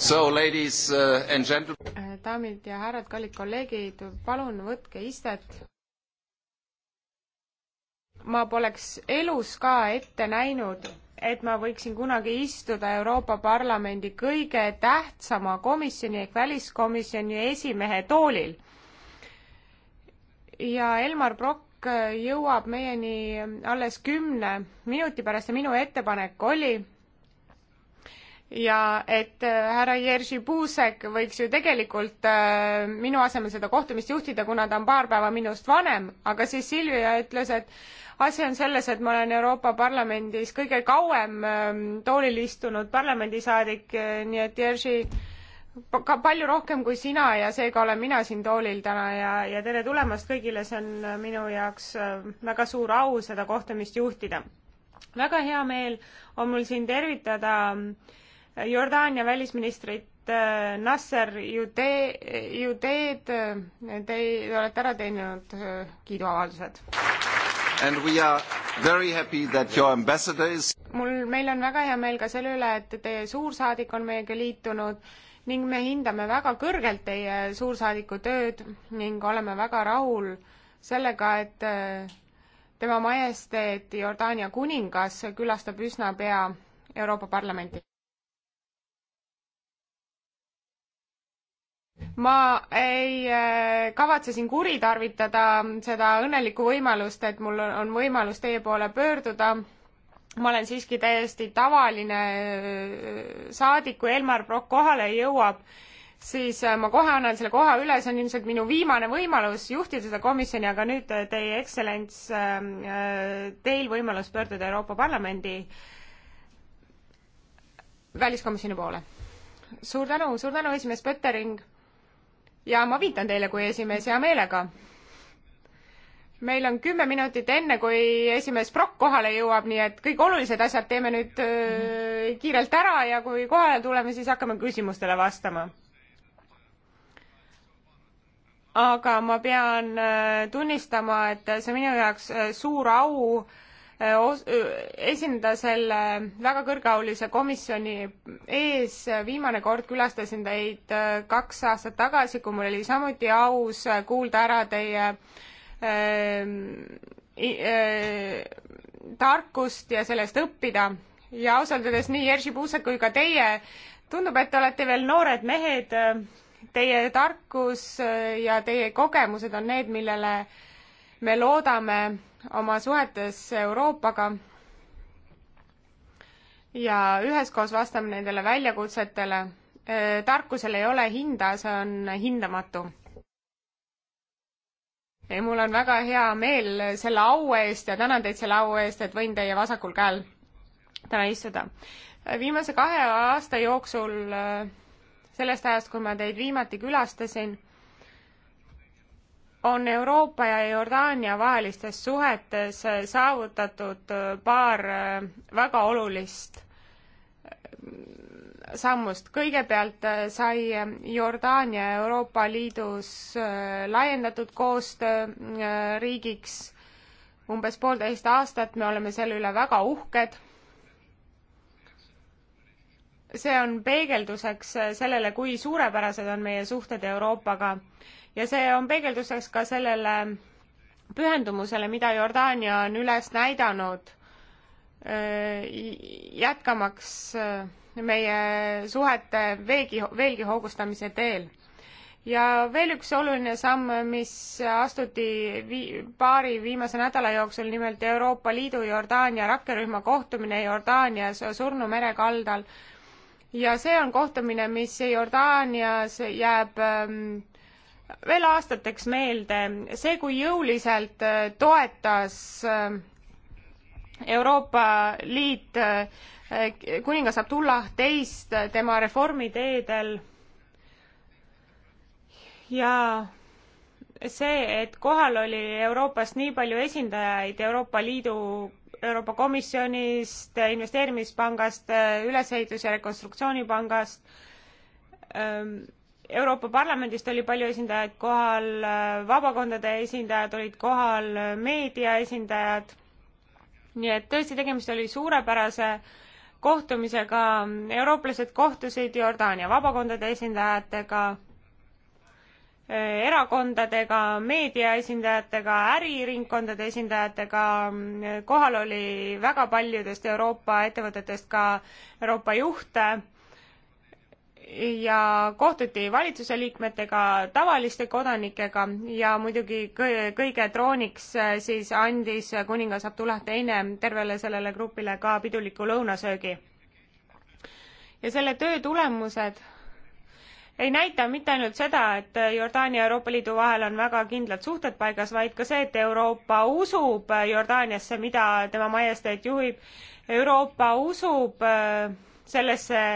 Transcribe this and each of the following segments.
So ladies uh, and gentlemen. Äh, daamid ja härrad, kallid kolleegid, palun võtke istet. ma poleks elus ka ette näinud, et ma võiksin kunagi istuda Euroopa Parlamendi kõige tähtsama komisjoni ehk väliskomisjoni esimehe toolil. ja Elmar Brokk jõuab meieni alles kümne minuti pärast ja minu ettepanek oli, ja et äh, härra Jerzy Puusek võiks ju tegelikult äh, minu asemel seda kohtumist juhtida, kuna ta on paar päeva minust vanem, aga siis Silvia ütles, et asi on selles, et ma olen Euroopa Parlamendis kõige kauem äh, toolil istunud parlamendisaadik äh,, nii et Jerzy ka palju rohkem kui sina ja seega olen mina siin toolil täna ja, ja tere tulemast kõigile, see on äh, minu jaoks äh, väga suur au seda kohtumist juhtida. väga hea meel on mul siin tervitada äh, Jordaania välisministrit äh, Nasser Jude-, Judeed, äh, te, te olete ära teinud äh, kiiduavaldused. And we are very happy that your ambassador is mul, meil on väga hea meel ka selle üle, et teie suursaadik on meiega liitunud ning me hindame väga kõrgelt teie suursaadiku tööd ning oleme väga rahul sellega, et tema majesteet Jordaania kuningas külastab üsna pea Euroopa Parlamenti. ma ei äh, kavatse siin kuritarvitada seda õnnelikku võimalust, et mul on võimalus teie poole pöörduda. ma olen siiski täiesti tavaline äh, saadik, kui Elmar Brokk kohale jõuab, siis äh, ma kohe annan selle koha üle, see on ilmselt minu viimane võimalus juhtida seda komisjoni, aga nüüd teie ekstsellents, teil võimalus pöörduda Euroopa Parlamendi väliskomisjoni poole. suur tänu, suur tänu, esimees Pöttering ja ma viitan teile kui esimees hea meelega. meil on kümme minutit enne, kui esimees Prokk kohale jõuab, nii et kõik olulised asjad teeme nüüd öö, äh, mhm. kiirelt ära ja kui kohale tuleme, siis hakkame küsimustele vastama. aga ma pean äh, tunnistama, et see on minu jaoks äh, suur au öö, Äh, esineda selle väga kõrgeaulise komisjoni ees. viimane kord külastasin teid äh, kaks aastat tagasi, kui mul oli samuti aus äh, kuulda ära teie ähm, tarkust ja sellest õppida ja ausalt öeldes nii Jerzy Puusek kui ka teie, tundub, et te olete veel noored mehed. Teie tarkus ja teie kogemused on need, millele me loodame oma suhetes Euroopaga ja üheskoos vastame nendele väljakutsetele. Äh, tarkusel ei ole hinda, see on hindamatu. ja mul on väga hea meel selle au eest ja tänan teid selle au eest, et võin teie vasakul käel täna istuda. viimase kahe aasta jooksul äh, sellest ajast, kui ma teid viimati külastasin on Euroopa ja Jordaania vahelistes suhetes saavutatud paar äh, väga olulist äh, sammust. kõigepealt äh, sai Jordaania Euroopa Liidus laiendatud koostöö riigiks umbes poolteist aastat, me oleme selle üle väga uhked. see on peegelduseks sellele, kui suurepärased on meie suhted Euroopaga ja see on peegelduseks ka sellele pühendumusele, mida Jordaania on üles näidanud, äh, jätkamaks äh, meie suhete veegi, veelgi hoogustamise teel. ja veel üks oluline samm, mis astuti vii-, paari viimase nädala jooksul, nimelt Euroopa Liidu Jordaania rakkerühma kohtumine Jordaanias Surnu mere kaldal. ja see on kohtumine, mis Jordaanias jääb ähm, veel aastateks meelde see, kui jõuliselt äh, toetas äh, Euroopa Liit äh, kuningas Abdullah teist tema reformiteedel ja see, et kohal oli Euroopast nii palju esindajaid Euroopa Liidu Euroopa Komisjonist, investeerimispangast, ülesehitus- ja rekonstruktsioonipangast ähm,, Euroopa Parlamendist oli palju esindajaid kohal, vabakondade esindajad olid kohal, meedia esindajad, nii et tõesti, tegemist oli suurepärase kohtumisega, eurooplased kohtusid Jordaania vabakondade esindajatega, erakondadega, meedia esindajatega, äriringkondade esindajatega, kohal oli väga paljudest Euroopa ettevõtetest ka Euroopa juhte ja kohtuti valitsuse liikmetega, tavaliste kodanikega ja muidugi kõige trooniks äh, siis andis äh, kuningas Abdullah teine tervele sellele grupile ka piduliku lõunasöögi. ja selle töö tulemused ei näita mitte ainult seda, et Jordaania ja Euroopa Liidu vahel on väga kindlad suhted paigas, vaid ka see, et Euroopa usub äh, Jordaaniasse, mida tema majesteet juhib. Euroopa usub sellesse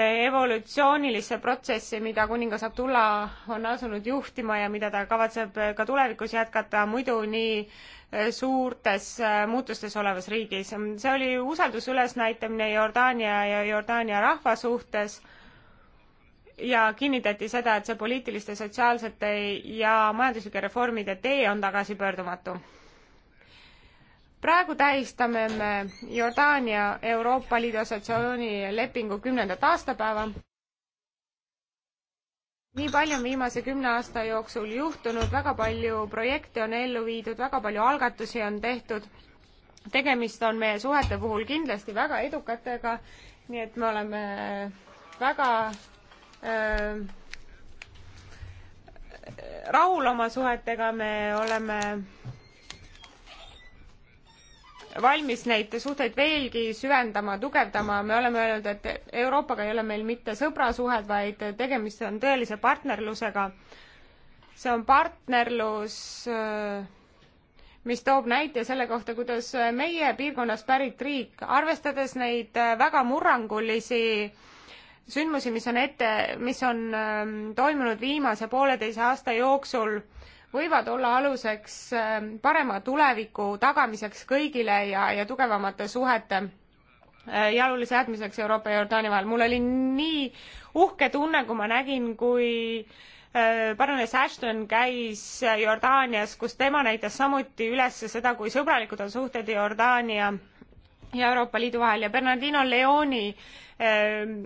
evolutsioonilisse protsessi, mida kuningas Abdullah on asunud juhtima ja mida ta kavatseb ka tulevikus jätkata, muidu nii äh, suurtes äh, muutustes olevas riigis. see oli usalduse ülesnäitamine Jordaania ja Jordaania rahva suhtes ja kinnitati seda, et see poliitiliste, sotsiaalsete ja majanduslike reformide tee on tagasipöördumatu praegu tähistame me Jordaania Euroopa Liidu assotsiatsiooni lepingu kümnendat aastapäeva. nii palju on viimase kümne aasta jooksul juhtunud, väga palju projekte on ellu viidud, väga palju algatusi on tehtud. tegemist on meie suhete puhul kindlasti väga edukatega, nii et me oleme äh, väga äh, rahul oma suhetega, me oleme valmis neid suhteid veelgi süvendama, tugevdama, me oleme öelnud, et Euroopaga ei ole meil mitte sõbrasuhed, vaid tegemist on tõelise partnerlusega. see on partnerlus, äh, mis toob näite selle kohta, kuidas meie piirkonnast pärit riik, arvestades neid äh, väga murrangulisi sündmusi, mis on ette, mis on äh, toimunud viimase pooleteise aasta jooksul, võivad olla aluseks ähm, parema tuleviku tagamiseks kõigile ja, ja tugevamate suhete äh, jalule seadmiseks Euroopa ja Jordaani vahel. mul oli nii uhke tunne, kui ma nägin, kui äh, paranes Ashton käis Jordaanias, kus tema näitas samuti üles seda, kui sõbralikud on suhted Jordaania ja Euroopa Liidu vahel ja Bernardino Leoni Ehm,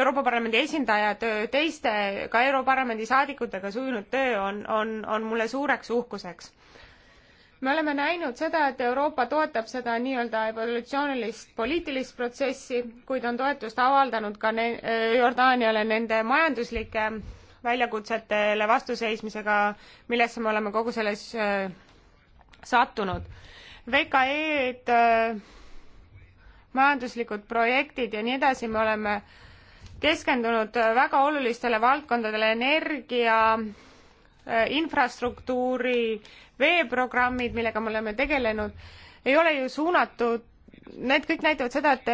Euroopa Parlamendi esindaja töö teiste, ka Europarlamendi saadikutega sujunud töö on, on, on mulle suureks uhkuseks. me oleme näinud seda, et Euroopa toetab seda nii-öelda evolutsioonilist poliitilist protsessi, kuid on toetust avaldanud ka ne-, Jordaaniale nende majanduslike väljakutsetele vastuseismisega, millesse me oleme kogu selles äh, sattunud. VKE-d äh, majanduslikud projektid ja nii edasi, me oleme keskendunud väga olulistele valdkondadele, energia, äh, infrastruktuuri, veeprogrammid, millega me oleme tegelenud, ei ole ju suunatud need kõik näitavad seda, et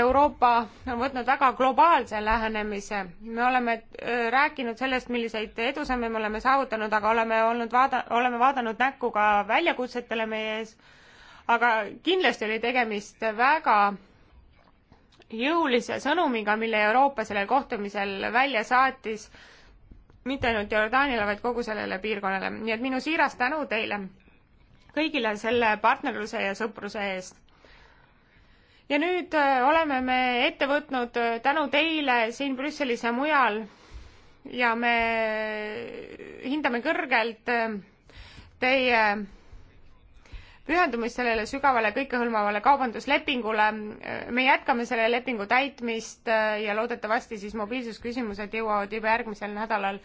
Euroopa on võtnud väga globaalse lähenemise. me oleme äh, rääkinud sellest, milliseid edusamme me oleme saavutanud, aga oleme olnud vaada-, oleme vaadanud näkku ka väljakutsetele meie ees aga kindlasti oli tegemist väga jõulise sõnumiga, mille Euroopa sellel kohtumisel välja saatis, mitte ainult Jordaaniale, vaid kogu sellele piirkonnale. nii et minu siiras tänu teile kõigile selle partnerluse ja sõpruse eest. ja nüüd äh, oleme me ette võtnud äh, tänu teile siin Brüsselis ja mujal ja me hindame kõrgelt äh, teie pühendumist sellele sügavale kõikehõlmavale kaubanduslepingule. me jätkame selle lepingu täitmist äh, ja loodetavasti siis mobiilsusküsimused jõuavad juba järgmisel nädalal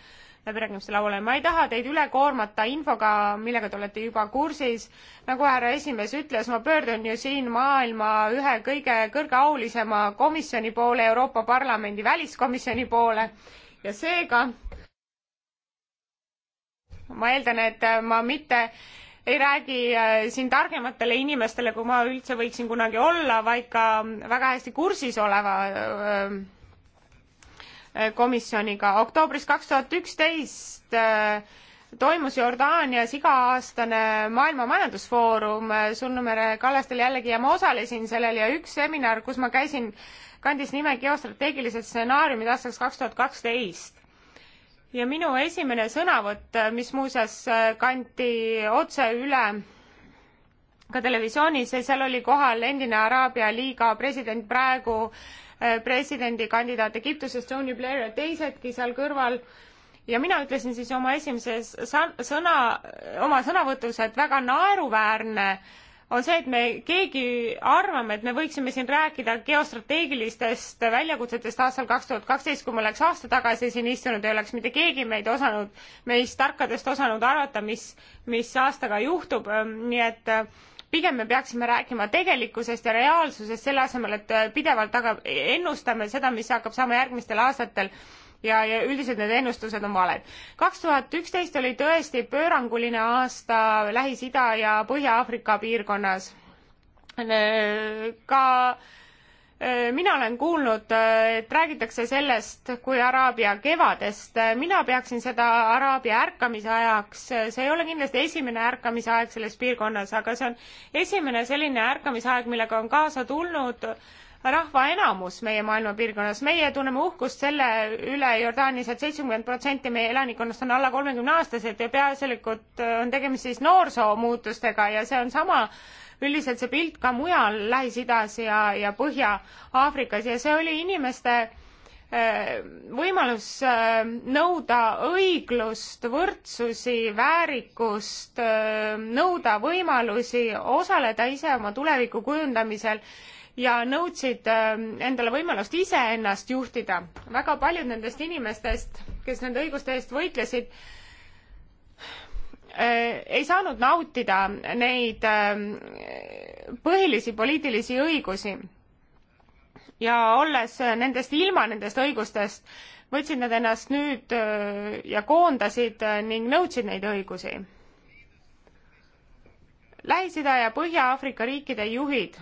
läbirääkimiste lauale. ma ei taha teid üle koormata infoga, millega te olete juba kursis. nagu härra esimees ütles, ma pöördun ju siin maailma ühe kõige kõrgeaulisema komisjoni poole, Euroopa Parlamendi väliskomisjoni poole ja seega ma eeldan, et ma mitte ei räägi äh, siin targematele inimestele, kui ma üldse võiksin kunagi olla, vaid ka väga hästi kursis oleva äh, äh, komisjoniga. oktoobris kaks tuhat üksteist toimus Jordaanias iga-aastane Maailma Majandusfoorum Sunnumere kallastel jällegi ja ma osalesin sellel ja üks seminar, kus ma käisin, kandis nime geostrateegilised stsenaariumid aastaks kaks tuhat kaksteist ja minu esimene sõnavõtt, äh, mis muuseas äh, kanti otse üle ka televisioonis ja seal oli kohal endine Araabia liiga president, praegu äh, presidendikandidaat Egiptusest, Tony Blair ja teisedki seal kõrval. ja mina ütlesin siis oma esimeses sõna, oma sõnavõtus, et väga naeruväärne äh, on see, et me keegi arvame, et me võiksime siin rääkida geostrateegilistest väljakutsetest aastal kaks tuhat kaksteist, kui ma oleks aasta tagasi siin istunud, ei oleks mitte keegi meid osanud, meist tarkadest osanud arvata, mis, mis aastaga juhtub, nii et äh, pigem me peaksime rääkima tegelikkusest ja reaalsusest, selle asemel, et äh, pidevalt aga ennustame seda, mis hakkab saama järgmistel aastatel ja, ja üldiselt need ennustused on valed. kaks tuhat üksteist oli tõesti pööranguline aasta Lähis-Ida ja Põhja-Aafrika piirkonnas. Äh, ka äh, mina olen kuulnud, äh, et räägitakse sellest kui Araabia kevadest. mina peaksin seda Araabia ärkamise ajaks, see ei ole kindlasti esimene ärkamise aeg selles piirkonnas, aga see on esimene selline ärkamise aeg, millega on kaasa tulnud äh, rahva enamus meie maailma piirkonnas, meie tunneme uhkust selle üle Jordaanis et, et seitsekümmend protsenti meie elanikkonnast on alla kolmekümne aastased ja peaasjalikult äh, on tegemist siis noorsoomuutustega ja see on sama üldiselt see pilt ka mujal Lähis-Idas ja, ja Põhja-Aafrikas ja see oli inimeste äh, võimalus äh, nõuda õiglust, võrdsusi, väärikust, nõuda võimalusi osaleda ise oma tuleviku kujundamisel ja nõudsid ähm, endale võimalust iseennast juhtida. väga paljud nendest inimestest, kes nende õiguste eest võitlesid, äh, ei saanud nautida neid ähm, põhilisi poliitilisi õigusi. ja olles nendest ilma nendest õigustest, võtsid nad ennast nüüd äh, ja koondasid äh, ning nõudsid neid õigusi. Lähis-Ida ja Põhja-Aafrika riikide juhid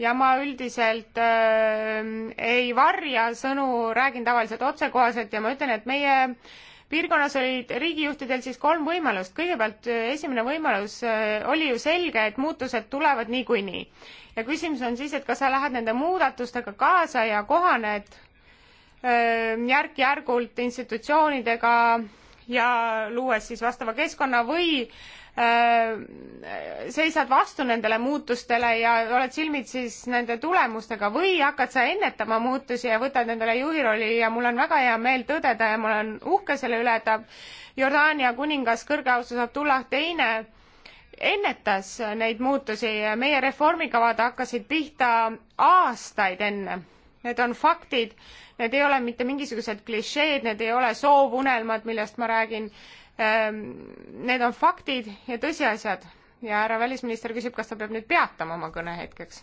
ja ma üldiselt äh, ei varja sõnu, räägin tavaliselt otsekohaselt ja ma ütlen, et meie piirkonnas olid riigijuhtidel siis kolm võimalust. kõigepealt äh, esimene võimalus äh, oli ju selge, et muutused tulevad niikuinii. ja küsimus on siis, et kas sa lähed nende muudatustega kaasa ja kohaned ähm, järk-järgult institutsioonidega ja luues siis vastava keskkonna või Äh, seisad vastu nendele muutustele ja oled silmid siis nende tulemustega või hakkad sa ennetama muutusi ja võtad endale juhi rolli ja mul on väga hea meel tõdeda ja ma olen uhke selle üle, et Jordaania kuningas kõrgeaustus Abdullah teine ennetas neid muutusi, meie reformikavad hakkasid pihta aastaid enne. Need on faktid, need ei ole mitte mingisugused klišeed, need ei ole soovunelmad, millest ma räägin Ehm, need on faktid ja tõsiasjad ja härra välisminister küsib, kas ta peab nüüd peatama oma kõne hetkeks.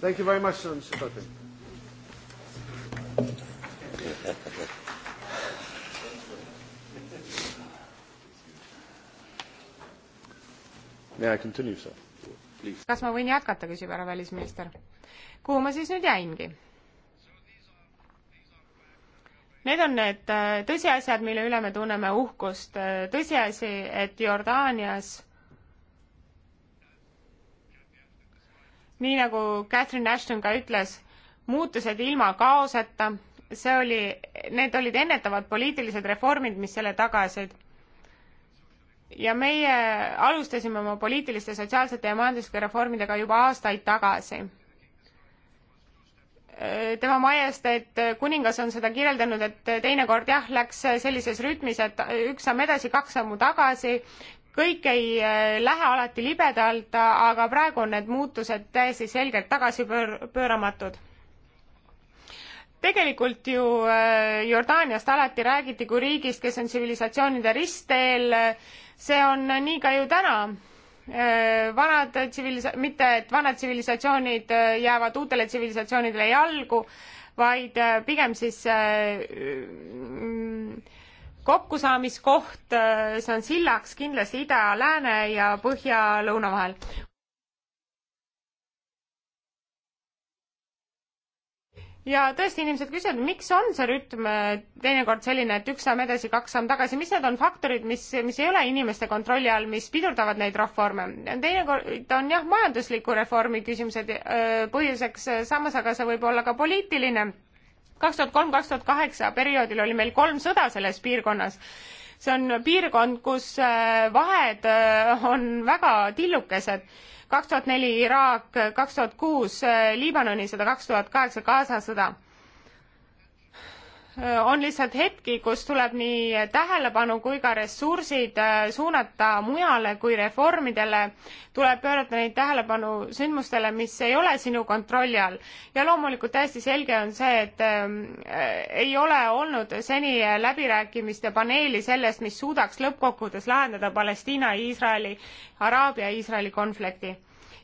Thank you very much, Mr Putin. May I continue, sir? kas ma võin jätkata, küsib härra välisminister. kuhu ma siis nüüd jäingi? Need on need äh, tõsiasjad, mille üle me tunneme uhkust. Äh, tõsiasi, et Jordaanias nii nagu Catherine Ashton ka ütles, muutused ilma kaoseta, see oli, need olid ennetavad poliitilised reformid, mis selle tagasid. ja meie alustasime oma poliitiliste, sotsiaalsete ja majanduslike reformidega juba aastaid tagasi tema majesteet kuningas on seda kirjeldanud, et teinekord jah, läks sellises rütmis, et üks samm edasi, kaks sammu tagasi, kõik ei äh, lähe alati libedalt, aga praegu on need muutused täiesti selgelt tagasipööramatud. tegelikult ju äh, Jordaaniast alati räägiti kui riigist, kes on tsivilisatsioonide ristteel, see on nii ka ju täna Äh, vanad tsivilisa-, mitte et vanad tsivilisatsioonid äh, jäävad uutele tsivilisatsioonidele jalgu, vaid äh, pigem siis mm, kokkusaamiskoht, see on sillaks kindlasti ida, lääne ja põhja-lõuna vahel. ja tõesti, inimesed küsivad, miks on see rütm äh, teinekord selline, et üks samm edasi, kaks samm tagasi, mis need on faktorid, mis, mis ei ole inimeste kontrolli all, mis pidurdavad neid reforme? teinekord on jah, majandusliku reformi küsimused äh, põhjuseks, samas aga see võib olla ka poliitiline. kaks tuhat kolm, kaks tuhat kaheksa perioodil oli meil kolm sõda selles piirkonnas see on piirkond, kus äh, vahed on väga tillukesed kaks tuhat neli Iraak, kaks tuhat kuus Liibanoni sõda, kaks tuhat kaheksa Gaza sõda on lihtsalt hetki, kus tuleb nii tähelepanu kui ka ressursid äh, suunata mujale kui reformidele, tuleb pöörata neid tähelepanu sündmustele, mis ei ole sinu kontrolli all. ja loomulikult täiesti selge on see, et ähm, äh, ei ole olnud seni läbirääkimiste paneeli sellest, mis suudaks lõppkokkuvõttes lahendada Palestiina, Iisraeli, Araabia, Iisraeli konflikti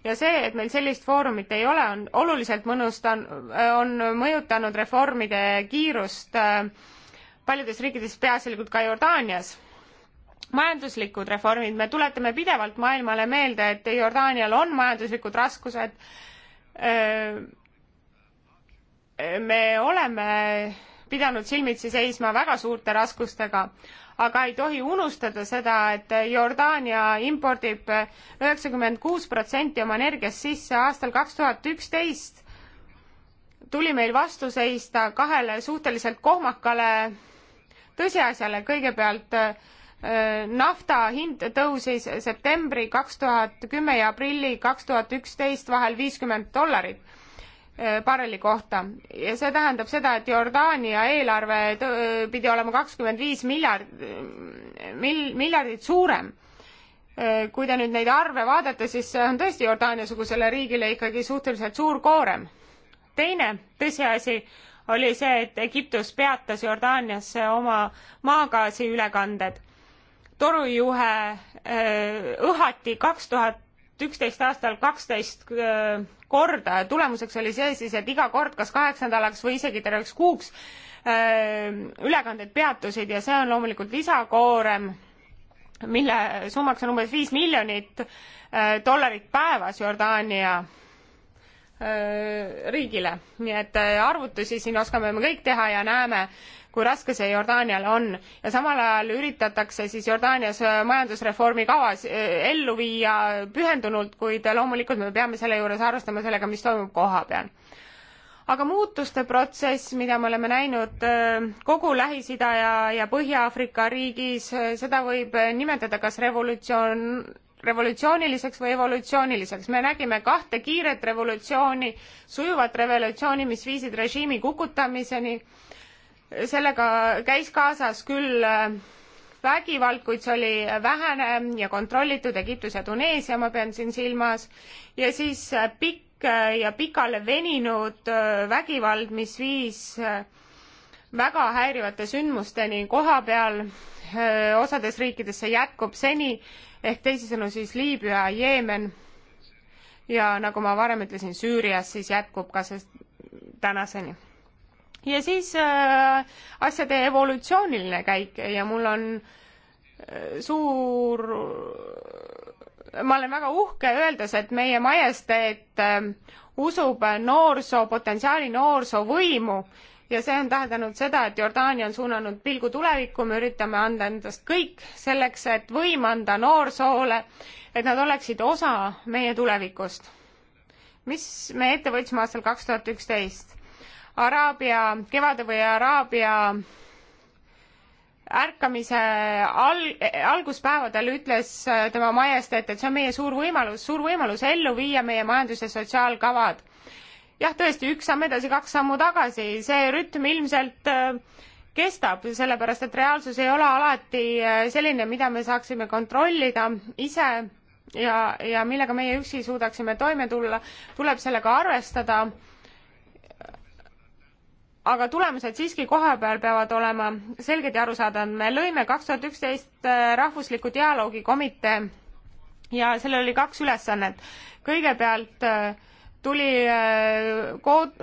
ja see, et meil sellist foorumit ei ole, on oluliselt mõnustan-, on mõjutanud reformide kiirust äh, paljudes riikides, peaasjalikult ka Jordaanias majanduslikud reformid, me tuletame pidevalt maailmale meelde, et Jordaanial on majanduslikud raskused. Äh, me oleme pidanud silmitsi seisma väga suurte raskustega, aga ei tohi unustada seda, et Jordaania impordib üheksakümmend kuus protsenti oma energiast sisse aastal kaks tuhat üksteist tuli meil vastu seista kahele suhteliselt kohmakale tõsiasjale, kõigepealt äh, nafta hind tõusis septembri kaks tuhat kümme ja aprilli kaks tuhat üksteist vahel viiskümmend dollarit Äh, barreli kohta ja see tähendab seda, et Jordaania eelarve pidi olema kakskümmend viis miljard, mil-, miljardit suurem. Äh, kui te nüüd neid arve vaatate, siis see on tõesti Jordaania-sugusele riigile ikkagi suhteliselt suur koorem. teine tõsiasi oli see, et Egiptus peatas Jordaaniasse oma maagaasi ülekanded. torujuhe äh, õhati kaks tuhat üksteist aastal kaksteist korda ja tulemuseks oli see siis, et iga kord kas kaheksandalaks või isegi terveks kuuks äh, ülekanded peatusid ja see on loomulikult lisakoorem, mille summaks on umbes viis miljonit äh, dollarit päevas Jordaania äh, riigile, nii et arvutusi siin oskame me kõik teha ja näeme, kui raske see Jordaanial on ja samal ajal üritatakse siis Jordaanias äh, majandusreformi kavas äh, ellu viia pühendunult, kuid loomulikult me peame selle juures arvestama sellega, mis toimub koha peal aga muutuste protsess, mida me oleme näinud äh, kogu Lähis-Ida ja, ja Põhja-Aafrika riigis, seda võib nimetada kas revolutsioon, revolutsiooniliseks või evolutsiooniliseks. me nägime kahte kiiret revolutsiooni, sujuvat revolutsiooni, mis viisid režiimi kukutamiseni sellega käis kaasas küll äh, vägivald, kuid see oli vähene ja kontrollitud Egiptus ja Tuneesia, ma pean siin silmas, ja siis äh, pikk äh, ja pikale veninud vägivald, mis viis väga häirivate sündmusteni koha peal, osades riikides see jätkub seni, ehk teisisõnu siis Liibüa, Jeemen ja nagu ma varem ütlesin, Süürias siis jätkub ka see tänaseni ja siis äh, asjade evolutsiooniline käik ja mul on äh, suur, ma olen väga uhke öeldes, et meie majesteet äh, usub noorsoo potentsiaali, noorsoo võimu ja see on tähendanud seda, et Jordaania on suunanud pilgu tulevikku, me üritame anda endast kõik selleks, et võim anda noorsoole, et nad oleksid osa meie tulevikust. mis me ette võtsime aastal kaks tuhat üksteist? Araabia kevade või Araabia ärkamise al-, alguspäevadel ütles äh, tema majesteet, et see on meie suur võimalus, suur võimalus ellu viia meie majandus- ja sotsiaalkavad. jah, tõesti, üks samm edasi, kaks sammu tagasi, see rütm ilmselt äh, kestab, sellepärast et reaalsus ei ole alati äh, selline, mida me saaksime kontrollida ise ja, ja millega meie üksi suudaksime toime tulla, tuleb sellega arvestada aga tulemused siiski kohapeal peavad olema selged ja arusaadavad. me lõime kaks tuhat üksteist äh, rahvusliku dialoogikomitee ja sellel oli kaks ülesannet. kõigepealt äh, tuli äh, kood-,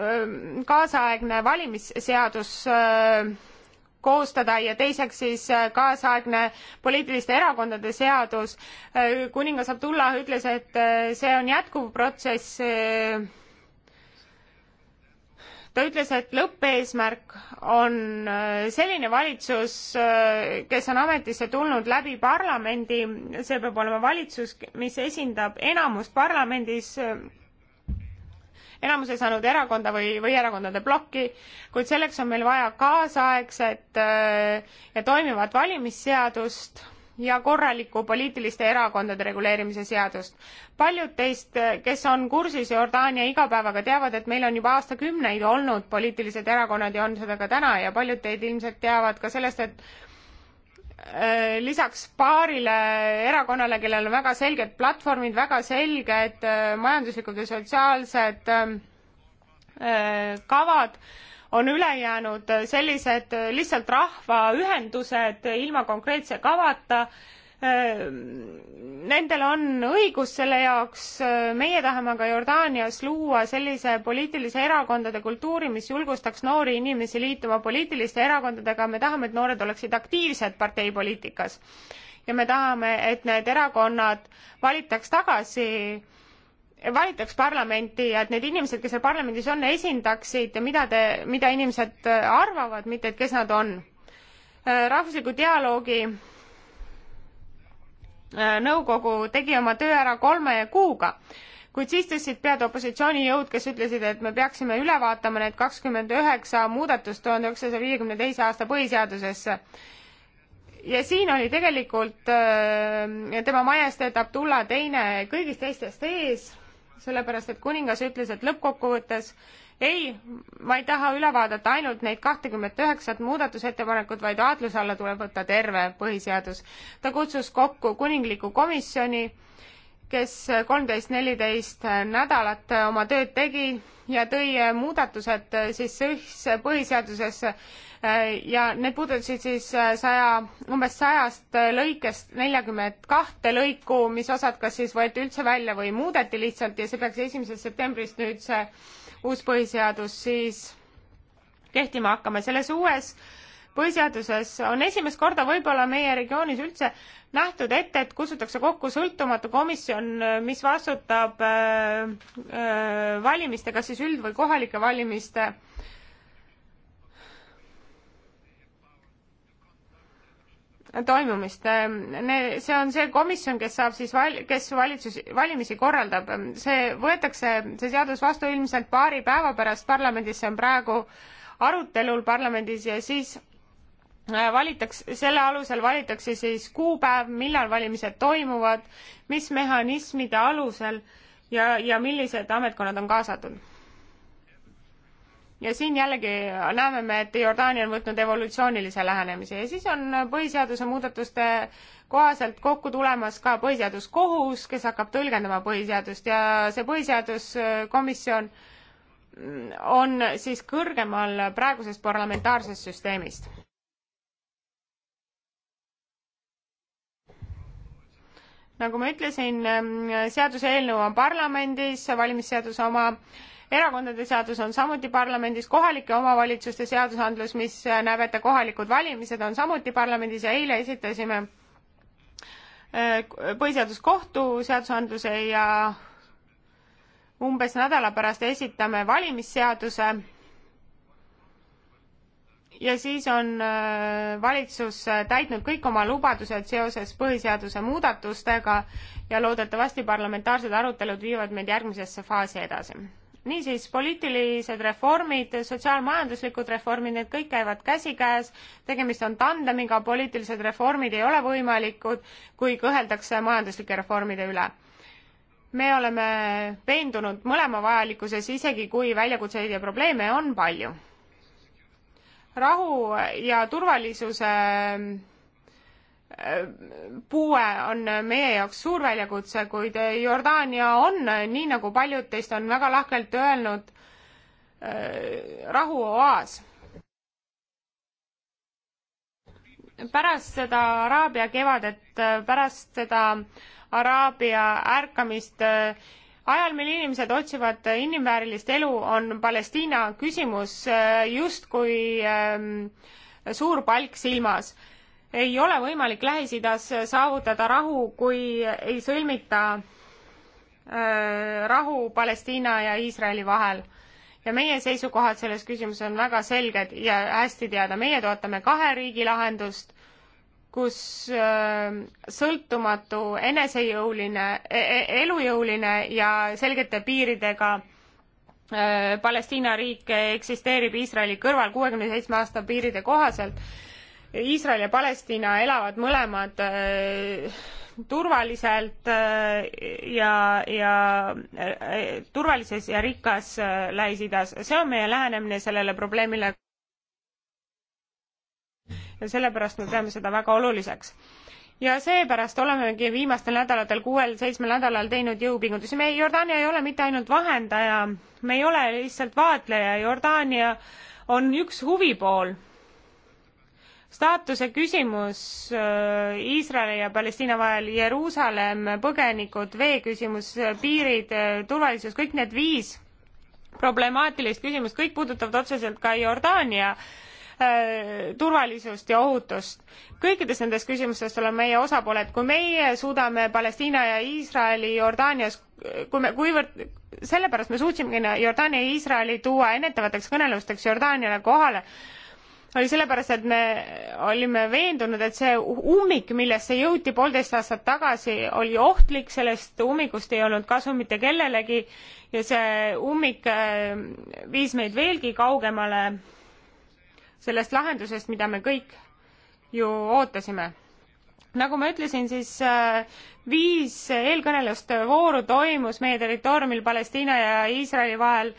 kaasaegne valimisseadus koostada ja teiseks siis kaasaegne poliitiliste erakondade seadus. kuningas Abdullah ütles, et see on jätkuv protsess ta ütles, et lõppeesmärk on äh, selline valitsus, äh, kes on ametisse tulnud läbi parlamendi, see peab olema valitsus, mis esindab enamust parlamendis äh, enamuse saanud erakonda või, või erakondade plokki, kuid selleks on meil vaja kaasaegset ja toimivat valimisseadust ja korralikku poliitiliste erakondade reguleerimise seadust. paljud teist, kes on kursis Jordaania igapäevaga, teavad, et meil on juba aastakümneid olnud poliitilised erakonnad ja on seda ka täna ja paljud teid ilmselt teavad ka sellest, et äh, lisaks paarile erakonnale, kellel on väga selged platvormid, väga selged äh, majanduslikud ja sotsiaalsed äh, äh kavad, on üle jäänud sellised lihtsalt rahvaühendused ilma konkreetse kavata. Nendel on õigus selle jaoks, meie tahame aga Jordaanias luua sellise poliitilise erakondade kultuuri, mis julgustaks noori inimesi liituma poliitiliste erakondadega, me tahame, et noored oleksid aktiivsed parteipoliitikas. ja me tahame, et need erakonnad valitaks tagasi äh, valitaks parlamenti ja et need inimesed, kes seal parlamendis on, esindaksid, mida te, mida inimesed äh, arvavad, mitte et kes nad on. Äh, rahvusliku dialoogi äh, nõukogu tegi oma töö ära kolme kuuga, kuid siis tõstsid pead opositsioonijõud, kes ütlesid, et me peaksime üle vaatama need kakskümmend üheksa muudatust tuhande üheksasaja viiekümne teise aasta põhiseadusesse ja siin oli tegelikult äh, tema majesteet Abdullah teine kõigist teistest ees sellepärast et kuningas ütles, et lõppkokkuvõttes ei, ma ei taha üle vaadata ainult neid kahtekümmet üheksat muudatusettepanekut, vaid vaatluse alla tuleb võtta terve põhiseadus. ta kutsus kokku kuningliku komisjoni kes kolmteist, neliteist nädalat oma tööd tegi ja tõi muudatused siis ühise põhiseadusesse ja need puudutasid siis saja, umbes sajast lõikest neljakümmet kahte lõiku, mis osad kas siis võeti üldse välja või muudeti lihtsalt ja see peaks esimesest septembrist nüüd see uus põhiseadus siis kehtima hakkama. selles uues äh, põhiseaduses on esimest korda võib-olla meie regioonis üldse nähtud ette, et kutsutakse kokku sõltumatu komisjon, mis vastutab äh, äh, valimiste, kas siis üld- või kohalike valimiste toimumist. see on see komisjon, kes saab siis val-, kes valitsus, valimisi korraldab. see võetakse, see seadus vastu ilmselt paari päeva pärast parlamendis, see on praegu arutelul parlamendis ja siis Äh, valitakse, selle alusel valitakse siis kuupäev, millal valimised toimuvad, mis mehhanismide alusel ja, ja millised ametkonnad on kaasatud. ja siin jällegi näeme me, et Jordaania on võtnud evolutsioonilise lähenemise ja siis on põhiseaduse muudatuste kohaselt kokku tulemas ka põhiseaduskohus, kes hakkab tõlgendama põhiseadust ja see põhiseaduskomisjon on siis kõrgemal praegusest parlamentaarsest süsteemist nagu ma ütlesin, ehm, seaduseelnõu on parlamendis, valimisseadus oma erakondade seadus on samuti parlamendis, kohalike omavalitsuste seadusandlus, mis näeb ette kohalikud valimised, on samuti parlamendis ja eile esitasime eh, põhiseaduskohtu seadusandluse ja umbes nädala pärast esitame valimisseaduse ja siis on äh, valitsus äh, täitnud kõik oma lubadused seoses põhiseaduse muudatustega ja loodetavasti parlamentaarsed arutelud viivad meid järgmisesse faasi edasi. niisiis, poliitilised reformid, sotsiaalmajanduslikud reformid, need kõik käivad käsikäes, tegemist on tandemiga, poliitilised reformid ei ole võimalikud, kui kõheldakse majanduslike reformide üle me oleme veendunud mõlema vajalikkuses, isegi kui väljakutseid ja probleeme on palju rahu ja turvalisuse äh, puue on meie jaoks suur väljakutse, kuid Jordaania on, nii nagu paljud teist on väga lahkelt öelnud, äh, rahuoaas. pärast seda Araabia kevadet, äh, pärast seda Araabia ärkamist ajal, mil inimesed otsivad inimväärilist elu, on Palestiina küsimus äh, justkui ähm, suur palk silmas. ei ole võimalik Lähis-Idas saavutada rahu, kui ei sõlmita äh, rahu Palestiina ja Iisraeli vahel. ja meie seisukohad selles küsimuses on väga selged ja hästi teada. meie toetame kahe riigi lahendust kus äh, sõltumatu, enesejõuline, e, e, elujõuline ja selgete piiridega äh, Palestiina riik eksisteerib Iisraeli kõrval kuuekümne seitsme aasta piiride kohaselt. Iisrael ja Palestiina elavad mõlemad äh, turvaliselt ja, ja turvalises ja rikas Lähis-Idas. see on meie lähenemine sellele probleemile ja sellepärast me peame seda väga oluliseks ja seepärast olemegi viimastel nädalatel kuuel-seitsmel nädalal teinud jõupingutusi. me, Jordaania ei ole mitte ainult vahendaja, me ei ole lihtsalt vaatleja, Jordaania on üks huvipool. staatuse küsimus äh, Iisraeli äh, ja Palestiina vahel, Jeruusalemm, põgenikud, vee küsimus, äh, piirid, äh, turvalisus, kõik need viis problemaatilist küsimust, kõik puudutavad otseselt ka Jordaania äh, Äh, turvalisust ja ohutust. kõikides nendes küsimustes oleme meie osapooled, kui meie suudame Palestiina ja Iisraeli Jordaanias kui me, kuivõrd, sellepärast me suutsimegi Jordaania ja Iisraeli tuua ennetavateks kõnelusteks Jordaaniale kohale, oli sellepärast, et me olime veendunud, et see ummik, millesse jõuti poolteist aastat tagasi, oli ohtlik, sellest ummikust ei olnud kasu mitte kellelegi ja see ummik äh, viis meid veelgi kaugemale sellest lahendusest, mida me kõik ju ootasime. nagu ma ütlesin, siis äh, viis eelkõnelust vooru toimus meie territooriumil Palestiina ja Iisraeli vahel.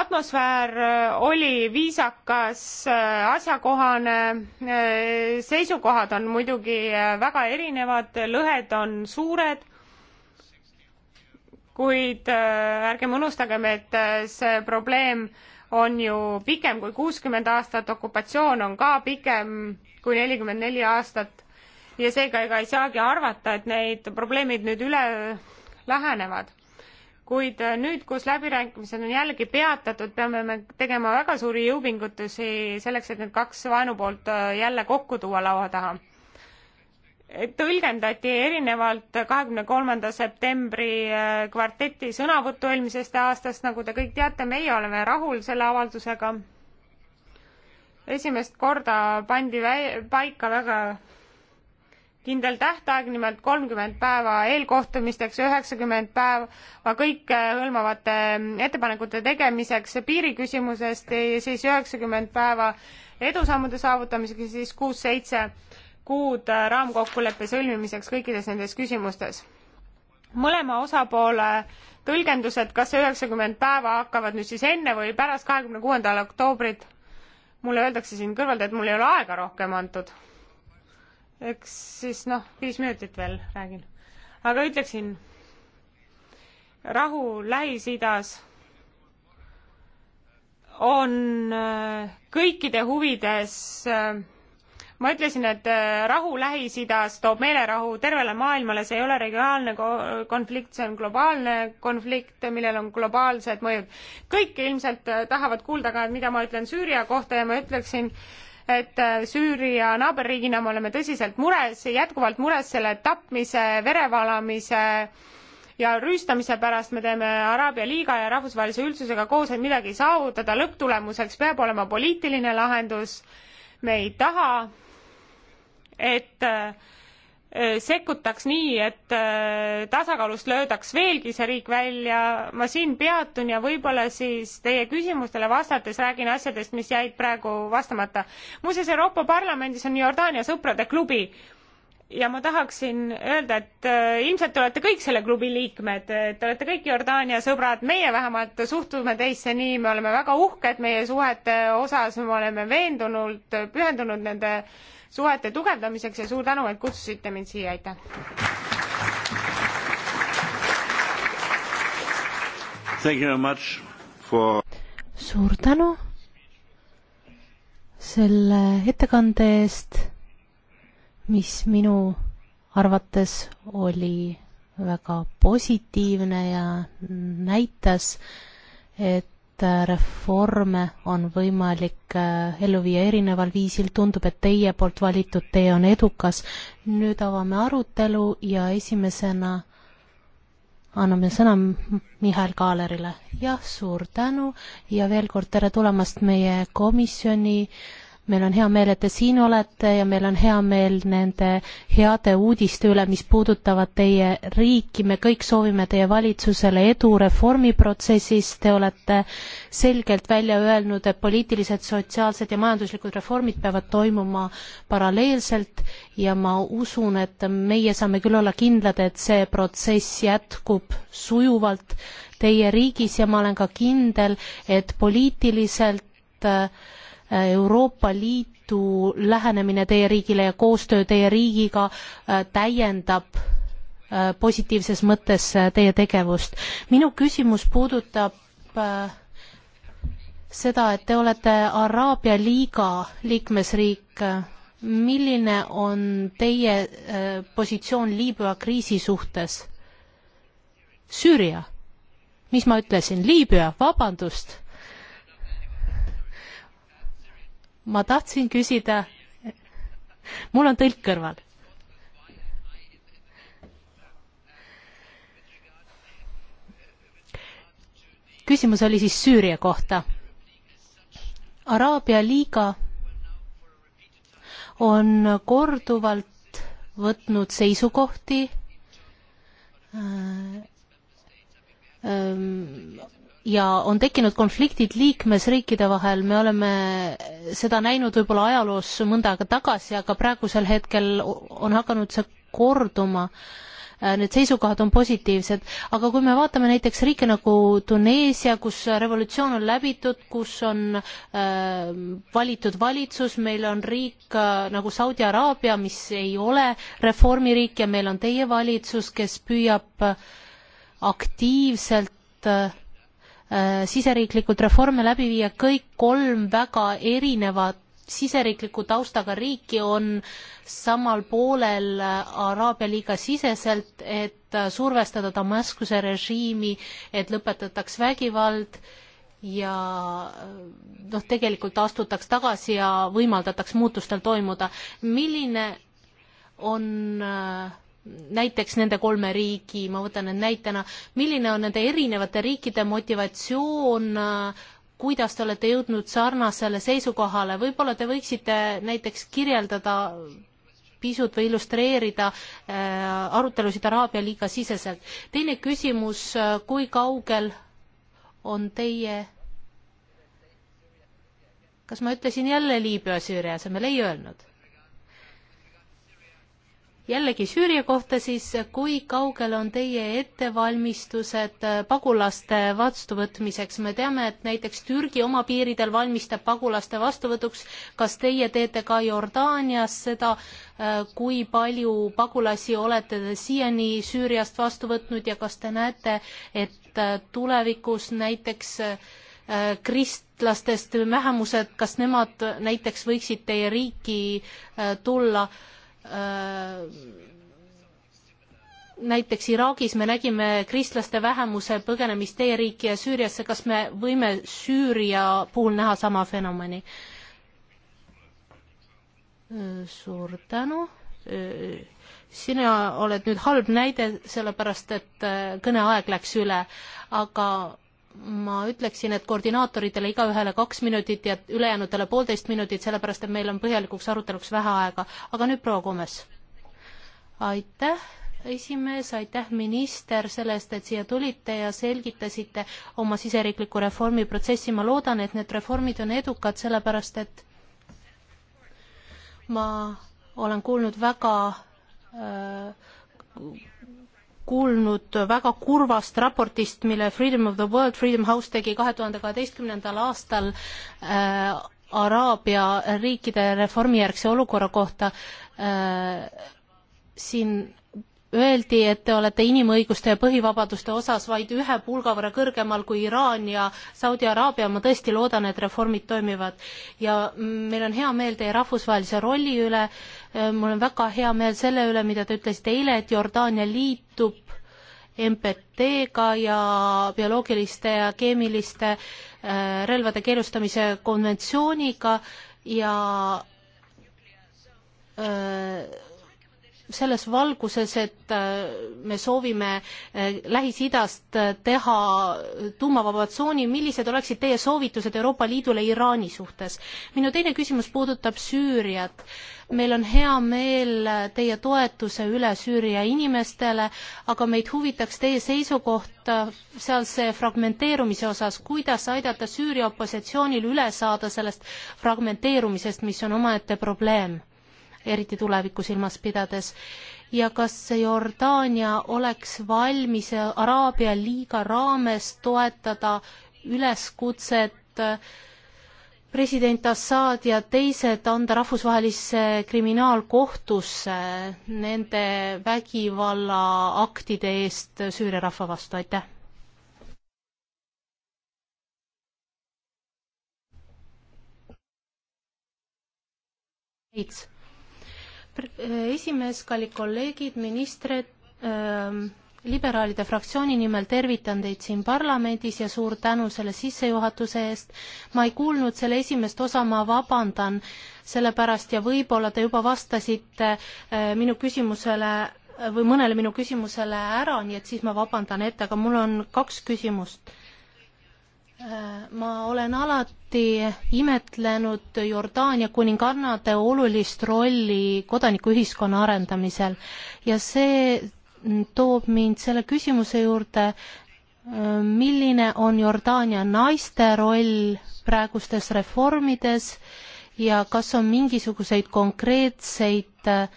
atmosfäär äh, oli viisakas, äh, asjakohane, seisukohad on muidugi väga erinevad, lõhed on suured, kuid ärgem unustagem, et see probleem äh, on ju pikem kui kuuskümmend aastat, okupatsioon on ka pikem kui nelikümmend neli aastat ja seega ega ei saagi arvata, et need probleemid nüüd üle lähenevad. kuid nüüd, kus läbirääkimised on jällegi peatatud, peame me tegema väga suuri jõupingutusi selleks, et need kaks vaenupoolt jälle kokku tuua laua taha tõlgendati erinevalt kahekümne kolmanda septembri äh, kvarteti sõnavõttu eelmisest aastast, nagu te kõik teate, meie oleme rahul selle avaldusega. esimest korda pandi vä-, paika väga kindel tähtaeg, nimelt kolmkümmend päeva eelkohtumisteks ja üheksakümmend päeva kõikehõlmavate äh, mm, ettepanekute tegemiseks piiriküsimusest ja siis üheksakümmend päeva edusammude saavutamiseks ja siis kuus-seitse kuud äh, raamkokkuleppe sõlmimiseks kõikides nendes küsimustes. mõlema osapoole tõlgendused, kas see üheksakümmend päeva hakkavad nüüd siis enne või pärast kahekümne kuuendal oktoobrit, mulle öeldakse siin kõrvalt, et mul ei ole aega rohkem antud. eks siis noh, viis minutit veel räägin. aga ütleksin, rahu Lähis-Idas on äh, kõikide huvides äh, ma ütlesin, et äh, rahu Lähis-Idas toob meelerahu tervele maailmale, see ei ole regionaalne konflikt, see on globaalne konflikt, millel on globaalsed mõjud. kõik ilmselt äh, tahavad kuulda ka, mida ma ütlen Süüria kohta ja ma ütleksin, et äh, Süüria naaberriigina me oleme tõsiselt mures, jätkuvalt mures selle tapmise, verevalamise ja rüüstamise pärast me teeme Araabia liiga ja rahvusvahelise üldsusega koos, et midagi saavutada. lõpptulemuseks peab olema poliitiline lahendus. me ei taha et äh, sekkutaks nii, et äh, tasakaalust löödaks veelgi see riik välja. ma siin peatun ja võib-olla siis teie küsimustele vastates räägin asjadest, mis jäid praegu vastamata. muuseas, Euroopa Parlamendis on Jordaania sõprade klubi ja ma tahaksin öelda, et äh, ilmselt te olete kõik selle klubi liikmed, te olete kõik Jordaania sõbrad, meie vähemalt suhtume teisse nii, me oleme väga uhked meie suhete osas, me oleme veendunult pühendunud nende suhete tugevdamiseks ja suur tänu, et kutsusite mind siia, aitäh! For... suur tänu selle ettekande eest, mis minu arvates oli väga positiivne ja näitas, et et äh, reforme on võimalik äh, ellu viia erineval viisil, tundub, et teie poolt valitud tee on edukas. nüüd avame arutelu ja esimesena anname sõna Mihhail Kaalerile. jah, suur tänu ja veel kord tere tulemast meie komisjoni äh, meil on hea meel, et te siin olete ja meil on hea meel nende heade uudiste üle, mis puudutavad teie riiki, me kõik soovime teie valitsusele edu reformiprotsessis, te olete selgelt välja öelnud, et poliitilised, sotsiaalsed ja majanduslikud reformid peavad toimuma paralleelselt ja ma usun, et meie saame küll olla kindlad, et see protsess jätkub sujuvalt teie riigis ja ma olen ka kindel, et poliitiliselt äh, Äh, Euroopa Liidu lähenemine teie riigile ja koostöö teie riigiga äh, täiendab äh, positiivses mõttes teie tegevust. minu küsimus puudutab seda, et te olete Araabia liiga liikmesriik. milline on teie positsioon Liibüa kriisi suhtes? Süüria, mis ma ütlesin, Liibüa, vabandust ma tahtsin küsida, mul on tõlk kõrval. küsimus oli siis Süüria kohta. Araabia liiga on korduvalt võtnud seisukohti äh, äh, ja on tekkinud konfliktid liikmesriikide vahel, me oleme seda näinud võib-olla ajaloos mõnda aega tagasi, aga praegusel hetkel on hakanud see korduma. Need seisukohad on positiivsed, aga kui me vaatame näiteks riike nagu Tuneesia, kus revolutsioon on läbitud, kus on äh, valitud valitsus, meil on riik äh, nagu Saudi Araabia, mis ei ole reformiriik ja meil on teie valitsus, kes püüab äh, aktiivselt äh, Äh, siseriiklikult reforme läbi viia, kõik kolm väga erinevat siseriikliku taustaga riiki on samal poolel Araabia liiga siseselt, et äh, survestada Damaskuse režiimi, et lõpetataks vägivald ja äh, noh, tegelikult astutaks tagasi ja võimaldataks muutustel toimuda. milline on äh, näiteks nende kolme riigi, ma võtan need näitena, milline on nende erinevate riikide motivatsioon, kuidas te olete jõudnud sarnasele seisukohale, võib-olla te võiksite näiteks kirjeldada pisut või illustreerida äh, arutelusid Araabia liiga siseselt. teine küsimus, äh, kui kaugel on teie kas ma ütlesin jälle Liibüa, Süüria asemel, ei öelnud? jällegi Süüria kohta siis, kui kaugel on teie ettevalmistused äh, pagulaste vastuvõtmiseks? me teame, et näiteks Türgi oma piiridel valmistab pagulaste vastuvõtuks. kas teie teete ka Jordaanias seda, äh, kui palju pagulasi olete te siiani Süüriast vastu võtnud ja kas te näete, et äh, tulevikus näiteks kristlastest vähemused, kas nemad näiteks võiksid teie riiki tulla? Äh, näiteks Iraagis me nägime kristlaste vähemuse põgenemist teie riiki ja Süüriasse, kas me võime Süüria puhul näha sama fenomeni? Äh, suur tänu. Äh, sina oled nüüd halb näide, sellepärast et kõneaeg läks üle, aga ma ütleksin, et koordinaatoritele igaühele kaks minutit ja ülejäänutele poolteist minutit, sellepärast et meil on põhjalikuks aruteluks vähe aega. aga nüüd proua Komes. aitäh, esimees, aitäh, minister, selle eest, et siia tulite ja selgitasite oma siseriikliku reformiprotsessi. ma loodan, et need reformid on edukad, sellepärast et ma olen kuulnud väga öö, äh, kuulnud väga kurvast raportist, mille Freedom of the World Freedom House tegi kahe tuhande kaheteistkümnendal aastal äh, Araabia riikide reformijärgse olukorra kohta äh,. siin öeldi, et te olete inimõiguste ja põhivabaduste osas vaid ühe pulga võrra kõrgemal kui Iraan ja Saudi Araabia, ma tõesti loodan, et reformid toimivad. ja meil on hea meel teie rahvusvahelise rolli üle äh,, Äh, mul on väga hea meel selle üle, mida te ütlesite eile, et Jordaania liitub MPT-ga ja bioloogiliste ja keemiliste äh, relvade keelustamise konventsiooniga ja öö, äh, selles valguses, et äh, me soovime äh, Lähis-Idast äh, teha tuumavaba tsooni, millised oleksid teie soovitused Euroopa Liidule Iraani suhtes? minu teine küsimus puudutab Süüriat. meil on hea meel teie toetuse üle Süüria inimestele, aga meid huvitaks teie seisukoht sealse fragmenteerumise osas, kuidas aidata Süüria opositsioonil üle saada sellest fragmenteerumisest, mis on omaette probleem eriti tulevikku silmas pidades, ja kas Jordaania oleks valmis Araabia liiga raames toetada üleskutset eh, president Assad ja teised anda rahvusvahelisse kriminaalkohtusse nende vägivallaaktide eest Süüria rahva vastu, aitäh! Eits Eh, esimees, kallid kolleegid, ministrid ähm,, liberaalide fraktsiooni nimel tervitan teid siin parlamendis ja suur tänu selle sissejuhatuse eest. ma ei kuulnud selle esimest osa, ma vabandan selle pärast ja võib-olla te juba vastasite äh, minu küsimusele või mõnele minu küsimusele ära, nii et siis ma vabandan ette, aga mul on kaks küsimust Äh, ma olen alati imetlenud Jordaania kuningannade olulist rolli kodanikuühiskonna arendamisel ja see toob mind selle küsimuse juurde, äh, milline on Jordaania naiste roll praegustes reformides ja kas on mingisuguseid konkreetseid äh,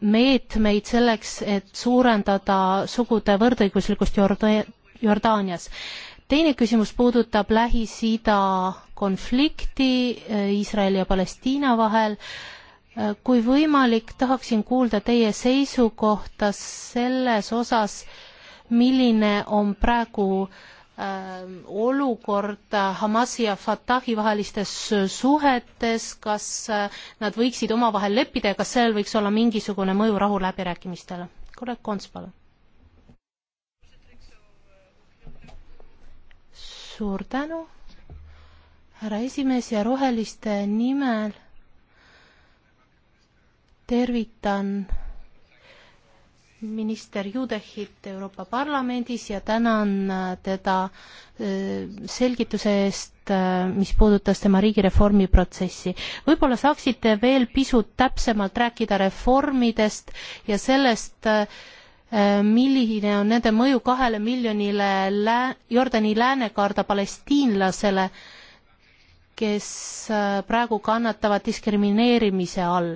meetmeid selleks, et suurendada sugude võrdõiguslikkust Jordaanias teine küsimus puudutab Lähis-Ida konflikti eh, Iisraeli ja Palestiina vahel. Eh, kui võimalik, tahaksin kuulda teie seisukohta selles osas, milline on praegu eh, olukord Hamasi ja Fatahi vahelistes suhetes, kas nad võiksid omavahel leppida ja kas sellel võiks olla mingisugune mõju rahuläbirääkimistele? kolleeg Konts, palun. suur tänu, härra esimees ja Roheliste nimel tervitan minister Judehit Euroopa Parlamendis ja tänan äh, teda äh, selgituse eest, äh, mis puudutas tema riigireformi protsessi. võib-olla saaksite veel pisut täpsemalt rääkida reformidest ja sellest, Äh, milline on nende mõju kahele miljonile lää-, Jordani läänekaarda palestiinlasele, kes äh, praegu kannatavad diskrimineerimise all.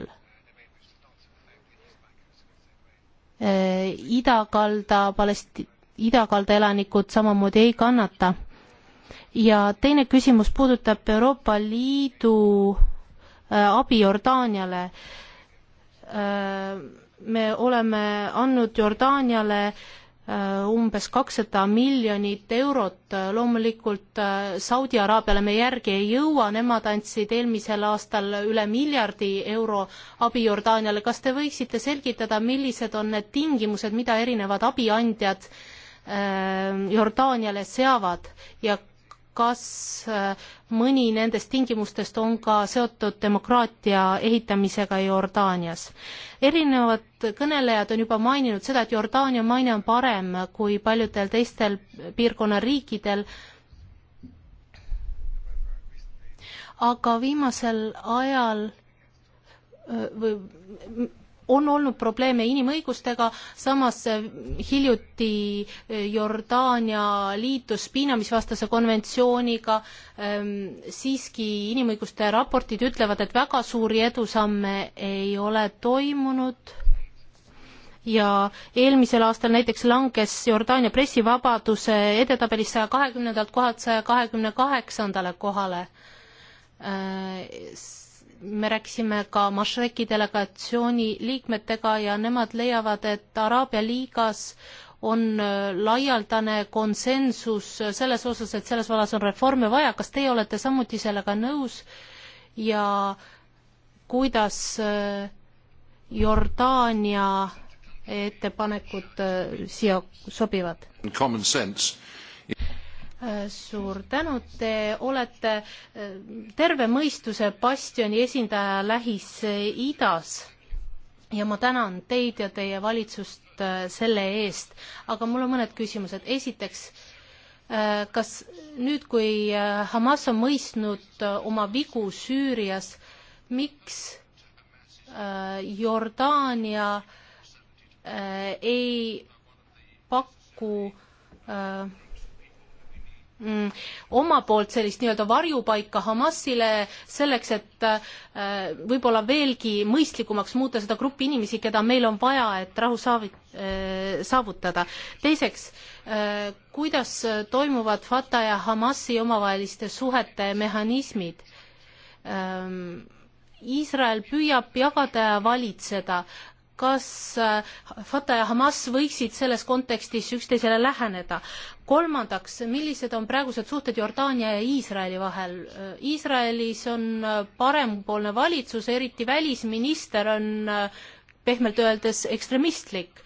Äh, idakalda palesti-, idakalda elanikud samamoodi ei kannata. ja teine küsimus puudutab Euroopa Liidu abi Jordaaniale me oleme andnud Jordaaniale äh, umbes kakssada miljonit eurot, loomulikult äh, Saudi Araabiale me järgi ei jõua, nemad andsid eelmisel aastal üle miljardi euro abi Jordaaniale, kas te võiksite selgitada, millised on need tingimused, mida erinevad abiandjad äh, Jordaaniale seavad ja kas äh, mõni nendest tingimustest on ka seotud demokraatia ehitamisega Jordaanias. erinevad kõnelejad on juba maininud seda, et Jordaania maine on parem kui paljudel teistel piirkonna riikidel, aga viimasel ajal äh, või on olnud probleeme inimõigustega, samas hiljuti Jordaania liitus piinamisvastase konventsiooniga, ehm, siiski inimõiguste raportid ütlevad, et väga suuri edusamme ei ole toimunud ja eelmisel aastal näiteks langes Jordaania pressivabaduse edetabelis saja kahekümnendalt kohalt saja kahekümne kaheksandale kohale ehm, me rääkisime ka Mašreki delegatsiooni liikmetega ja nemad leiavad, et Araabia liigas on äh, laialdane konsensus äh, selles osas, et selles vallas on reforme vaja, kas teie olete samuti sellega nõus ja kuidas äh, Jordaania ettepanekud siia sobivad? Common sense suur tänu, te olete eh, terve mõistuse bastioni esindaja Lähis-Idas ja ma tänan teid ja teie valitsust eh, selle eest, aga mul on mõned küsimused. esiteks, eh, kas nüüd, kui Hamas on mõistnud oma vigu Süürias, miks Jordaania ei paku äh, Mm, oma poolt sellist nii-öelda varjupaika Hamasile selleks, et äh, võib-olla veelgi mõistlikumaks muuta seda gruppi inimesi, keda meil on vaja, et rahu saavi-, äh, saavutada. teiseks, äh, kuidas toimuvad Fatah ja Hamasi omavaheliste suhete mehhanismid? Ähm, Iisrael püüab jagada ja valitseda kas äh, Fatah ja Hamas võiksid selles kontekstis üksteisele läheneda? kolmandaks, millised on praegused suhted Jordaania ja Iisraeli vahel? Äh, Iisraelis on äh, parempoolne valitsus, eriti välisminister on pehmelt öeldes ekstremistlik.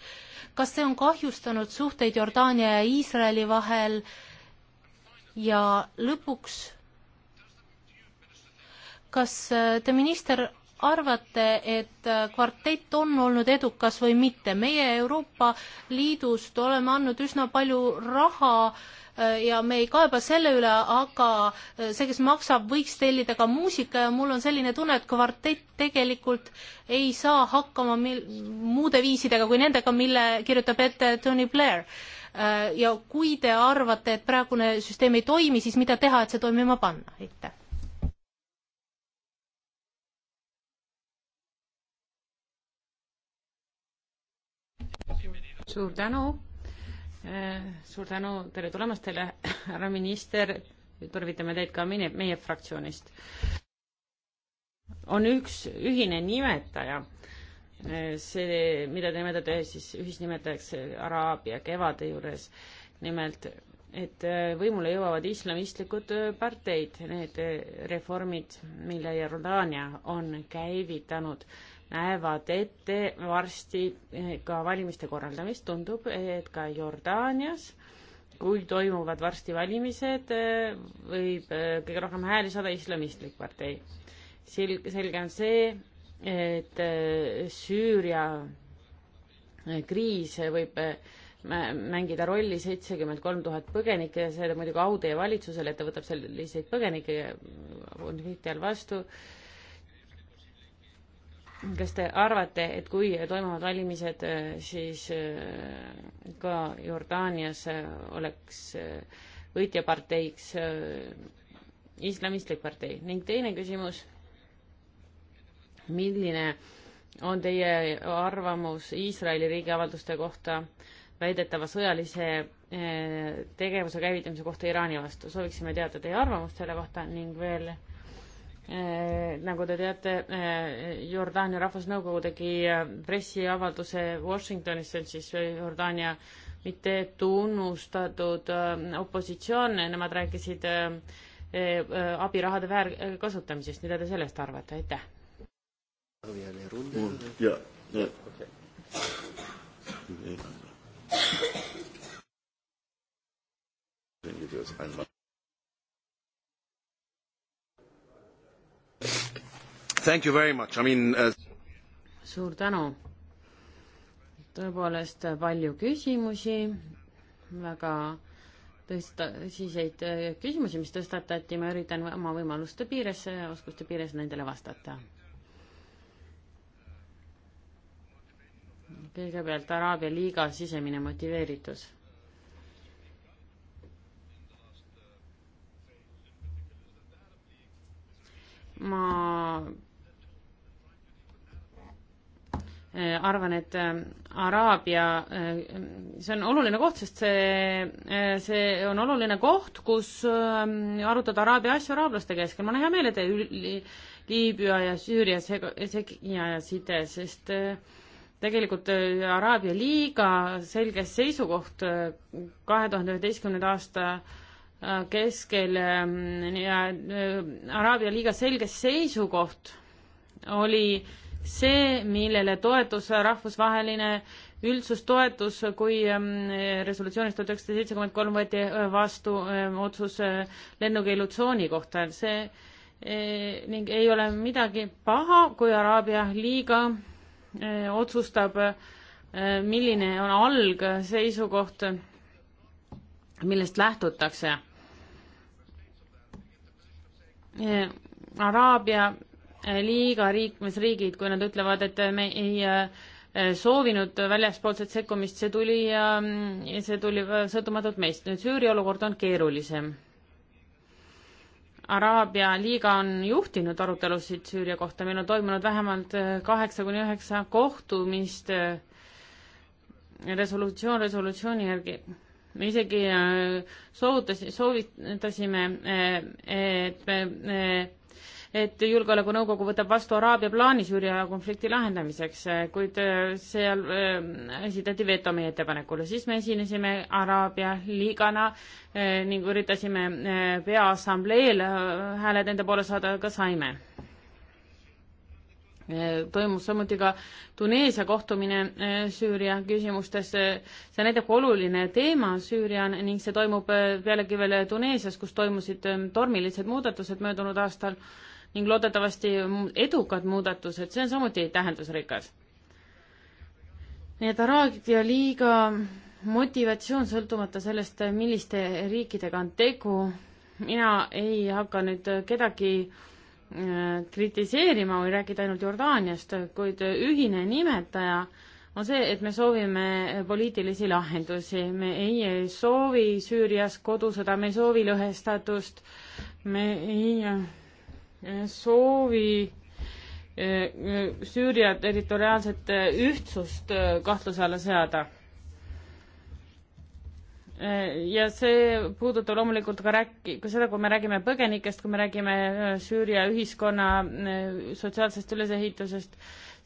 kas see on kahjustanud suhteid Jordaania ja Iisraeli vahel ja lõpuks kas te minister arvate, et kvartett on olnud edukas või mitte? meie Euroopa Liidust oleme andnud üsna palju raha äh, ja me ei kaeba selle üle, aga äh, see, kes maksab, võiks tellida ka muusika ja mul on selline tunne, et kvartett tegelikult ei saa hakkama mil-, muude viisidega kui nendega, mille kirjutab ette Tony Blair. Äh, ja kui te arvate, et praegune süsteem ei toimi, siis mida teha, et see toimima panna? aitäh suur tänu. Eh, suur tänu, tere tulemast teile, härra minister. tervitame teid ka meie, meie fraktsioonist. on üks ühine nimetaja eh, see, mida te nimetate siis ühisnimetajaks Araabia kevade juures, nimelt et eh, võimule jõuavad islamistlikud parteid, need reformid, mille Jordaania on käivitanud näevad ette varsti eh, ka valimiste korraldamist, tundub, et ka Jordaanias, kui toimuvad varsti valimised, eh, võib eh, kõige rohkem hääli saada islamistlik partei. Sel-, selge on see, et Süüria kriis võib mängida rolli seitsekümmend kolm tuhat põgenikke ja see muidugi au teie valitsusele, et ta võtab selliseid põgenikke konflikti all vastu kas te arvate, et kui toimuvad valimised, äh, siis äh, ka Jordaanias äh, oleks võitjaparteiks islamistlik partei ning teine küsimus, milline on teie arvamus Iisraeli riigiavalduste kohta väidetava sõjalise tegevuse käivitamise kohta Iraani vastu, sooviksime teada teie arvamust selle kohta ning veel Eh, nagu te teate, eh, Jordaania Rahvusnõukogu tegi eh, pressiavalduse Washingtonis, see on siis Jordaania mitte tunnustatud opositsioon, nemad rääkisid abirahade väärkasutamisest, mida te sellest arvate, aitäh? jah, mm, jah. Thank you very much, I mean uh.... suur tänu. tõepoolest äh, palju küsimusi, väga tõsta, siseid äh, küsimusi, mis tõstatati, ma üritan oma võimaluste piires, äh, oskuste piires nendele vastata. kõigepealt Araabia liiga sisemine motiveeritus ma Äh, arvan, et äh, Araabia, äh, see on oluline koht, sest see, see on oluline koht, kus arutada Araabia asju araablaste keskel. mul on hea meel, et te Liibüa ja Süüria sega, segija ja side, sest tegelikult Araabia liiga selge seisukoht kahe tuhande üheteistkümnenda aasta keskel ähm, ja Araabia liiga selge seisukoht oli äh, see, millele toetus rahvusvaheline üldsustoetus, kui ähm, resolutsioonis tuhat üheksasada seitsekümmend kolm võeti äh, vastu ähm, otsus äh, lennukeelutsooni kohta, see äh, ning ei ole midagi paha, kui Araabia liiga otsustab, milline on algseisukoht, millest lähtutakse. Araabia liiga liikmesriigid, kui nad ütlevad, et me ei eh, soovinud väljaspoolset sekkumist, see tuli, eh, see tuli sõltumatult meist. nüüd Süüria olukord on keerulisem. Araabia liiga on juhtinud arutelusid Süüria kohta, meil on toimunud vähemalt eh, kaheksa kuni üheksa kohtumist resolutsioon resolutsiooni järgi. me isegi soovitas-, soovitasime, et me et Julgeolekunõukogu võtab vastu Araabia plaani Süüria konflikti lahendamiseks, kuid äh, seal äh, esitati veto meie ettepanekule. siis me esinesime Araabia liigana äh, ning üritasime Peaassambleel hääled enda poole saada, aga saime toimus samuti ka Tuneesia kohtumine Süüria küsimustes. see näitab, kui oluline teema Süüria on ning see toimub pealegi veel Tuneesias, kus toimusid tormilised muudatused möödunud aastal ning loodetavasti edukad muudatused, see on samuti tähendusrikas. nii et Araabia liiga motivatsioon, sõltumata sellest, milliste riikidega on tegu, mina ei hakka nüüd kedagi äh, kritiseerima või rääkida ainult Jordaaniast, kuid ühine nimetaja on see, et me soovime poliitilisi lahendusi, me ei soovi Süürias kodusõda, me ei soovi lõhestatust, me ei soovi eh, Süüria territoriaalset eh, ühtsust eh, kahtluse alla seada. ja see puudutab loomulikult ka rääki-, ka seda, kui me räägime põgenikest, kui me räägime Süüria ühiskonna sotsiaalsest ülesehitusest,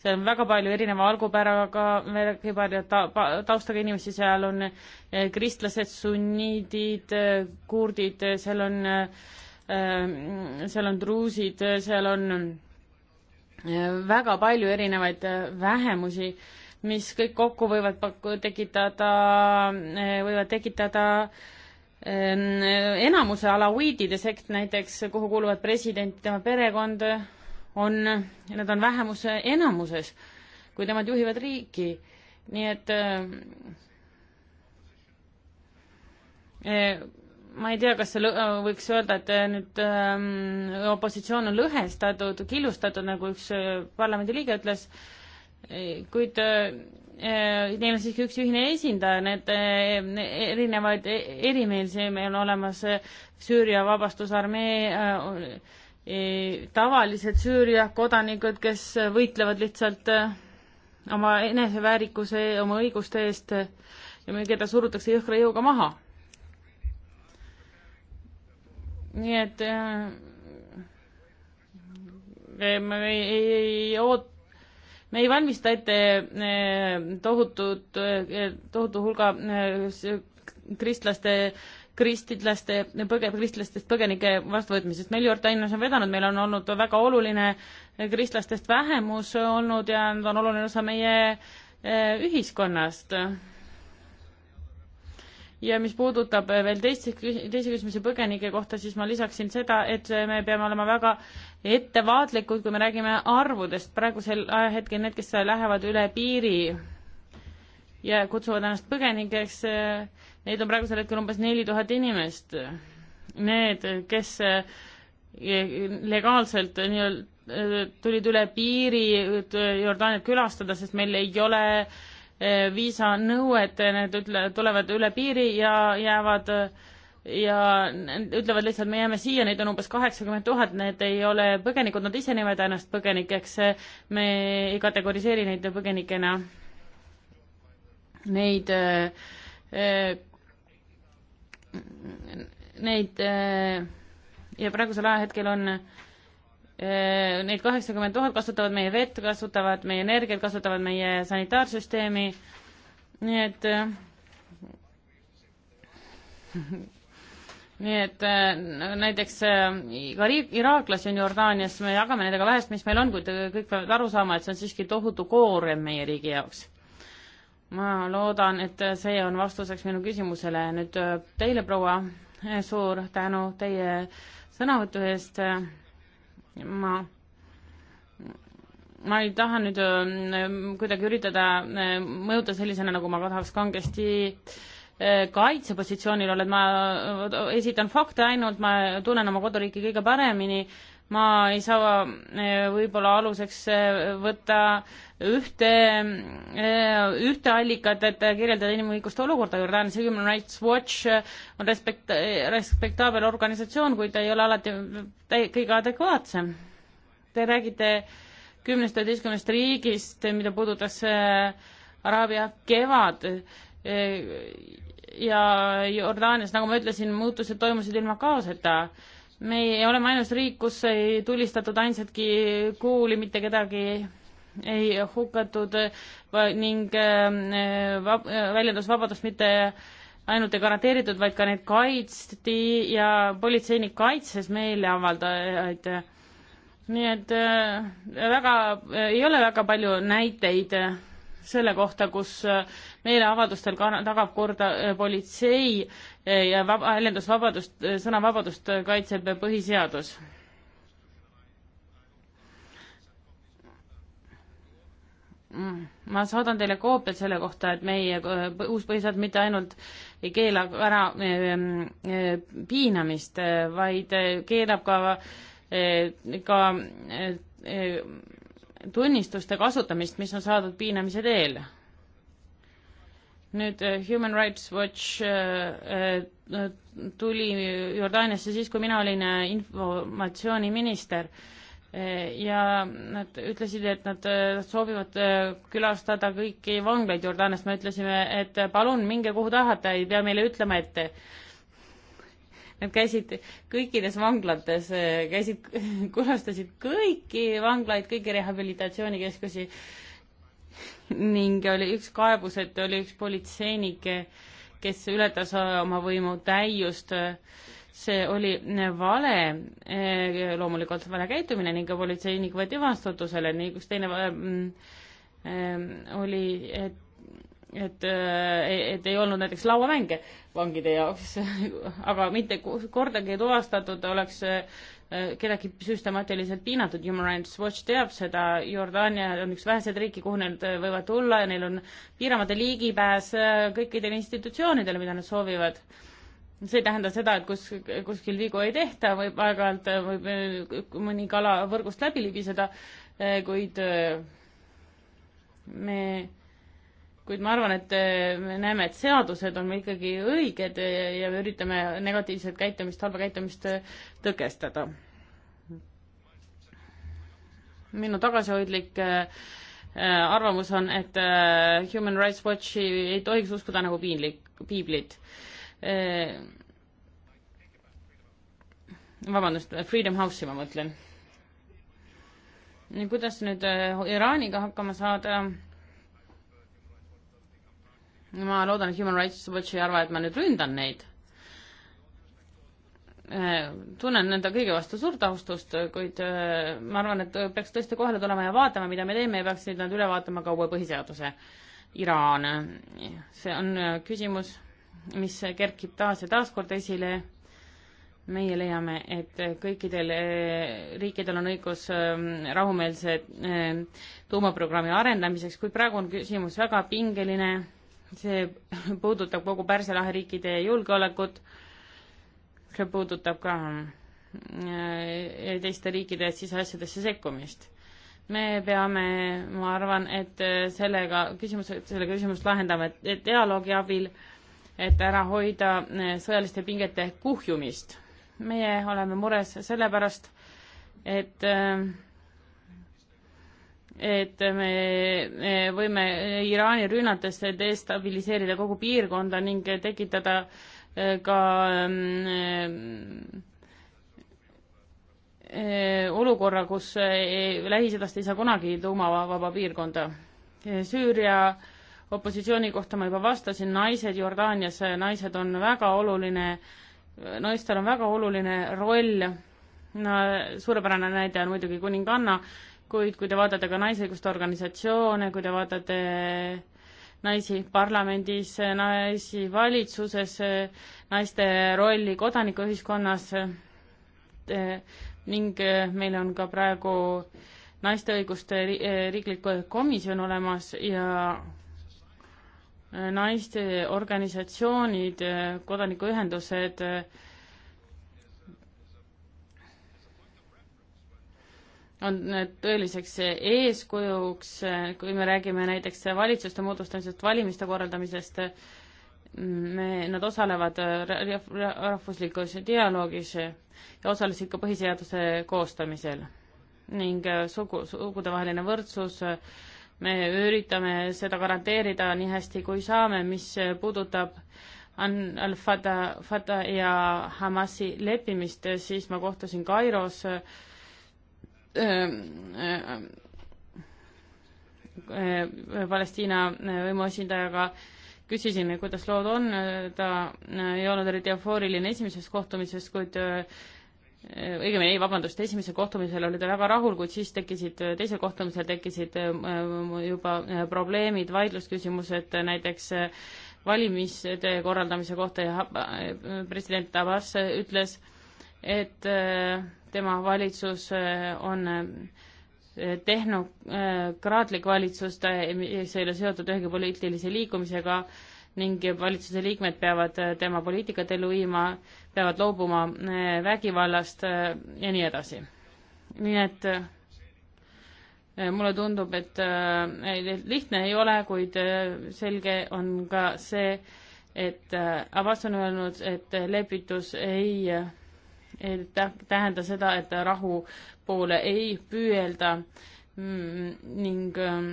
seal on väga palju erineva algupäraga, väga palju ta-, taustaga inimesi, seal on kristlased, sunniidid, kurdid, seal on äh, Ehm, seal on druusid, seal on eh, väga palju erinevaid eh, vähemusi, mis kõik kokku võivad pakku-, tekitada, eh, võivad tekitada ehm, enamuse alawiidide sekt näiteks, kuhu kuuluvad president, tema perekond, on, nad on vähemuse enamuses, kui nemad juhivad riiki. nii et ehm, ma ei tea, kas see võiks öelda, et äh, nüüd ähm, opositsioon on lõhestatud, killustatud, nagu üks äh, parlamendiliige ütles, kuid äh, äh neil on siiski üks ühine esindaja, need äh, erinevaid e-, erimeelsi, meil on olemas äh, Süüria Vabastusarmee äh, e-, tavalised Süüria kodanikud, kes võitlevad lihtsalt oma eneseväärikuse, oma õiguste eest ja keda surutakse jõhkra jõuga maha nii et äh, me ei, ei, ei oot-, me ei valmista ette äh, tohutut äh,, tohutu hulga äh, kristlaste kristlaste, põge-, kristlastest põgenike vastuvõtmisest. meil Jordaanias on vedanud, meil on olnud väga oluline kristlastest vähemus olnud ja nad on oluline osa meie äh, ühiskonnast äh, ja mis puudutab eh, veel teist, teise küsimuse põgenike kohta, siis ma lisaksin seda, et eh, me peame olema väga ettevaatlikud, kui me räägime arvudest. praegusel ajahetkel need, kes lähevad üle piiri ja kutsuvad ennast põgenikeks, eh, neid on praegusel hetkel umbes neli tuhat inimest. Need, kes legaalselt nii-öelda tulid üle piiri Jordaaniat külastada, sest meil ei ole äh, viisanõued, need ütle, tulevad üle piiri ja jäävad ja ütlevad lihtsalt, me jääme siia, neid on umbes kaheksakümmend tuhat, need ei ole põgenikud, nad ise nimetavad ennast põgenikeks, me ei kategoriseeri neid põgenikena. Neid neid ja praegusel ajahetkel on äh, Äh, neid kaheksakümmend tuhat kasutavad meie vett, kasutavad meie energiat, kasutavad meie sanitaarsüsteemi, nii et äh, nii et äh, näiteks ka iraaklasi on Jordaanias, me jagame nendega vähest, mis meil on, kuid kõik peavad aru saama, et see on siiski tohutu koorem meie riigi jaoks. ma loodan, et see on vastuseks minu küsimusele. nüüd teile, proua, suur tänu teie sõnavõtu eest ma ma ei taha nüüd ähm, kuidagi üritada ähm, mõjuda sellisena, nagu ma tahaks kangesti äh, kaitsepositsioonil olla, et ma äh, esitan fakte ainult, ma tunnen oma koduriiki kõige paremini, ma ei saa äh, võib-olla aluseks võtta ühte, eh, ühte allikat, et kirjeldada inimõiguste olukorda Jordaanias. Human Rights Watch on respekt-, respektaabel organisatsioon, kuid ta ei ole alati kõige adekvaatsem. Te räägite kümnest, üheteistkümnest riigist, mida puudutas eh, Araabia kevad eh, ja Jordaanias, nagu ma ütlesin, muutused toimusid ilma kaoseta me ei ole ainus riik, kus ei tulistatud ainsatki kuuli, mitte kedagi ei hukatud ning äh, vab, äh, väljendusvabadust mitte ainult ei garanteeritud, vaid ka neid kaitsti ja politseinik kaitses meeleavaldajaid. nii et äh, väga, ei ole väga palju näiteid selle kohta, kus meeleavaldustel tagab korda politsei ja väljendusvabadust, sõnavabadust kaitseb põhiseadus Mm. ma saadan teile koopiad selle kohta, et meie äh, uus põhiseadus mitte ainult ei keela ära äh, ähm, äh, piinamist, vaid keelab ka, ka tunnistuste kasutamist, mis on saadud piinamise teel. nüüd Human Rights Watch tuli Jordaaniasse siis, kui mina olin informatsiooniminister ja nad ütlesid, et nad äh, soovivad äh, külastada kõiki vanglaid Jordaaniast, me ütlesime, et äh, palun minge kuhu tahate, ei pea meile ütlema ette. Nad käisid kõikides vanglates, käisid, külastasid kõiki vanglaid, kõiki rehabilitatsioonikeskusi ning oli üks kaebus, et oli üks politseinik, kes ületas oma võimu täiust äh, see oli vale, eh, loomulikult vale käitumine ning politseinik võeti vastutusele, nii üks teine eh, mm, eh, oli, et et, et ei olnud näiteks lauamänge vangide jaoks, aga mitte kordagi ei tuvastatud oleks kedagi süstemaatiliselt piinatud, Human Rights Watch teab seda, Jordaania on üks väheseid riike, kuhu nad võivad tulla ja neil on piiramata ligipääs kõikidele institutsioonidele, mida nad soovivad see ei tähenda seda, et kus, kuskil vigu ei tehta, võib aeg-ajalt, äh, võib mõni kala võrgust läbi libiseda, äh, kuid äh, me, kuid ma arvan, et me näeme, et seadused on meil ikkagi õiged ja me üritame negatiivset käitumist, halba käitumist tõkestada. minu tagasihoidlik arvamus on, et Human Rights Watchi ei tohiks uskuda nagu piinlik, piiblit Äh, vabandust, Freedom House'i ma mõtlen. kuidas nüüd äh, Iraaniga hakkama saada? ma loodan, et Human Rights Watch ei arva, et ma nüüd ründan neid. Äh, tunnen nende kõige vastu suurt austust, kuid ma arvan, et peaks tõesti kohale tulema ja vaatama, mida me teeme ja peaksid nad üle vaatama ka uue põhiseaduse. Iraan, see on küsimus mis kerkib taas ja taas kord esile. meie leiame, et kõikidel eh, riikidel on õigus ehm, rahumeelse ehm, tuumaprogrammi arendamiseks, kuid praegu on küsimus väga pingeline. see puudutab kogu Pärsia lahe riikide julgeolekut. see puudutab ka eh, teiste riikide siseasjadesse sekkumist me peame, ma arvan, et eh, sellega küsimus, selle küsimust lahendame dialoogi abil et ära hoida eh, sõjaliste pingete kuhjumist. meie oleme mures sellepärast, et eh, et me võime Iraani rünnates destabiliseerida kogu piirkonda ning tekitada eh, ka mm, olukorra, kus Lähis-Idast ei saa kunagi tuumavaba piirkonda. Süüria opositsiooni kohta ma juba vastasin, naised Jordaanias, naised on väga oluline, naistel on väga oluline roll, no suurepärane näide on muidugi kuninganna, kuid kui te vaatate ka naisõiguste organisatsioone, kui te vaatate naisi parlamendis, naisi valitsuses, naiste rolli kodanikuühiskonnas ning meil on ka praegu naiste õiguste riiklik komisjon olemas ja naiste organisatsioonid, kodanikuühendused, on tõeliseks eeskujuks, kui me räägime näiteks valitsuste moodustamisest, valimiste korraldamisest, me, nad osalevad rahvuslikus dialoogis ja osalesid ka põhiseaduse koostamisel ning sugu, sugudevaheline võrdsus äh, me üritame seda garanteerida nii hästi kui saame, mis puudutab Al-Fata, Fata ja Hamasi leppimist, siis ma kohtusin Kairos äh, äh, äh, Palestiina võimuesindajaga, küsisin, kuidas lood on, ta ei olnud eriti eufooriline esimeses kohtumises, kuid äh, õigemini ei, vabandust, esimesel kohtumisel oli ta väga rahul, kuid siis tekkisid, teisel kohtumisel tekkisid äh, juba äh, probleemid, vaidlusküsimused näiteks äh, valimiste korraldamise kohta ja president Abbas ütles, et tema valitsus on tehnokraatlik valitsus, ta, see ei ole seotud ühegi poliitilise liikumisega ning valitsuse liikmed peavad äh, tema poliitikat ellu viima, peavad loobuma äh, vägivallast äh, ja nii edasi. nii et mulle tundub, et lihtne ei ole, kuid selge on ka see, et Abbas on öelnud, et lepitus ei, ei tähenda seda, et rahu poole ei püüelda mm, ning ähm,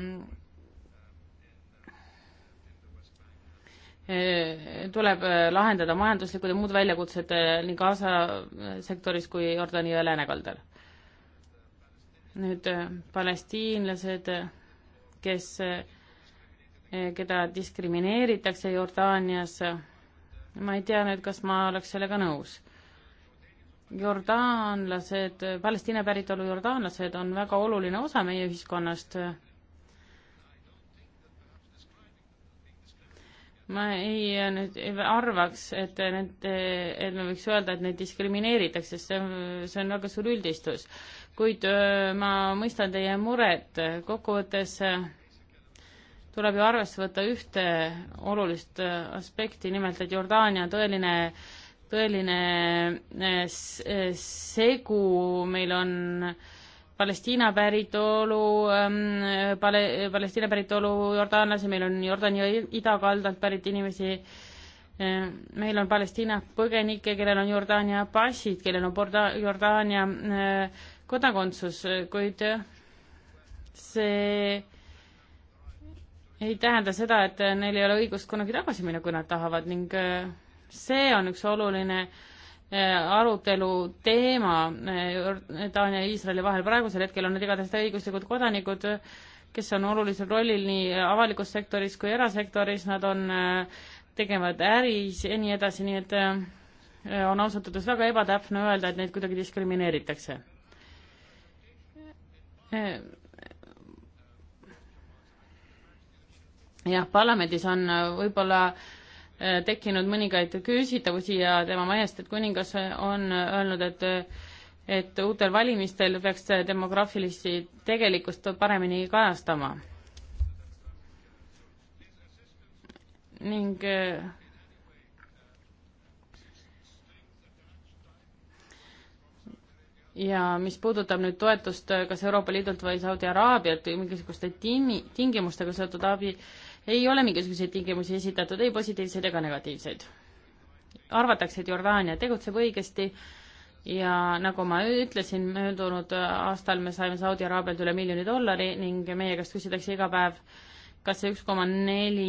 Äh, tuleb äh, lahendada majanduslikud ja muud väljakutsed äh, nii Gaza sektoris kui Jordani ja läänekaldal. nüüd palestiinlased, kes, keda diskrimineeritakse Jordaanias, ma ei tea nüüd, kas ma oleks sellega nõus. jordaanlased, Palestiina päritolu jordaanlased on väga oluline osa meie ühiskonnast ma ei nüüd ei arvaks, et need, et me võiks öelda, et neid diskrimineeritakse, sest see on, see on väga suur üldistus. kuid ma mõistan teie muret, kokkuvõttes tuleb ju arvesse võtta ühte olulist aspekti, nimelt et Jordaania tõeline, tõeline segu meil on äh, Palestiina päritolu ähm,, pale-, Palestiina päritolu jordaanlasi, meil on Jordani idakaldalt pärit inimesi äh,, meil on Palestiina põgenikke, kellel on Jordaania passid, kellel on Borda-, Jordaania äh, kodakondsus, kuid äh, see ei tähenda seda, et neil ei ole õigust kunagi tagasi minna, kui nad tahavad ning äh, see on üks oluline äh, Äh, arutelu teema Jordaania äh, ja Iisraeli vahel. praegusel hetkel on need igatahes täieõiguslikud kodanikud, kes on olulisel rollil nii avalikus sektoris kui erasektoris, nad on, äh, tegevad äris ja nii edasi, nii et on ausalt öeldes väga ebatäpne öelda, et neid kuidagi diskrimineeritakse. jah, parlamendis on võib-olla äh, Äh, tekkinud mõningaid küsitavusi ja tema majestat kuningas on öelnud, et et uutel valimistel peaks demograafilisi tegelikkust paremini kajastama. ning äh, ja mis puudutab nüüd toetust kas Euroopa Liidult või Saudi Araabialt või mingisuguste tingi-, tingimustega seotud abi, ei ole mingisuguseid tingimusi esitatud, ei positiivseid ega negatiivseid. arvatakse, et Jordaania tegutseb õigesti ja nagu ma ütlesin, möödunud aastal me saime Saudi Araabialt üle miljoni dollari ning meie käest küsitakse iga päev, kas see üks koma neli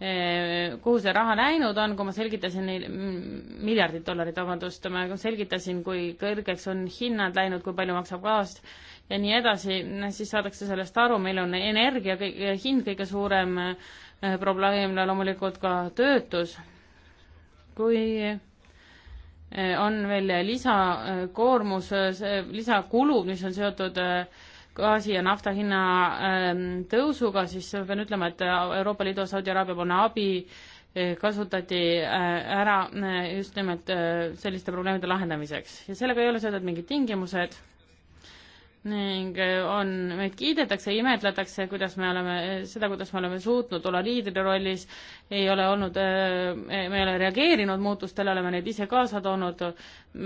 eh, kuhu see raha läinud on, kui ma selgitasin neile, miljardit dollarit, vabandust, ma selgitasin, kui kõrgeks on hinnad läinud, kui palju maksab gaas, ja nii edasi, siis saadakse sellest aru, meil on energia hind kõige suurem äh, probleem ja loomulikult ka töötus. kui äh, on veel lisakoormus, äh, lisakulud, mis on seotud gaasi ja nafta hinna ähm, tõusuga, siis pean ütlema, et Euroopa Liidu Saudi Araabia poolne abi kasutati ära just nimelt selliste probleemide lahendamiseks ja sellega ei ole seotud mingid tingimused ning eh, on, meid kiidetakse, imetletakse, kuidas me oleme, seda, kuidas me oleme suutnud olla liidri rollis, ei ole olnud, eh, me ei ole reageerinud muutustele, oleme neid ise kaasa toonud.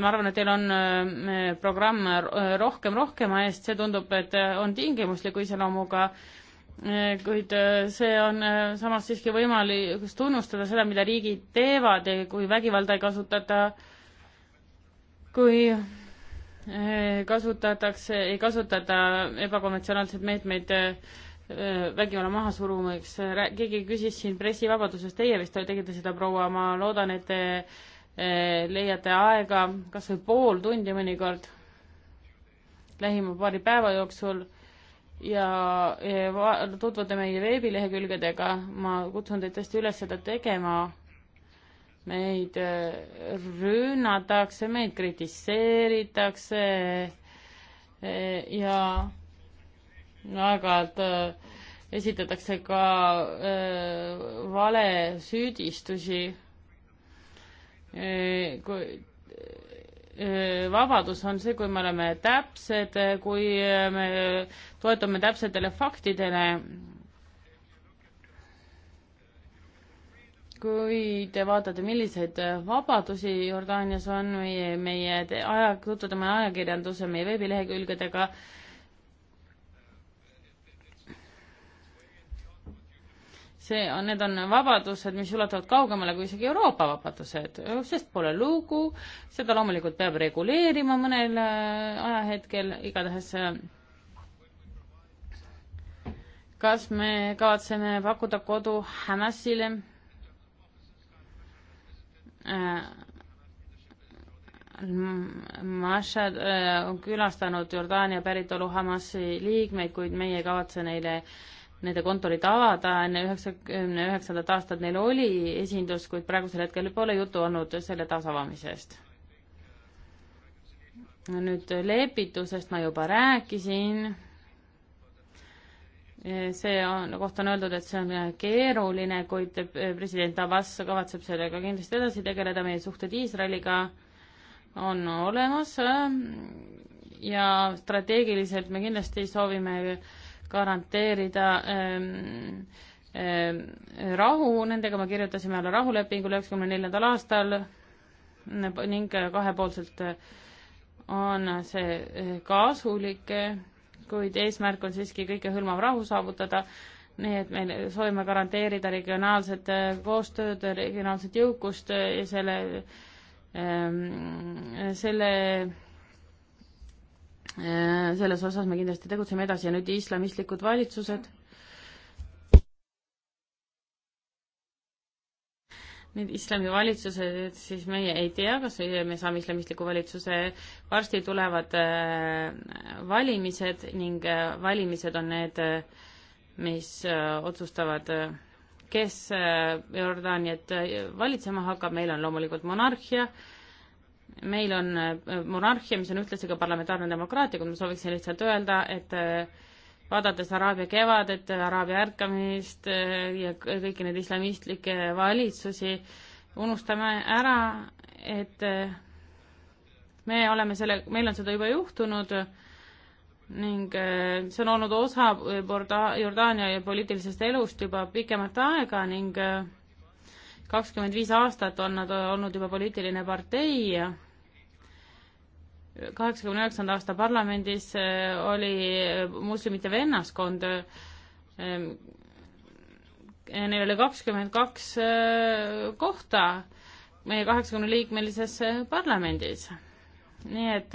ma arvan, et teil on eh, programm Rohkem rohkema eest, see tundub, et on tingimusliku iseloomuga, kuid see on samas siiski võimalik tunnustada seda, mida riigid teevad ja kui vägivalda ei kasutata, kui Äh, kasutatakse, ei kasutata ebakonventsionaalseid meetmeid äh, vägivalla mahasurumiseks. keegi küsis siin pressivabadusest, teie vist tegite seda, proua, ma loodan, et te äh, leiate aega kas või pool tundi mõnikord lähima paari päeva jooksul ja tutvuda meie veebilehekülgedega. ma kutsun teid tõesti üles seda tegema meid äh, rünnatakse, meid kritiseeritakse äh, ja aeg-ajalt äh, esitatakse ka valesüüdistusi. kui vabadus on see, kui me oleme täpsed, kui me toetume täpsetele faktidele kui te vaatate, milliseid vabadusi Jordaanias on meie, meie aja, tutvuda meie ajakirjanduse, meie veebilehekülgedega, see on, need on vabadused, mis ulatuvad kaugemale kui isegi Euroopa vabadused, sest pole lugu, seda loomulikult peab reguleerima mõnel äh, ajahetkel, igatahes äh, kas me kavatseme pakkuda kodu Hamasile? Mashad äh, on külastanud Jordaania päritolu Hamasi liikmeid, kuid meie ei kavatse neile, nende kontorit avada, enne üheksakümne üheksandat aastat neil oli esindus, kuid praegusel hetkel pole juttu olnud selle taasavamisest. nüüd lepitusest ma juba rääkisin see on, kohta on öeldud, et see on äh, keeruline, kuid äh, president Abbas kavatseb sellega kindlasti edasi tegeleda, meie suhted Iisraeliga on olemas äh, ja strateegiliselt me kindlasti soovime garanteerida ähm, ähm, rahu, nendega me kirjutasime alla rahulepingule üheksakümne neljandal aastal ning kahepoolselt on see kasulik kuid eesmärk on siiski kõikehõlmav rahu saavutada, nii et me soovime garanteerida regionaalset äh, koostööd, regionaalset jõukust äh, ja selle, ähm, selle äh, selles osas me kindlasti tegutseme edasi ja nüüd islamistlikud valitsused need islami valitsused, siis meie ei tea, kas me saame islamistliku valitsuse, varsti tulevad äh, valimised ning äh, valimised on need, äh, mis otsustavad, kes Jordaaniat valitsema hakkab, meil on loomulikult monarhia, meil on monarhia, mis on ühtlasi ka parlamentaarne demokraatia, kui ma sooviksin lihtsalt öelda, et vaadates Araabia kevadet, Araabia ärkamist eh, ja kõiki neid islamistlikke valitsusi, unustame ära, et eh, me oleme selle, meil on seda juba juhtunud ning eh, see on olnud osa Jordaania poliitilisest elust juba pikemat aega ning kakskümmend viis aastat on nad olnud juba poliitiline partei kaheksakümne üheksanda aasta parlamendis äh, oli äh, moslemite vennaskond, äh, neil oli kakskümmend kaks kohta meie kaheksakümne liikmelises parlamendis. nii et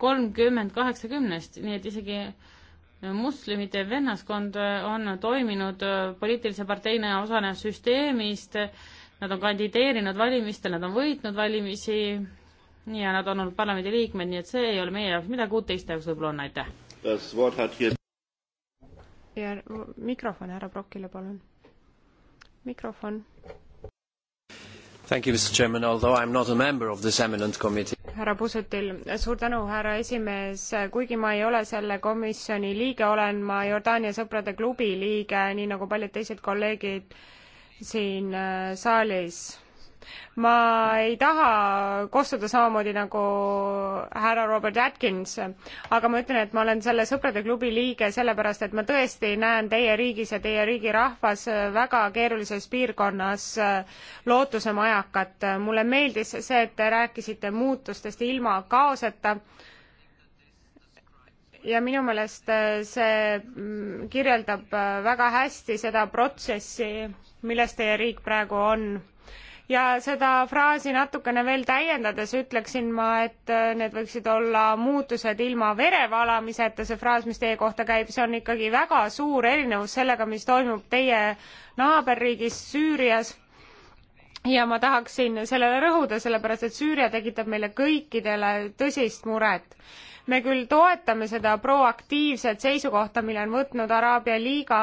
kolmkümmend kaheksakümnest, nii et isegi moslemite vennaskond on toiminud poliitilise parteina osana süsteemist, nad on kandideerinud valimistel, nad on võitnud valimisi ja nad on olnud parlamendi liikmed, nii et see ei ole meie jaoks midagi uut, teiste jaoks võib-olla on, aitäh. ja mikrofon härra Brokile, palun. mikrofon. Thank you, Mr Chairman, although I am not a member of this eminent committee härra Pusutil. suur tänu, härra esimees. kuigi ma ei ole selle komisjoni liige, olen ma Jordaania Sõprade klubi liige, nii nagu paljud teised kolleegid siin äh, saalis ma ei taha kostuda samamoodi nagu härra Robert Atkins, aga ma ütlen, et ma olen selle Sõprade klubi liige sellepärast, et ma tõesti näen teie riigis ja teie riigi rahvas väga keerulises piirkonnas lootusemajakat. mulle meeldis see, et te rääkisite muutustest ilma kaoseta ja minu meelest see kirjeldab väga hästi seda protsessi, milles teie riik praegu on ja seda fraasi natukene veel täiendades ütleksin ma, et äh, need võiksid olla muutused ilma verevalamiseta, see fraas, mis teie kohta käib, see on ikkagi väga suur erinevus sellega, mis toimub teie naaberriigis Süürias ja ma tahaksin sellele rõhuda, sellepärast et Süüria tekitab meile kõikidele tõsist muret. me küll toetame seda proaktiivset seisukohta, mille on võtnud Araabia liiga,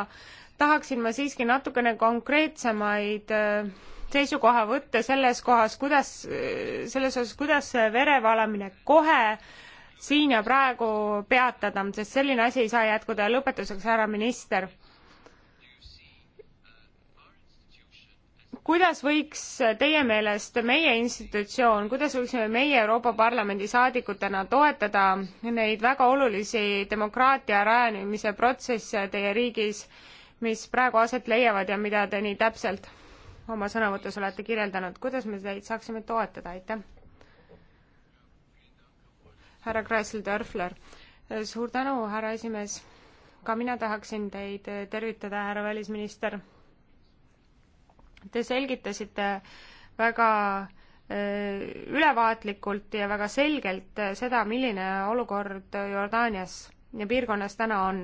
tahaksin ma siiski natukene konkreetsemaid äh, seisukohavõtte selles kohas, kuidas, selles osas, kuidas verevalamine kohe siin ja praegu peatada, sest selline asi ei saa jätkuda ja lõpetuseks, härra minister. kuidas võiks teie meelest meie institutsioon, kuidas võiksime meie Euroopa Parlamendi saadikutena toetada neid väga olulisi demokraatia rajanemise protsesse teie riigis, mis praegu aset leiavad ja mida te nii täpselt oma sõnavõtus olete kirjeldanud, kuidas me teid saaksime toetada, aitäh! härra Kreisel-Dörfler, suur tänu, härra esimees! ka mina tahaksin teid tervitada, härra välisminister. Te selgitasite väga äh, ülevaatlikult ja väga selgelt seda, milline olukord Jordaanias ja piirkonnas täna on.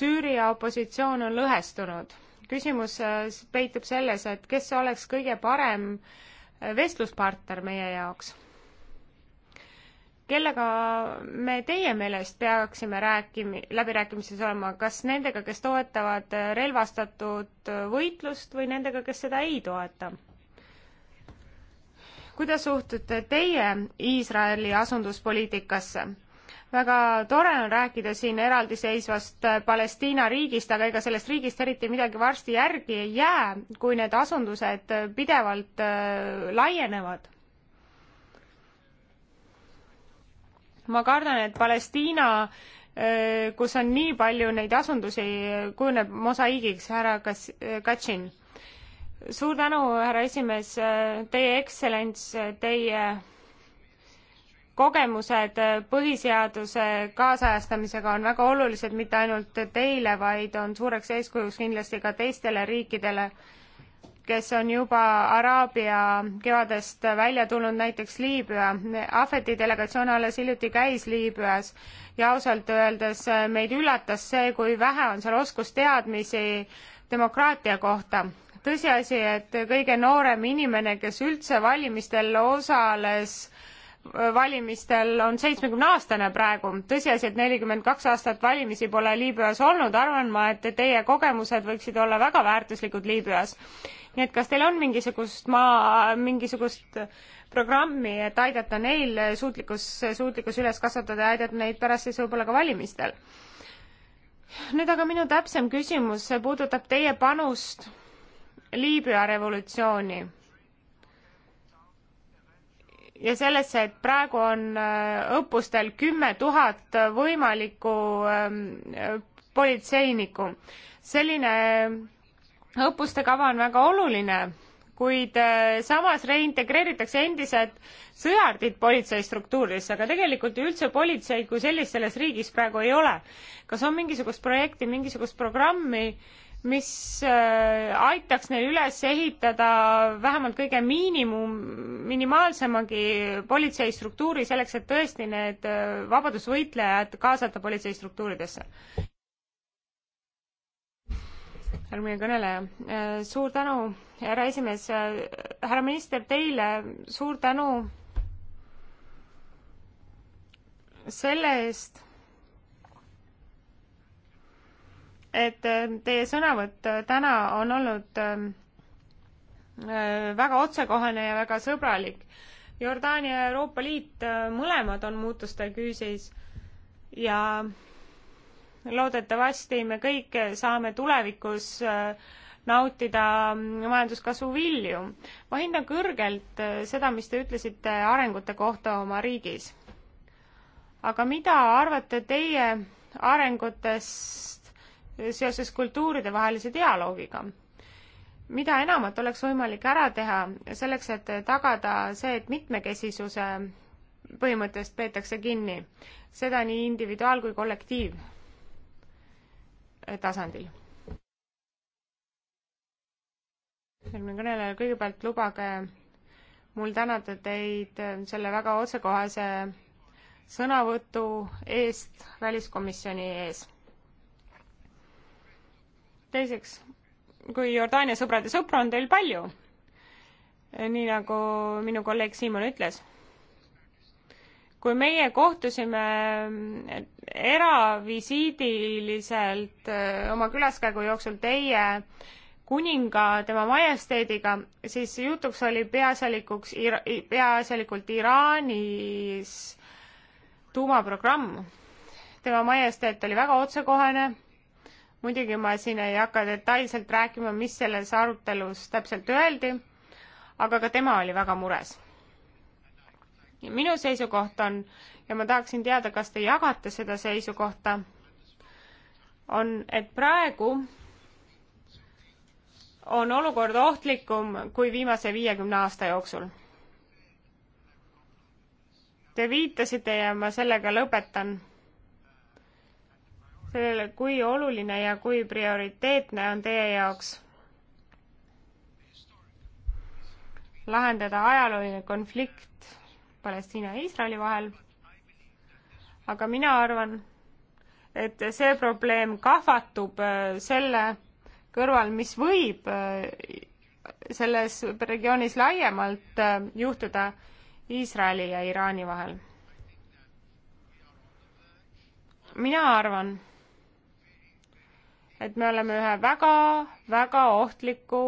Süüria opositsioon on lõhestunud küsimus äh, peitub selles, et kes oleks kõige parem äh, vestluspartner meie jaoks. kellega me teie meelest peaksime rääkimi-, läbirääkimises olema, kas nendega, kes toetavad äh, relvastatud võitlust või nendega, kes seda ei toeta? kuidas suhtute teie Iisraeli asunduspoliitikasse? väga tore on rääkida siin eraldiseisvast äh, Palestiina riigist, aga ega sellest riigist eriti midagi varsti järgi ei jää, kui need asundused äh, pidevalt äh, laienevad. ma kardan, et Palestiina, kus on nii palju neid asundusi, kujuneb mosaiigiks, härra Kas-, Katšin. suur tänu, härra esimees, teie ekstsellents, teie kogemused äh, põhiseaduse kaasajastamisega on väga olulised mitte ainult teile, vaid on suureks eeskujuks kindlasti ka teistele riikidele, kes on juba Araabia kevadest välja tulnud, näiteks Liibüa. Ahveti delegatsioon alles hiljuti käis Liibüas ja ausalt öeldes meid üllatas see, kui vähe on seal oskusteadmisi demokraatia kohta tõsiasi, et kõige noorem inimene, kes üldse valimistel osales äh, valimistel on seitsmekümne aastane praegu. tõsiasi, et nelikümmend kaks aastat valimisi pole Liibüas olnud, arvan ma, et teie kogemused võiksid olla väga väärtuslikud Liibüas. nii et kas teil on mingisugust maa, mingisugust programmi, et aidata neil suutlikkus, suutlikkus üles kasvatada ja aidata neid pärast siis võib-olla ka valimistel? nüüd aga minu täpsem küsimus puudutab teie panust Liibüa revolutsiooni ja sellesse, et praegu on äh, õppustel kümme tuhat võimalikku ähm, politseinikku. selline õppuste kava on väga oluline, kuid äh, samas reintegreeritakse endised sõjardid politseistruktuuridesse, aga tegelikult ju üldse politseid kui sellist selles riigis praegu ei ole. kas on mingisugust projekti, mingisugust programmi äh, mis äh, aitaks neil üles ehitada vähemalt kõige miinimum, minimaalsemagi politseistruktuuri selleks, et tõesti need äh, vabadusvõitlejad kaasata politseistruktuuridesse. järgmine kõneleja. Äh, suur tänu, härra esimees, härra minister, teile suur tänu selle eest et äh, teie sõnavõtt äh, täna on olnud äh, väga otsekohene ja väga sõbralik. Jordaania ja Euroopa Liit mõlemad on muutuste küüsis ja loodetavasti me kõik saame tulevikus nautida mm, majanduskasvu vilju. ma hindan kõrgelt seda, mis te ütlesite arengute kohta oma riigis. aga mida arvate teie arengutest seoses kultuuridevahelise dialoogiga. mida enamat oleks võimalik ära teha selleks, et tagada see, et mitmekesisuse põhimõttest peetakse kinni, seda nii individuaal- kui kollektiivtasandil. järgmine kõneleja, kõigepealt lubage mul tänada teid selle väga otsekohase sõnavõtu eest väliskomisjoni ees teiseks, kui Jordaania sõbrad ja sõpru on teil palju, nii nagu minu kolleeg Siimon ütles, kui meie kohtusime eravisiidiliselt äh, oma külaskäigu jooksul teie kuninga, tema majesteediga, siis jutuks oli peaasjalikuks, peaasjalikult Iraanis tuumaprogramm. tema majesteet oli väga otsekohene muidugi ma siin ei hakka detailselt rääkima, mis selles arutelus täpselt öeldi, aga ka tema oli väga mures. minu seisukoht on ja ma tahaksin teada, kas te jagate seda seisukohta, on, et praegu on olukord ohtlikum kui viimase viiekümne aasta jooksul. Te viitasite ja ma sellega lõpetan sellele, kui oluline ja kui prioriteetne on teie jaoks lahendada ajalooline konflikt Palestiina ja Iisraeli vahel. aga mina arvan, et see probleem kahvatub äh, selle kõrval, mis võib äh, selles regioonis laiemalt äh, juhtuda Iisraeli ja Iraani vahel mina arvan, et me oleme ühe väga-väga ohtliku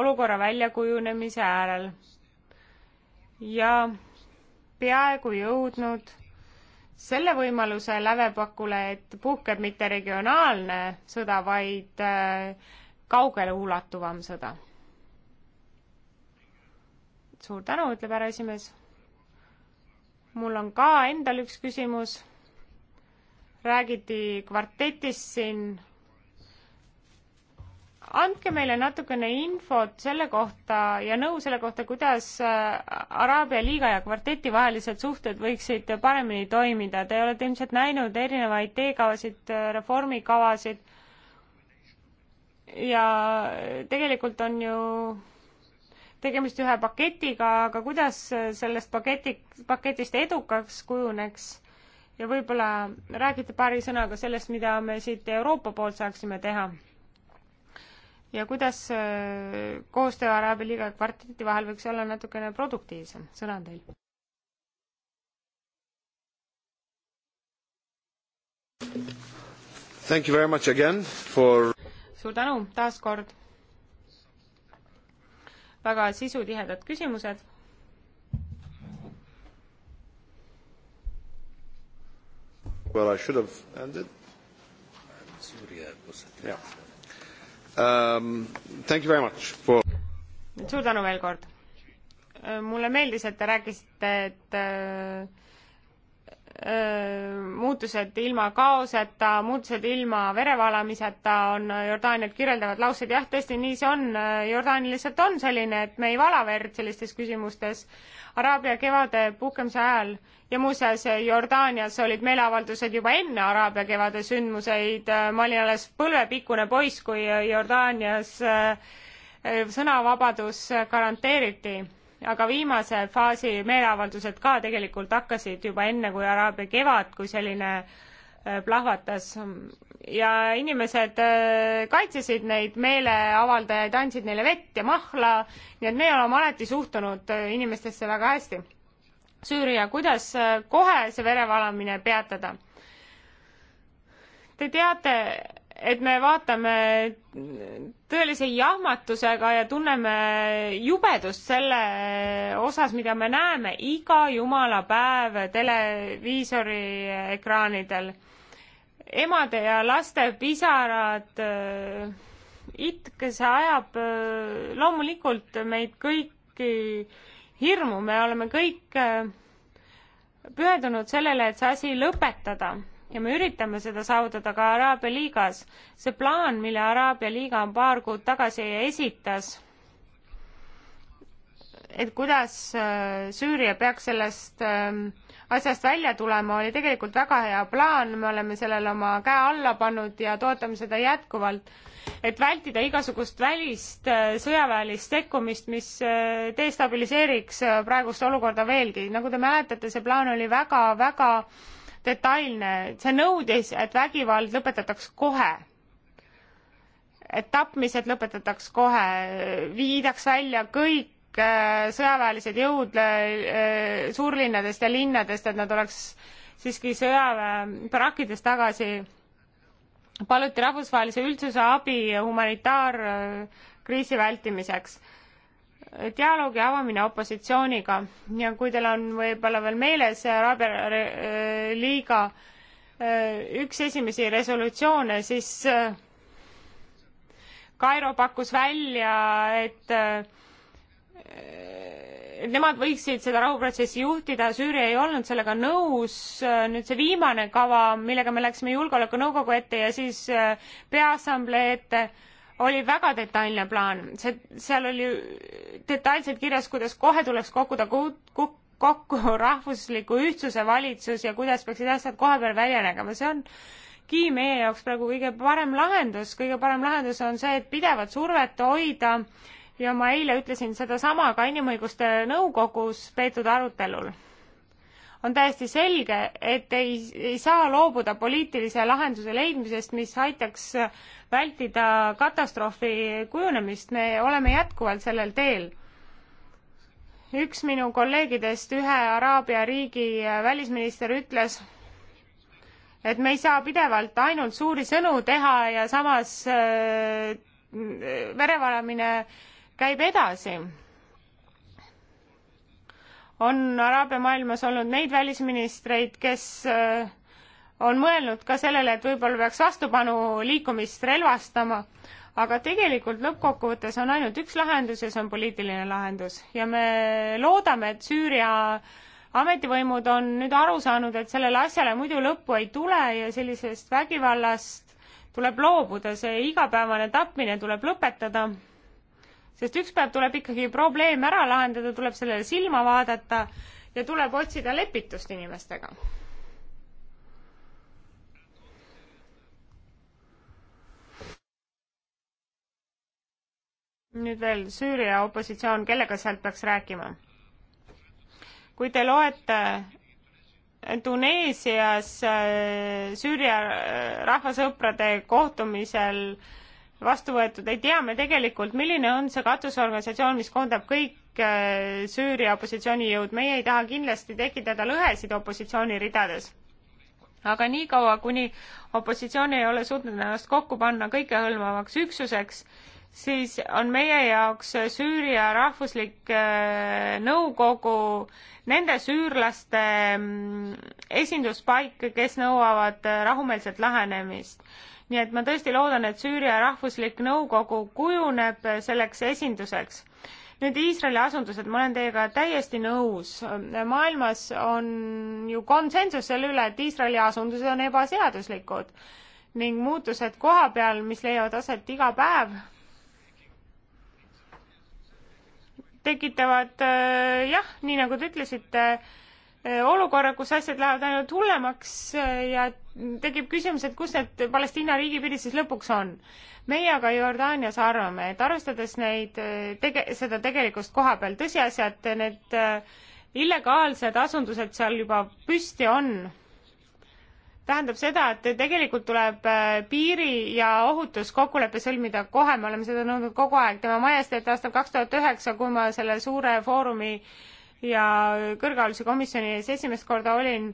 olukorra väljakujunemise äärel ja peaaegu jõudnud selle võimaluse lävepakule, et puhkeb mitte regionaalne sõda, vaid äh, kaugeleulatuvam sõda. suur tänu, ütleb härra esimees. mul on ka endal üks küsimus. räägiti kvartetist siin andke meile natukene infot selle kohta ja nõu selle kohta, kuidas äh, Araabia liiga ja kvarteti vahelised suhted võiksid paremini toimida. Te olete ilmselt näinud erinevaid teekavasid, äh, reformikavasid ja tegelikult on ju tegemist ühe paketiga, aga kuidas sellest paketi, paketist edukaks kujuneks ja võib-olla räägite paari sõnaga sellest, mida me siit Euroopa poolt saaksime teha ja kuidas äh, koostöö Araabia liiga kvarteti vahel võiks olla natukene produktiivsem, sõna on teil. Thank you very much again for suur tänu taas kord. väga sisutihedad küsimused. Well I should have ended. Syria was a yeah um,. For... suur tänu veel kord. mulle meeldis, et te rääkisite, et äh, muutused ilma kaoseta, muutused ilma verevalamiseta on Jordaaniat kirjeldavad laused, jah, tõesti, nii see on, Jordaania lihtsalt on selline, et me ei vala verd sellistes küsimustes. Araabia kevade puhkemise ajal ja muuseas, Jordaanias olid meeleavaldused juba enne Araabia kevade sündmuseid, ma olin alles põlvepikkune poiss, kui Jordaanias sõnavabadus garanteeriti aga viimase faasi meeleavaldused ka tegelikult hakkasid juba enne, kui Araabia kevad kui selline äh, plahvatas ja inimesed äh, kaitsesid neid meeleavaldajaid, andsid neile vett ja mahla, nii et meie oleme alati suhtunud äh, inimestesse väga hästi. Süüria, kuidas kohe see verevalamine peatada? Te teate, et me vaatame tõelise jahmatusega ja tunneme jubedust selle osas, mida me näeme iga jumala päev televiisori ekraanidel. emade ja laste pisarad, itk, see ajab loomulikult meid kõiki hirmu, me oleme kõik pühendunud sellele, et see asi lõpetada ja me üritame seda saavutada ka Araabia liigas. see plaan, mille Araabia liiga on paar kuud tagasi esitas, et kuidas äh, Süüria peaks sellest ähm, asjast välja tulema, oli tegelikult väga hea plaan, me oleme sellele oma käe alla pannud ja toetame seda jätkuvalt, et vältida igasugust välist äh, sõjaväelist sekkumist, mis äh, destabiliseeriks praegust olukorda veelgi. nagu te mäletate, see plaan oli väga-väga detailne, see nõudis, et vägivald lõpetataks kohe. et tapmised lõpetataks kohe, viidaks välja kõik äh, sõjaväelised jõud äh, suurlinnadest ja linnadest, et nad oleks siiski sõjaväe barakkides tagasi. paluti rahvusvahelise üldsuse abi humanitaarkriisi vältimiseks dialoogi avamine opositsiooniga ja kui teil on võib-olla veel meeles Araabia äh, liiga äh, üks esimesi resolutsioone, siis äh, Kairo pakkus välja, et nemad võiksid seda rahuprotsessi juhtida, Süüria ei olnud sellega nõus, nüüd see viimane kava, millega me läksime Julgeolekunõukogu ette ja siis Peaassamblee ette, oli väga detailne plaan, see, seal oli detailselt kirjas, kuidas kohe tuleks kokkuda kuk-, kokku rahvusliku ühtsuse valitsus ja kuidas peaksid asjad koha peal välja nägema, see on ki meie jaoks praegu kõige parem lahendus, kõige parem lahendus on see, et pidevat survet hoida ja ma eile ütlesin sedasama ka Inimõiguste Nõukogus peetud arutelul on täiesti selge, et ei, ei saa loobuda poliitilise lahenduse leidmisest, mis aitaks vältida katastroofi kujunemist, me oleme jätkuvalt sellel teel. üks minu kolleegidest, ühe Araabia riigi välisminister ütles, et me ei saa pidevalt ainult suuri sõnu teha ja samas äh, verevalamine käib edasi on araabia maailmas olnud neid välisministreid, kes äh, on mõelnud ka sellele, et võib-olla peaks vastupanuliikumist relvastama, aga tegelikult lõppkokkuvõttes on ainult üks lahendus ja see on poliitiline lahendus ja me loodame, et Süüria ametivõimud on nüüd aru saanud, et sellele asjale muidu lõppu ei tule ja sellisest vägivallast tuleb loobuda, see igapäevane tapmine tuleb lõpetada sest üks päev tuleb ikkagi probleem ära lahendada, tuleb sellele silma vaadata ja tuleb otsida lepitust inimestega. nüüd veel Süüria opositsioon, kellega sealt peaks rääkima? kui te loete Tuneesias äh, Süüria äh, rahvasõprade kohtumisel äh, vastu võetud, ei tea me tegelikult, milline on see katusorganisatsioon, mis koondab kõik äh, Süüria opositsioonijõud, meie ei taha kindlasti tekitada lõhesid opositsiooni ridades. aga niikaua, kuni opositsioon ei ole suutnud ennast kokku panna kõikehõlmavaks üksuseks, siis on meie jaoks Süüria rahvuslik äh, nõukogu nende süürlaste äh, esinduspaik, kes nõuavad äh, rahumeelset lähenemist nii et ma tõesti loodan, et Süüria rahvuslik nõukogu kujuneb selleks esinduseks. nüüd Iisraeli asundused, ma olen teiega täiesti nõus. maailmas on ju konsensus selle üle, et Iisraeli asundused on ebaseaduslikud ning muutused koha peal, mis leiavad aset iga päev, tekitavad äh, jah, nii nagu te ütlesite, Äh, olukorra, kus asjad lähevad ainult hullemaks äh, ja tekib küsimus, et kus need Palestiina riigipiirid siis lõpuks on. meie aga Jordaanias arvame, et arvestades neid äh, tege-, seda tegelikkust koha peal, tõsiasja, et need illegaalsed asundused seal juba püsti on, tähendab seda, et tegelikult tuleb piiri- ja ohutuskokkulepe sõlmida kohe, me oleme seda nõudnud kogu aeg, tema majesteet aastal kaks tuhat üheksa, kui ma selle suure foorumi äh, ja kõrghariduse komisjoni ees esimest korda olin,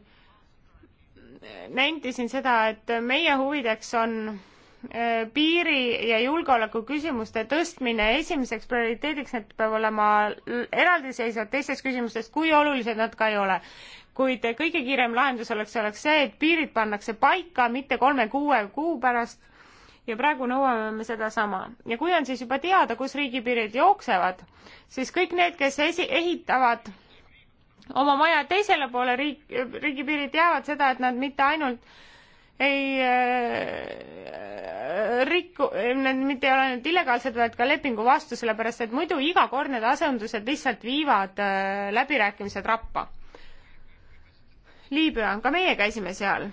nentisin seda, et meie huvideks on äh, piiri ja julgeoleku küsimuste tõstmine esimeseks prioriteediks, need peab olema eraldiseisvad teistest küsimustest, kui olulised nad ka ei ole. kuid kõige kiirem lahendus oleks, oleks see, et piirid pannakse paika mitte kolme-kuue kuu pärast ja praegu nõuame me sedasama. ja kui on siis juba teada, kus riigipiirid jooksevad, siis kõik need, kes esi-, ehitavad oma maja teisele poole riik, riigipiiri teavad seda, et nad mitte ainult ei äh, rikku, need mitte ei ole ainult illegaalsed, vaid ka lepingu vastu, sellepärast et muidu iga kord need asendused lihtsalt viivad äh, läbirääkimised rappa. Liibüa, ka meie käisime seal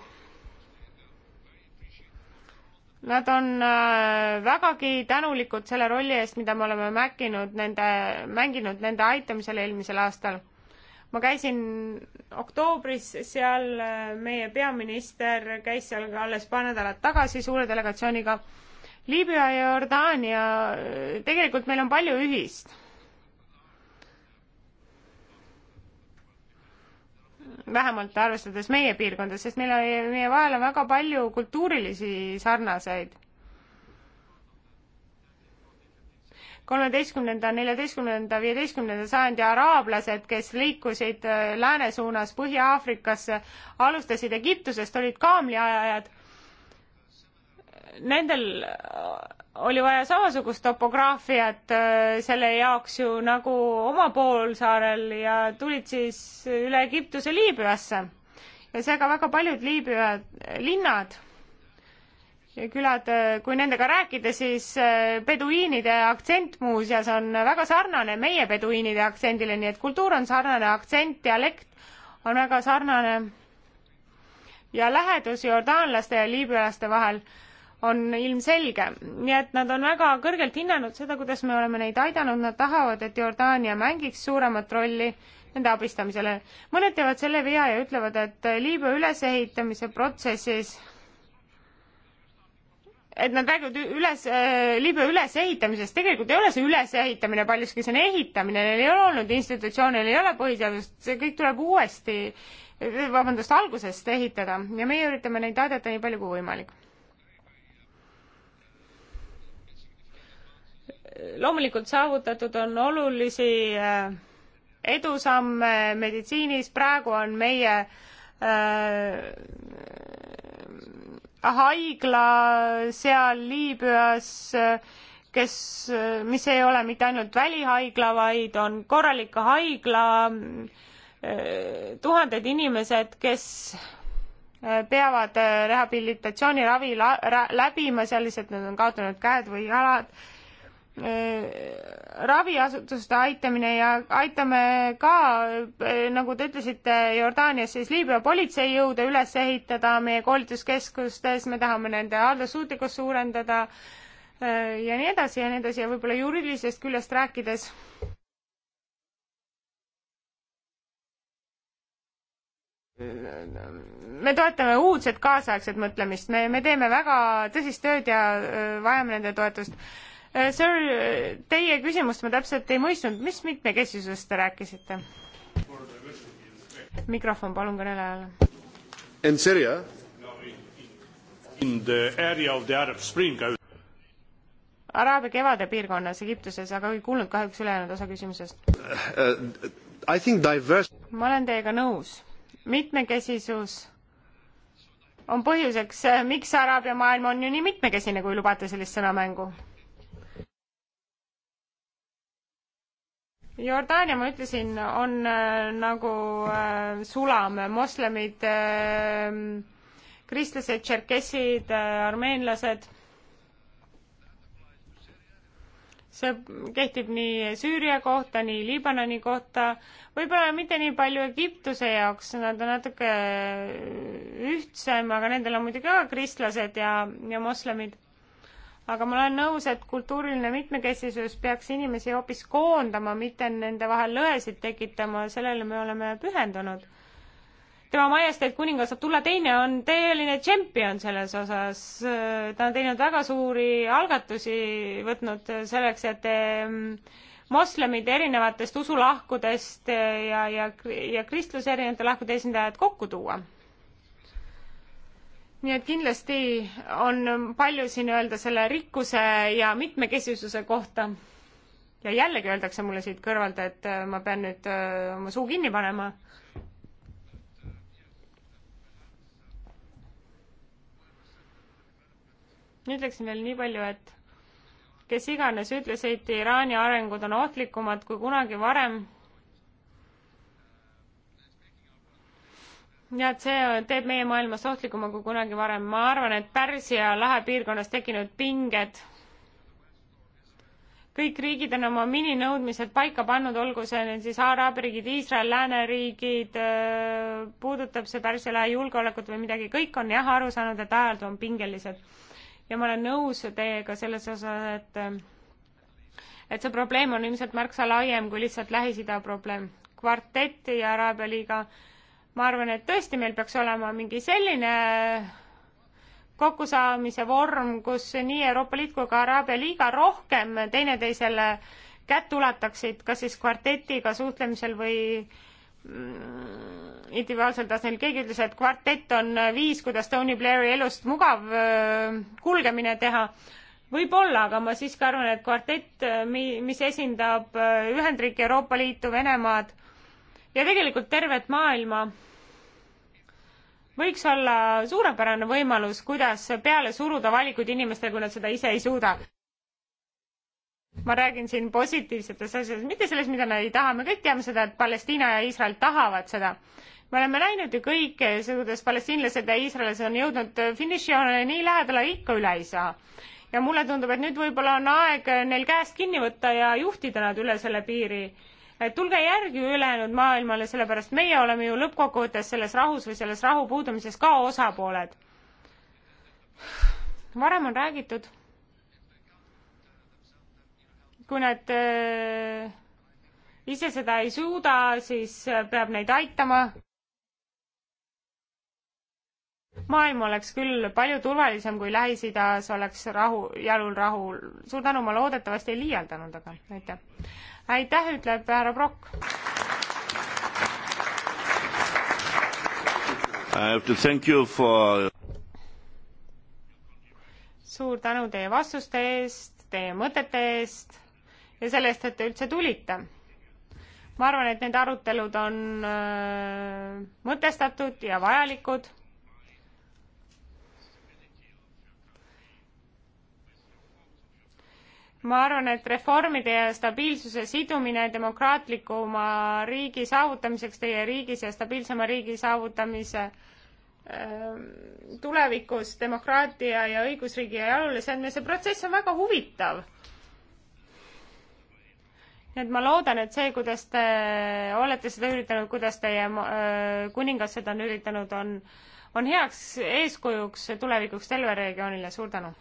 Nad on äh, vägagi tänulikud selle rolli eest, mida me oleme mänginud nende, mänginud nende aitamisel eelmisel aastal. ma käisin oktoobris seal, äh, meie peaminister käis seal ka alles paar nädalat tagasi suure delegatsiooniga. Liibüa ja Jordaania, äh, tegelikult meil on palju ühist vähemalt arvestades meie piirkonda, sest meil on, meie vahel on väga palju kultuurilisi sarnaseid. kolmeteistkümnenda, neljateistkümnenda, viieteistkümnenda sajandi araablased, kes liikusid äh, lääne suunas Põhja-Aafrikasse, alustasid Egiptusest, olid kaamliajajad nendel oli vaja samasugust topograafiat äh, selle jaoks ju nagu oma poolsaarel ja tulid siis üle Egiptuse Liibüasse. ja seega väga paljud Liibüa linnad ja külad, äh, kui nendega rääkida, siis peduiinide äh, aktsent muuseas on väga sarnane meie peduiinide aktsendile, nii et kultuur on sarnane, aktsent, dialekt on väga sarnane ja lähedus jordaanlaste ja liibüalaste vahel on ilmselge. nii et nad on väga kõrgelt hinnanud seda, kuidas me oleme neid aidanud, nad tahavad, et Jordaania mängiks suuremat rolli nende abistamisele. mõned teevad selle vea ja ütlevad, et Liibüa ülesehitamise protsessis et nad räägivad üles äh,, Liibüa ülesehitamisest, tegelikult ei ole see ülesehitamine paljuski, see on ehitamine, neil ei ole olnud institutsioone, neil ei ole põhiseadust, see kõik tuleb uuesti, vabandust, algusest ehitada ja meie üritame neid aidata nii palju kui võimalik loomulikult saavutatud on olulisi äh, edusamme meditsiinis, praegu on meie äh, haigla seal Liibüas, äh, kes, äh, mis ei ole mitte ainult välihaigla, vaid on korralik haigla äh,, tuhanded inimesed, kes peavad rehabilitatsiooniravi läbima, sellised nad on kaotanud käed või jalad Äh, raviasutuste aitamine ja aitame ka, äh, nagu te ütlesite, Jordaanias siis Liibüa politseijõude üles ehitada meie koolituskeskustes, me tahame nende haldussuutlikkust suurendada äh, ja nii edasi ja nii edasi ja võib-olla juriidilisest küljest rääkides. me toetame uudset kaasaegset mõtlemist, me, me teeme väga tõsist tööd ja vajame nende toetust Äh, Sir, äh, teie küsimust ma täpselt ei mõistnud, mis mitmekesisusest te rääkisite? mikrofon palun kõnelejale. In Syria? In the area of the Arab Spring I araabia kevade piirkonnas Egiptuses, aga ei kuulnud kahjuks ülejäänud osa küsimusest uh,. uh ma olen teiega nõus. mitmekesisus on põhjuseks, äh, miks araabia maailm on ju nii mitmekesine, kui lubate sellist sõnamängu Jordaania, ma ütlesin, on äh, nagu äh, sulam, moslemid äh,, kristlased, tšerkessid äh,, armeenlased. see kehtib nii Süüria kohta, nii Liibanoni kohta, võib-olla mitte nii palju Egiptuse jaoks, nad on natuke äh, ühtsem, aga nendel on muidugi ka kristlased ja, ja moslemid aga ma olen nõus, et kultuuriline mitmekesisus peaks inimesi hoopis koondama, mitte nende vahel lõhesid tekitama, sellele me oleme pühendunud. tema majesteet kuningas Abdullah Teine on tõeline tšempion selles osas, ta on teinud väga suuri algatusi, võtnud selleks, et mm, moslemid erinevatest usulahkudest ja, ja, ja kristluse erinevate lahkude esindajad kokku tuua nii et kindlasti on palju siin öelda selle rikkuse ja mitmekesisuse kohta. ja jällegi öeldakse mulle siit kõrvalt, et äh, ma pean nüüd äh, oma suu kinni panema. ütleksin veel nii palju, et kes iganes ütles, et Iraani arengud on ohtlikumad kui kunagi varem ja et see teeb meie maailmas ohtlikuma kui kunagi varem. ma arvan, et Pärsia lahe piirkonnas tekkinud pinged kõik riigid on oma mininõudmised paika pannud, olgu see nüüd siis Araabia riigid, Iisrael, lääneriigid, äh, puudutab see Pärsia lahe julgeolekut või midagi, kõik on jah aru saanud, et ajad on pingelised. ja ma olen nõus teiega selles osas, et äh, et see probleem on ilmselt märksa laiem kui lihtsalt Lähis-Ida probleem. kvartett ja Araabia liiga äh, ma arvan, et tõesti meil peaks olema mingi selline kokkusaamise vorm, kus nii Euroopa Liit kui ka Araabia liiga rohkem teineteisele kätt ulataksid, kas siis kvartetiga suhtlemisel või mm, individuaalsel tasandil, keegi ütles, et kvartett on viis, kuidas Tony Blairi elust mugav kulgemine teha. võib-olla, aga ma siiski arvan, et kvartett, mis esindab Ühendriike, Euroopa Liitu, Venemaad ja tegelikult tervet maailma võiks olla suurepärane võimalus, kuidas peale suruda valikuid inimestele, kui nad seda ise ei suuda. ma räägin siin positiivsetest asjadest, mitte sellest, mida nad ei taha, me kõik teame seda, et Palestiina ja Iisrael tahavad seda. me oleme näinud ju kõike, kuidas palestiinlased ja iisraellased on jõudnud finišijoonele nii lähedale, ikka üle ei saa ja mulle tundub, et nüüd võib-olla on aeg neil käest kinni võtta ja juhtida nad üle selle piiri tulge järgi ülejäänud maailmale, sellepärast meie oleme ju lõppkokkuvõttes selles rahus või selles rahu puudumises ka osapooled. varem on räägitud, kui nad äh, ise seda ei suuda, siis peab neid aitama. maailm oleks küll palju turvalisem, kui Lähis-Idas oleks rahu, jalul rahu. suur tänu, ma loodetavasti ei liialdanud, aga aitäh aitäh, ütleb härra Brock. For... suur tänu teie vastuste eest, teie mõtete eest ja selle eest, et te üldse tulite. ma arvan, et need arutelud on äh, mõtestatud ja vajalikud ma arvan, et reformide ja stabiilsuse sidumine demokraatlikuma riigi saavutamiseks teie riigis ja stabiilsema riigi saavutamise ähm, tulevikus demokraatia ja õigusriigi jalule seadmine, see protsess on väga huvitav. nii et ma loodan, et see, kuidas te olete seda üritanud, kuidas teie äh, kuningas seda on üritanud, on, on heaks eeskujuks tulevikuks Selve regioonile, suur tänu!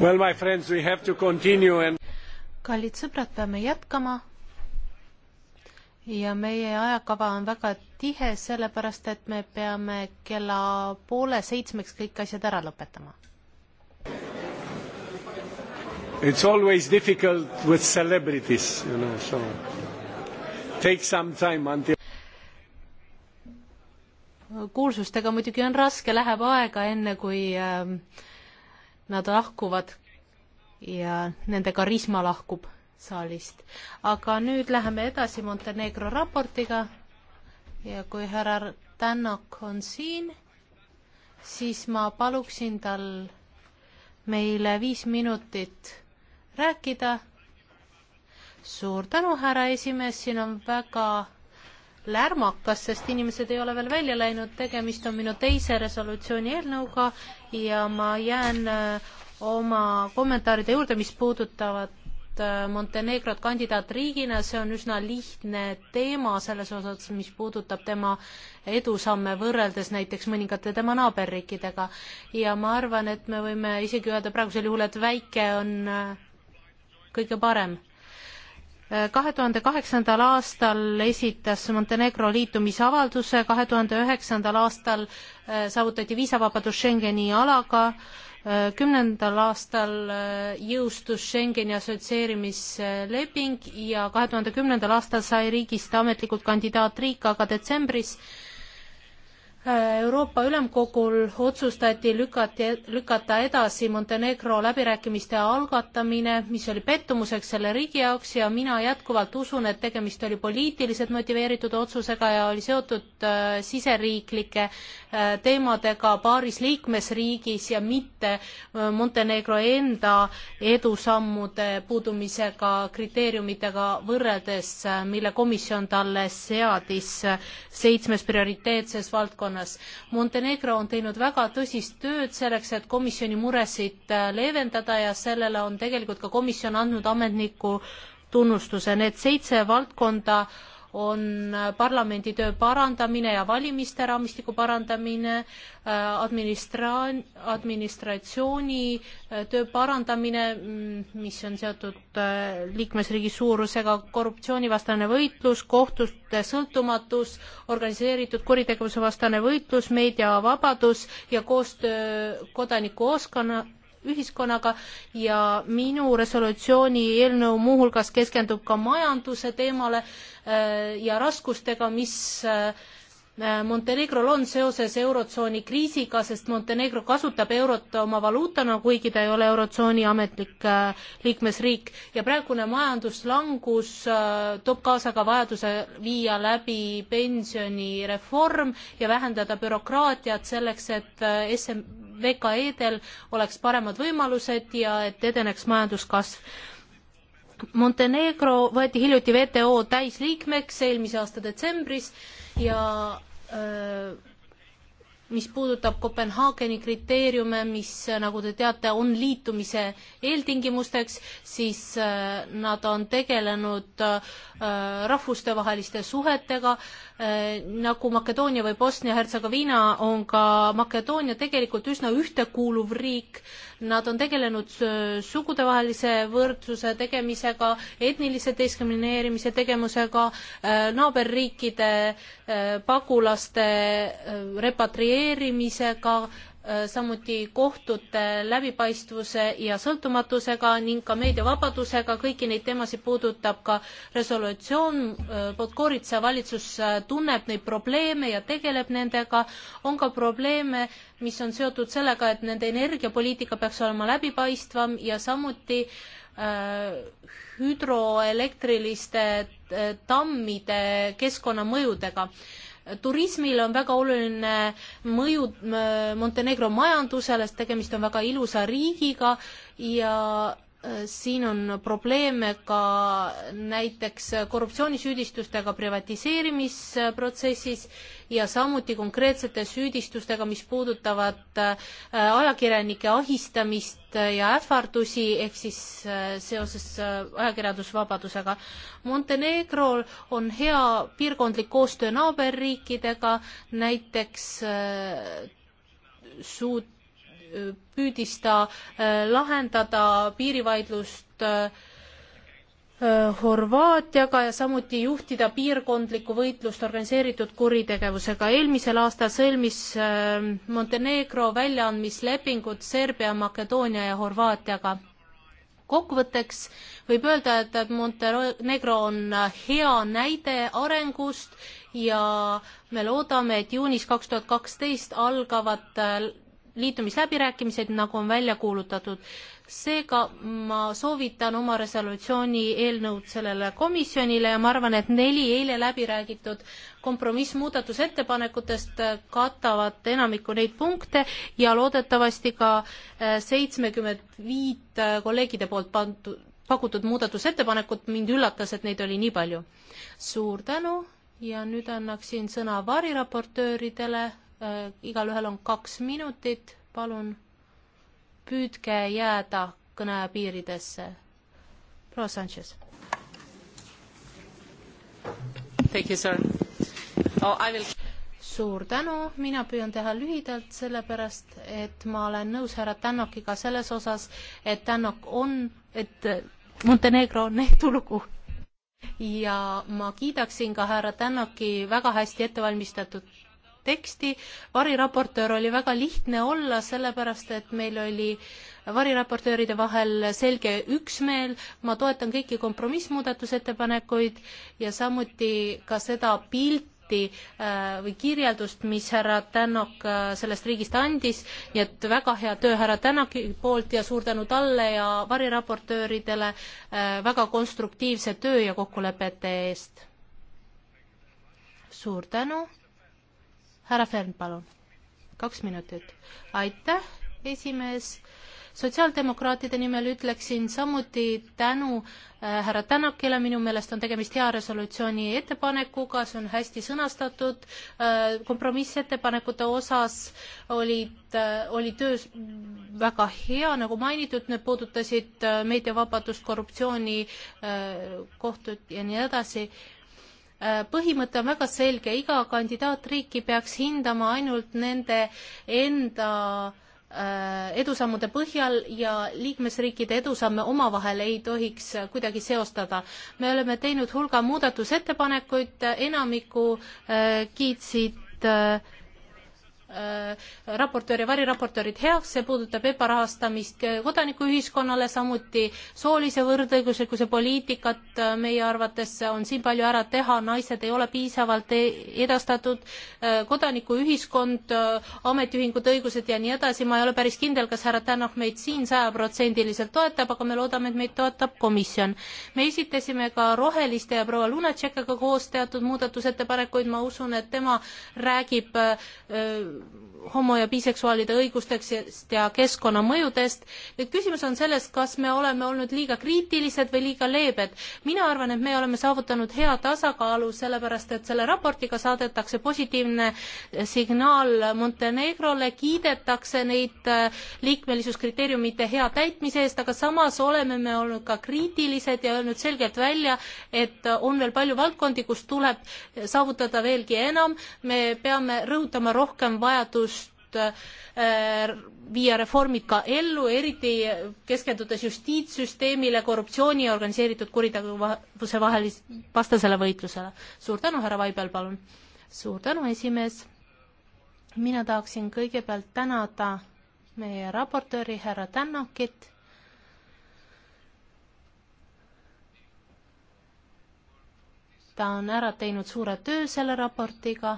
Well, my friends, we have to continue and kallid sõbrad, peame jätkama. ja meie ajakava on väga tihe, sellepärast et me peame kella poole seitsmeks kõik asjad ära lõpetama. It's always difficult with celebrities, you know, so take some time until kuulsustega muidugi on raske, läheb aega, enne kui äh, nad lahkuvad ja nende karisma lahkub saalist. aga nüüd läheme edasi Montenegro raportiga ja kui härra Tänak on siin, siis ma paluksin tal meile viis minutit rääkida. suur tänu, härra esimees, siin on väga lärmakas, sest inimesed ei ole veel välja läinud, tegemist on minu teise resolutsiooni eelnõuga ja ma jään äh, oma kommentaaride juurde, mis puudutavad äh, Montenegrot kandidaatriigina, see on üsna lihtne teema selles osas, mis puudutab tema edusamme võrreldes näiteks mõningate tema naaberriikidega. ja ma arvan, et me võime isegi öelda praegusel juhul, et väike on äh, kõige parem kahe tuhande kaheksandal aastal esitas Montenegro liitumisavalduse, kahe tuhande üheksandal aastal äh, saavutati viisavabadus Schengeni alaga, äh, kümnendal aastal äh, jõustus Schengeni assotsieerimisleping ja kahe tuhande kümnendal aastal sai riigist ametlikult kandidaatriik, aga detsembris Euroopa Ülemkogul otsustati lükati, lükata edasi Montenegro läbirääkimiste algatamine, mis oli pettumuseks selle riigi jaoks ja mina jätkuvalt usun, et tegemist oli poliitiliselt motiveeritud otsusega ja oli seotud äh, siseriiklike Äh, teemadega paaris liikmesriigis ja mitte äh, Montenegro enda edusammude puudumisega kriteeriumitega võrreldes, äh, mille komisjon talle seadis seitsmes prioriteetses valdkonnas. Montenegro on teinud väga tõsist tööd selleks, et komisjoni muresid leevendada ja sellele on tegelikult ka komisjon andnud ametniku tunnustuse. Need seitse valdkonda on parlamendi töö parandamine ja valimiste raamistiku parandamine, äh, administra-, administratsiooni äh, töö parandamine, mm, mis on seotud äh, liikmesriigi suurusega, korruptsioonivastane võitlus, kohtute sõltumatus, organiseeritud kuritegevuse vastane võitlus, meediavabadus ja koostöö kodanikuoskonna, ühiskonnaga ja minu resolutsiooni eelnõu muuhulgas keskendub ka majanduse teemale äh, ja raskustega, mis äh, Montenegrol on seoses Eurotsooni kriisiga, sest Montenegro kasutab eurot oma valuutana, kuigi ta ei ole Eurotsooni ametlik äh, liikmesriik ja praegune majanduslangus toob kaasa ka vajaduse viia läbi pensionireform ja vähendada bürokraatiat selleks, et SM-, VKE-del oleks paremad võimalused ja et edeneks majanduskasv. Montenegro võeti hiljuti WTO täisliikmeks eelmise aasta detsembris ja öö, mis puudutab Kopenhaageni kriteeriume, mis, nagu te teate, on liitumise eeltingimusteks, siis äh, nad on tegelenud äh, rahvustevaheliste suhetega, äh, nagu Makedoonia või Bosnia-Hertsegoviina on ka Makedoonia tegelikult üsna ühtekuuluv riik, nad on tegelenud sugudevahelise võrdsuse tegemisega, etnilise diskrimineerimise tegevusega, naaberriikide pagulaste repatrieerimisega, reguleerimisega, äh, samuti kohtute läbipaistvuse ja sõltumatusega ning ka meediavabadusega, kõiki neid teemasid puudutab ka resolutsioon, äh, Podgoritsa valitsus äh, tunneb neid probleeme ja tegeleb nendega, on ka probleeme, mis on seotud sellega, et nende energiapoliitika peaks olema läbipaistvam ja samuti äh, hüdroelektriliste tammide keskkonnamõjudega turismil on väga oluline mõju äh, Montenegro majandusele, sest tegemist on väga ilusa riigiga ja Äh, siin on probleeme ka näiteks korruptsioonisüüdistustega privatiseerimisprotsessis ja samuti konkreetsete süüdistustega, mis puudutavad äh, ajakirjanike ahistamist ja ähvardusi, ehk siis äh, seoses ajakirjandusvabadusega. Montenegrol on hea piirkondlik koostöö naaberriikidega, näiteks suut-, püüdis ta äh, lahendada piirivaidlust äh, äh, Horvaatiaga ja samuti juhtida piirkondlikku võitlust organiseeritud kuritegevusega. eelmisel aastal sõlmis Montenegro väljaandmislepingud Serbia, Makedoonia ja Horvaatiaga. kokkuvõtteks võib öelda, et, et Montenegro on hea näide arengust ja me loodame, et juunis kaks tuhat kaksteist algavat liitumisläbirääkimised, nagu on välja kuulutatud. seega ma soovitan oma resolutsiooni eelnõud sellele komisjonile ja ma arvan, et neli eile läbi räägitud kompromissmuudatusettepanekutest katavad enamikku neid punkte ja loodetavasti ka äh, seitsmekümmend viit äh, kolleegide poolt pandud, pakutud muudatusettepanekut, mind üllatas, et neid oli nii palju. suur tänu ja nüüd annaksin sõna variraportööridele Äh, igalühel on kaks minutit, palun püüdke jääda kõne piiridesse. proua Sanchez. Thank you, sir oh,. I will suur tänu, mina püüan teha lühidalt, sellepärast et ma olen nõus härra Tännokiga selles osas, et Tännok on, et Montenegro on edulugu. ja ma kiidaksin ka härra Tännoki väga hästi ettevalmistatud teksti. variraportöör oli väga lihtne olla, sellepärast et meil oli variraportööride vahel selge üksmeel, ma toetan kõiki kompromissmuudatusettepanekuid ja samuti ka seda pilti, pilti äh, või kirjeldust, mis härra Tännok äh, sellest riigist andis, nii et väga hea töö härra Tännoki poolt ja suur tänu talle ja variraportööridele äh, väga konstruktiivse töö ja kokkulepete eest. suur tänu härra Fern, palun. kaks minutit. aitäh, esimees. sotsiaaldemokraatide nimel ütleksin samuti tänu äh, härra Tänakile, minu meelest on tegemist hea resolutsiooni ettepanekuga, see on hästi sõnastatud äh,, kompromissettepanekute osas olid äh,, oli töö väga hea, nagu mainitud, need puudutasid äh, meediavabadust, korruptsiooni, äh, kohtud ja nii edasi Äh, põhimõte on väga selge, iga kandidaatriiki peaks hindama ainult nende enda äh, edusammude põhjal ja liikmesriikide edusamme omavahel ei tohiks äh, kuidagi seostada. me oleme teinud hulga muudatusettepanekuid, enamiku kiitsid äh, Äh, raportöör ja variraportöörid heaks, see puudutab ebarahastamist kodanikuühiskonnale, samuti soolise võrdõiguslikkuse poliitikat, äh, meie arvates on siin palju ära teha, naised ei ole piisavalt e-, edastatud, äh, kodanikuühiskond, ametiühingute õigused ja nii edasi, ma ei ole päris kindel, kas härra Tänak meid siin sajaprotsendiliselt toetab, aga me loodame, et meid toetab komisjon. me esitasime ka Roheliste ja proua Lunatšekaga koos teatud muudatusettepanekuid, ma usun, et tema räägib öö, homo- ja biseksuaalide õigustest ja keskkonnamõjudest. küsimus on selles, kas me oleme olnud liiga kriitilised või liiga leebed. mina arvan, et me oleme saavutanud hea tasakaalu, sellepärast et selle raportiga saadetakse positiivne signaal Montenegrole, kiidetakse neid äh, liikmelisuskriteeriumite hea täitmise eest, aga samas oleme me olnud ka kriitilised ja öelnud selgelt välja, et on veel palju valdkondi, kus tuleb saavutada veelgi enam, me peame rõhutama rohkem vajadust äh, viia reformid ka ellu, eriti keskendudes justiitssüsteemile, korruptsiooni ja organiseeritud kuritegevuse vahelis-, vastasele võitlusele. suur tänu, härra Vaibel, palun! suur tänu, esimees! mina tahaksin kõigepealt tänada meie raportööri härra Tännakit, ta on ära teinud suure töö selle raportiga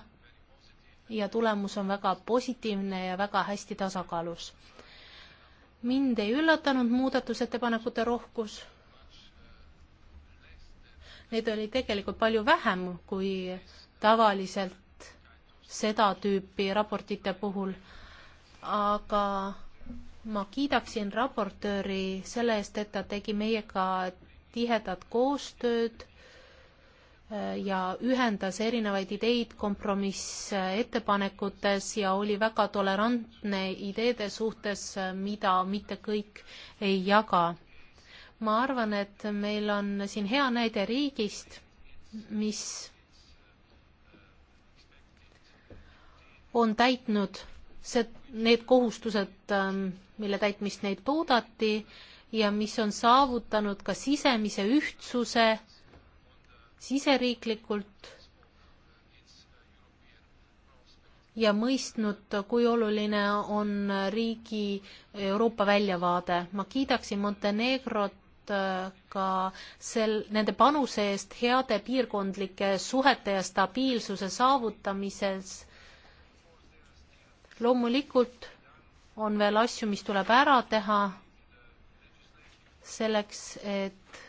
ja tulemus on väga positiivne ja väga hästi tasakaalus. mind ei üllatanud muudatusettepanekute rohkus. Neid oli tegelikult palju vähem kui tavaliselt seda tüüpi raportite puhul, aga ma kiidaksin raportööri selle eest, et ta tegi meiega tihedat koostööd ja ühendas erinevaid ideid kompromissettepanekutes ja oli väga tolerantne ideede suhtes, mida mitte kõik ei jaga. ma arvan, et meil on siin hea näide riigist, mis on täitnud see, need kohustused, ähm, mille täitmist neilt oodati ja mis on saavutanud ka sisemise ühtsuse siseriiklikult ja mõistnud, kui oluline on riigi Euroopa väljavaade. ma kiidaksin Montenegrot äh, ka sel, nende panuse eest heade piirkondlike suhete ja stabiilsuse saavutamises. loomulikult on veel asju, mis tuleb ära teha selleks, et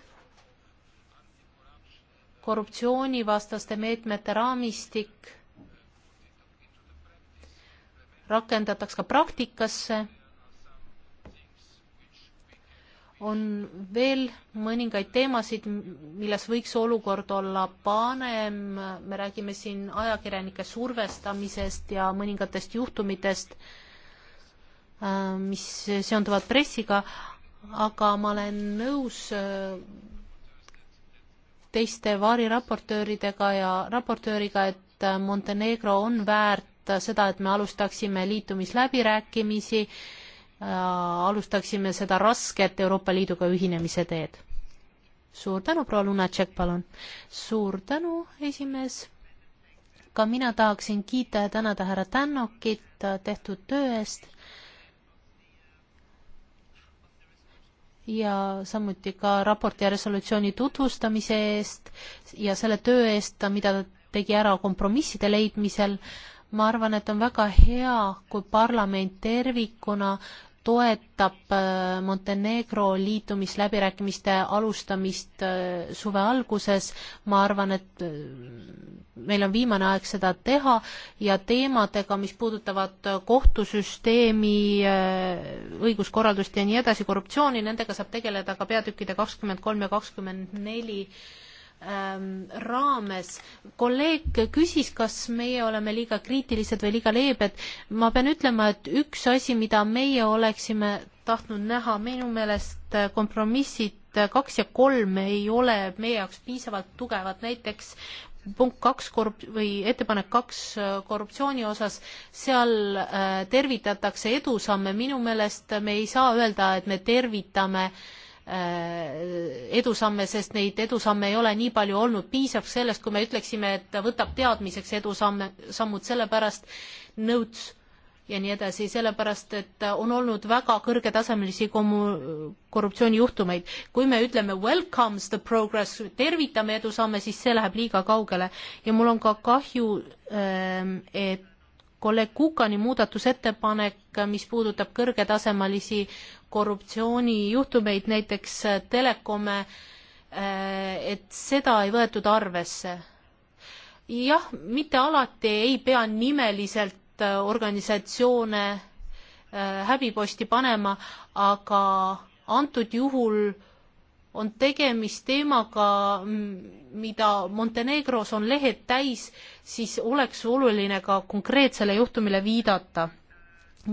korruptsioonivastaste meetmete raamistik rakendataks ka praktikasse, on veel mõningaid teemasid, milles võiks olukord olla panem, me räägime siin ajakirjanike survestamisest ja mõningatest juhtumitest, äh, mis seonduvad pressiga, aga ma olen nõus äh, teiste variraportööridega ja raportööriga, et äh, Montenegro on väärt seda, et me alustaksime liitumisläbirääkimisi, äh, alustaksime seda rasket Euroopa Liiduga ühinemise teed. suur tänu, proua Lunatšek, palun. suur tänu, esimees. ka mina tahaksin kiita ja tänada härra Tännokit äh, tehtud töö eest ja samuti ka raporti ja resolutsiooni tutvustamise eest ja selle töö eest, mida ta tegi ära kompromisside leidmisel. ma arvan, et on väga hea, kui parlament tervikuna toetab äh, Montenegro liitumisläbirääkimiste alustamist äh, suve alguses. ma arvan, et äh, meil on viimane aeg seda teha ja teemadega, mis puudutavad kohtusüsteemi, õiguskorraldust ja nii edasi, korruptsiooni, nendega saab tegeleda ka peatükkide kakskümmend kolm ja kakskümmend neli ähm, raames. kolleeg küsis, kas meie oleme liiga kriitilised või liiga leebed. ma pean ütlema, et üks asi, mida meie oleksime tahtnud näha, minu meelest äh, kompromissid äh, kaks ja kolm ei ole meie jaoks piisavalt tugevad, näiteks punkt kaks korrup- või ettepanek kaks äh, korruptsiooni osas, seal tervitatakse edusamme, minu meelest me ei saa öelda, et me tervitame äh, Äh, edusamme, sest neid edusamme ei ole nii palju olnud, piisab sellest, kui me ütleksime, et ta võtab teadmiseks edusamme, sammud sellepärast notes ja nii edasi, sellepärast et on olnud väga kõrgetasemelisi kommu-, korruptsioonijuhtumeid. kui me ütleme welcomes the progress, tervitame edusamme, siis see läheb liiga kaugele ja mul on ka kahju, ähm, et kolleeg Kukani muudatusettepanek, mis puudutab kõrgetasemelisi korruptsioonijuhtumeid, näiteks äh, Telekome, äh, et seda ei võetud arvesse. jah, mitte alati ei pea nimeliselt äh, organisatsioone häbiposti panema, aga antud juhul on tegemist teemaga, mida Montenegros on lehed täis, siis oleks oluline ka konkreetsele juhtumile viidata.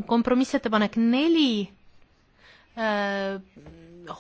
kompromissettepanek neli Äh,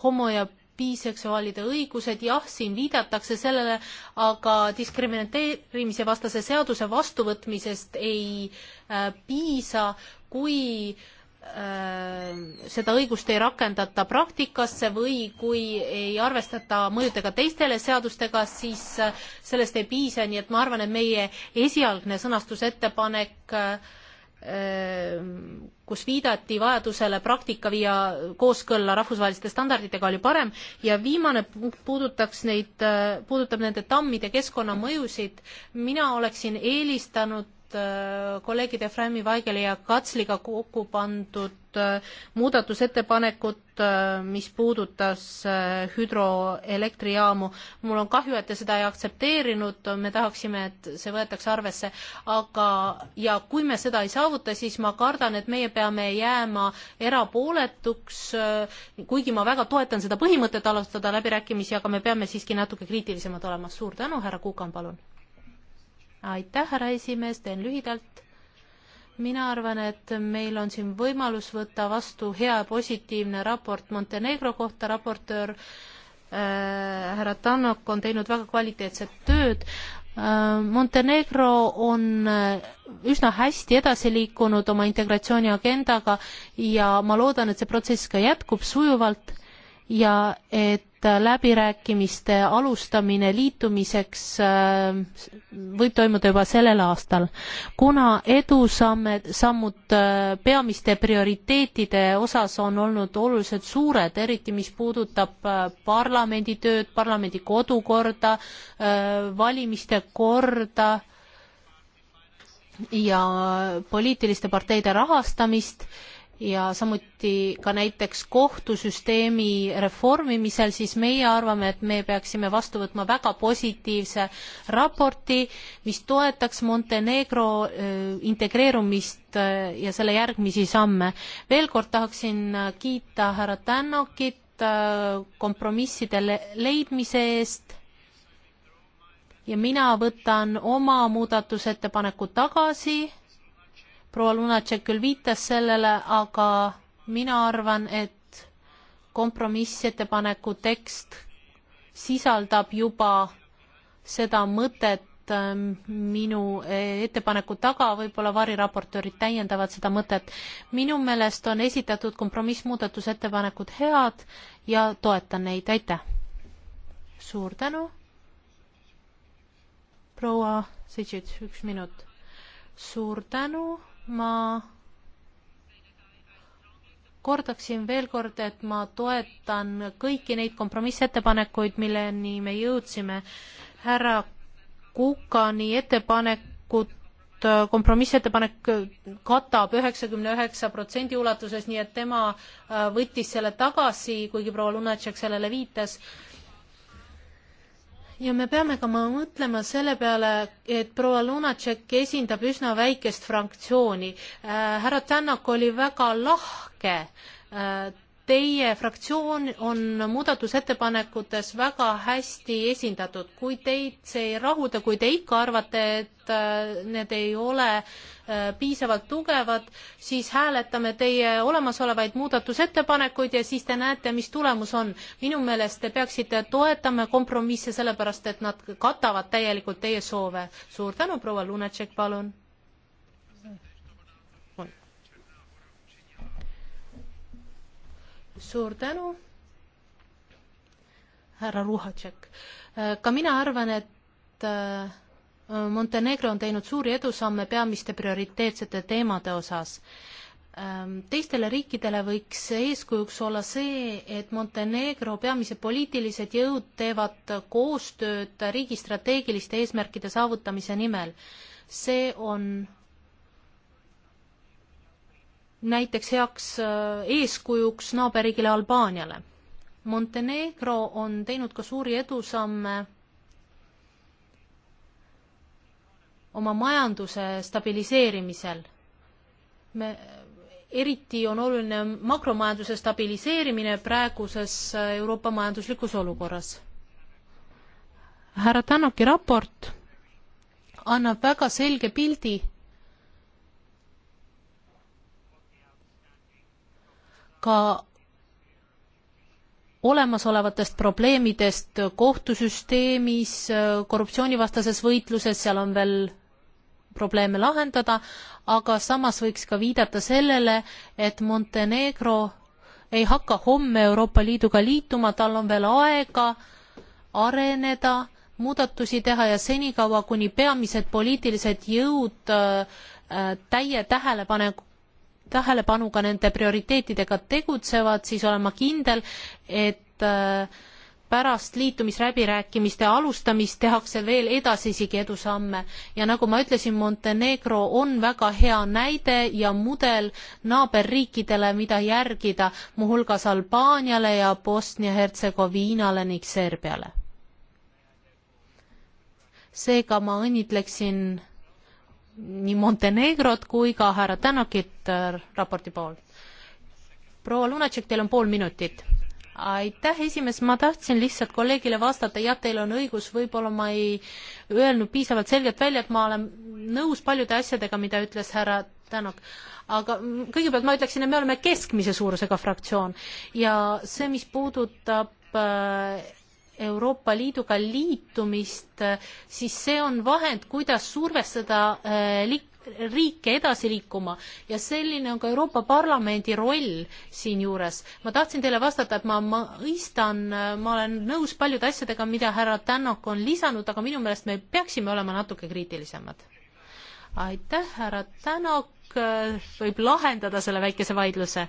homo ja biseksuaalide õigused, jah, siin viidatakse sellele, aga diskrimineerimise vastase seaduse vastuvõtmisest ei äh, piisa, kui äh, seda õigust ei rakendata praktikasse või kui ei arvestata mõjudega teistele seadustega, siis äh, sellest ei piisa, nii et ma arvan, et meie esialgne sõnastusettepanek äh, Ehm, kus viidati vajadusele praktika viia kooskõlla rahvusvaheliste standarditega, oli parem ja viimane puudutaks neid, puudutab nende tammide keskkonnamõjusid. mina oleksin eelistanud Äh, kolleegide Frami Vaigeli ja Katsliga kokku pandud äh, muudatusettepanekut, äh, mis puudutas hüdroelektrijaamu. mul on kahju, et te seda ei aktsepteerinud, me tahaksime, et see võetakse arvesse, aga ja kui me seda ei saavuta, siis ma kardan, et meie peame jääma erapooletuks, kuigi ma väga toetan seda põhimõtet alustada läbirääkimisi, aga me peame siiski natuke kriitilisemad olema. suur tänu, härra Kukan, palun aitäh, härra esimees, teen lühidalt. mina arvan, et meil on siin võimalus võtta vastu hea ja positiivne raport Montenegro kohta, raportöör äh, härra Tannok on teinud väga kvaliteetset tööd äh,. Montenegro on äh, üsna hästi edasi liikunud oma integratsiooni agendaga ja ma loodan, et see protsess ka jätkub sujuvalt ja et läbirääkimiste alustamine liitumiseks äh, võib toimuda juba sellel aastal. kuna edusamme, sammud äh, peamiste prioriteetide osas on olnud oluliselt suured, eriti mis puudutab äh, parlamendi tööd, parlamendi kodukorda, valimiste korda, ja poliitiliste parteide rahastamist ja samuti ka näiteks kohtusüsteemi reformimisel, siis meie arvame, et me peaksime vastu võtma väga positiivse raporti, mis toetaks Montenegro äh, integreerumist äh, ja selle järgmisi samme. veel kord tahaksin äh, kiita härra Tännokit kompromisside leidmise eest ja mina võtan oma muudatusettepaneku tagasi proua Lunatšek küll viitas sellele, aga mina arvan, et kompromissettepaneku tekst sisaldab juba seda mõtet ähm, minu äh, ettepaneku taga, võib-olla variraportöörid täiendavad seda mõtet. minu meelest on esitatud kompromissmuudatusettepanekud head ja toetan neid, aitäh! suur tänu! proua Sitšits, üks minut. suur tänu! ma kordaksin veel kord, et ma toetan kõiki neid kompromissettepanekuid, milleni me jõudsime. härra Kukani ettepanekut, äh, kompromissettepanek katab üheksakümne üheksa protsendi ulatuses, nii et tema äh, võttis selle tagasi, kuigi proua Lunatšek sellele viitas ja me peame ka mõtlema selle peale, et proua Lunatšek esindab üsna väikest fraktsiooni. Äh, härra Tänak oli väga lahke äh, teie fraktsioon on muudatusettepanekutes väga hästi esindatud, kui teid see ei rahulda, kui te ikka arvate, et äh, need ei ole äh, piisavalt tugevad, siis hääletame teie olemasolevaid muudatusettepanekuid ja siis te näete, mis tulemus on. minu meelest te peaksite toetama kompromisse, sellepärast et nad katavad täielikult teie soove. suur tänu, proua Lunatšek, palun! suur tänu, härra Ruhatšek. ka mina arvan, et äh, Montenegro on teinud suuri edusamme peamiste prioriteetsete teemade osas ähm, teistele riikidele võiks eeskujuks olla see, et Montenegro peamised poliitilised jõud teevad koostööd riigi strateegiliste eesmärkide saavutamise nimel. see on näiteks heaks äh, eeskujuks naaberriigile Albaaniale. Montenegro on teinud ka suuri edusamme oma majanduse stabiliseerimisel. me, eriti on oluline makromajanduse stabiliseerimine praeguses äh, Euroopa majanduslikus olukorras. härra Tannoki raport annab väga selge pildi ka olemasolevatest probleemidest kohtusüsteemis, korruptsioonivastases võitluses, seal on veel probleeme lahendada, aga samas võiks ka viidata sellele, et Montenegro ei hakka homme Euroopa Liiduga liituma, tal on veel aega areneda, muudatusi teha ja senikaua, kuni peamised poliitilised jõud äh, täie tähelepaneku tähelepanuga nende prioriteetidega tegutsevad, siis olen ma kindel, et äh, pärast liitumisläbirääkimiste alustamist tehakse veel edasisigi edusamme ja nagu ma ütlesin, Montenegro on väga hea näide ja mudel naaberriikidele, mida järgida, muuhulgas Albaaniale ja Bosnia-Hertsegoviinale ning Serbiale. seega ma õnnitleksin nii Montenegrot kui ka härra Tänakit äh, raporti poolt. proua Lunatšek, teil on pool minutit. aitäh, esimees, ma tahtsin lihtsalt kolleegile vastata, jah, teil on õigus, võib-olla ma ei öelnud piisavalt selgelt välja, et ma olen nõus paljude asjadega, mida ütles härra Tänak, aga kõigepealt ma ütleksin, et me oleme keskmise suurusega fraktsioon ja see, mis puudutab äh, Euroopa Liiduga liitumist, siis see on vahend, kuidas survestada äh, riike edasi liikuma ja selline on ka Euroopa Parlamendi roll siinjuures. ma tahtsin teile vastata, et ma mõistan, ma olen nõus paljude asjadega, mida härra Tänak on lisanud, aga minu meelest me peaksime olema natuke kriitilisemad. aitäh, härra Tänak võib lahendada selle väikese vaidluse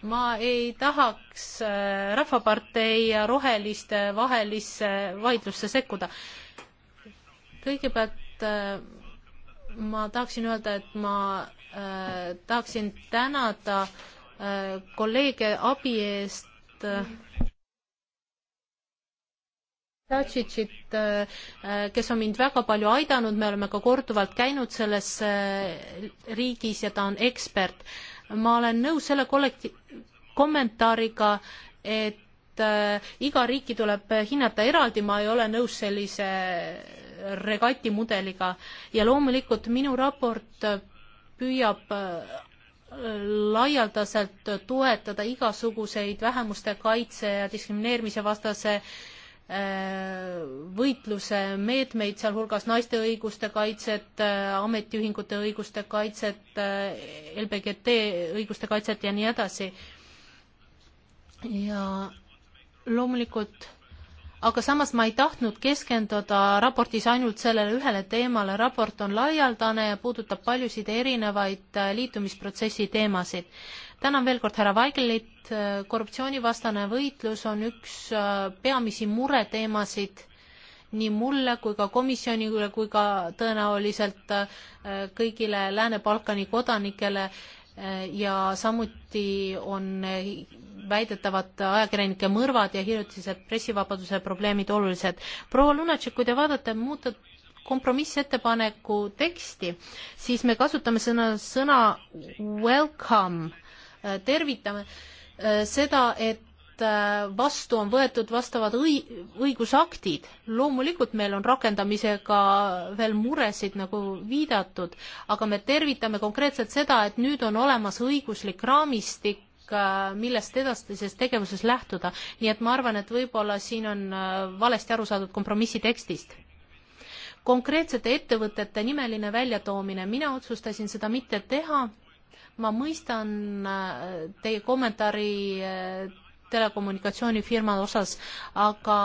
ma ei tahaks äh, Rahvapartei ja Roheliste vahelisse vaidlusse sekkuda. kõigepealt äh, ma tahaksin öelda, et ma äh, tahaksin tänada äh, kolleege abi eest äh, Tadžitšit, äh, kes on mind väga palju aidanud, me oleme ka korduvalt käinud selles riigis ja ta on ekspert ma olen nõus selle kollekti-, kommentaariga, et äh, iga riiki tuleb hinnata eraldi, ma ei ole nõus sellise regati mudeliga ja loomulikult minu raport püüab äh, laialdaselt toetada igasuguseid vähemuste kaitse ja diskrimineerimise vastase äh, Äh, võitluse meetmeid, sealhulgas naiste õiguste kaitset, äh, ametiühingute õiguste kaitset, äh, LBGT õiguste kaitset ja nii edasi. ja loomulikult, aga samas ma ei tahtnud keskenduda raportis ainult sellele ühele teemale, raport on laialdane ja puudutab paljusid erinevaid liitumisprotsessi teemasid tänan veel kord härra Vaigelit, korruptsioonivastane võitlus on üks äh, peamisi mureteemasid nii mulle kui ka komisjonile kui ka tõenäoliselt äh, kõigile Lääne-Balkani kodanikele äh, ja samuti on väidetavad ajakirjanike mõrvad ja hiljutised pressivabaduse probleemid olulised. proua Lunatšik, kui te vaatate muuta kompromissettepaneku teksti, siis me kasutame sõna, sõna welcome Äh, tervitame äh, seda, et äh, vastu on võetud vastavad õi-, õigusaktid. loomulikult meil on rakendamisega veel muresid, nagu viidatud, aga me tervitame konkreetselt seda, et nüüd on olemas õiguslik raamistik, millest edastises tegevuses lähtuda. nii et ma arvan, et võib-olla siin on valesti aru saadud kompromissi tekstist. konkreetsete ettevõtete nimeline väljatoomine, mina otsustasin seda mitte teha ma mõistan äh, teie kommentaari äh, telekommunikatsioonifirma osas, aga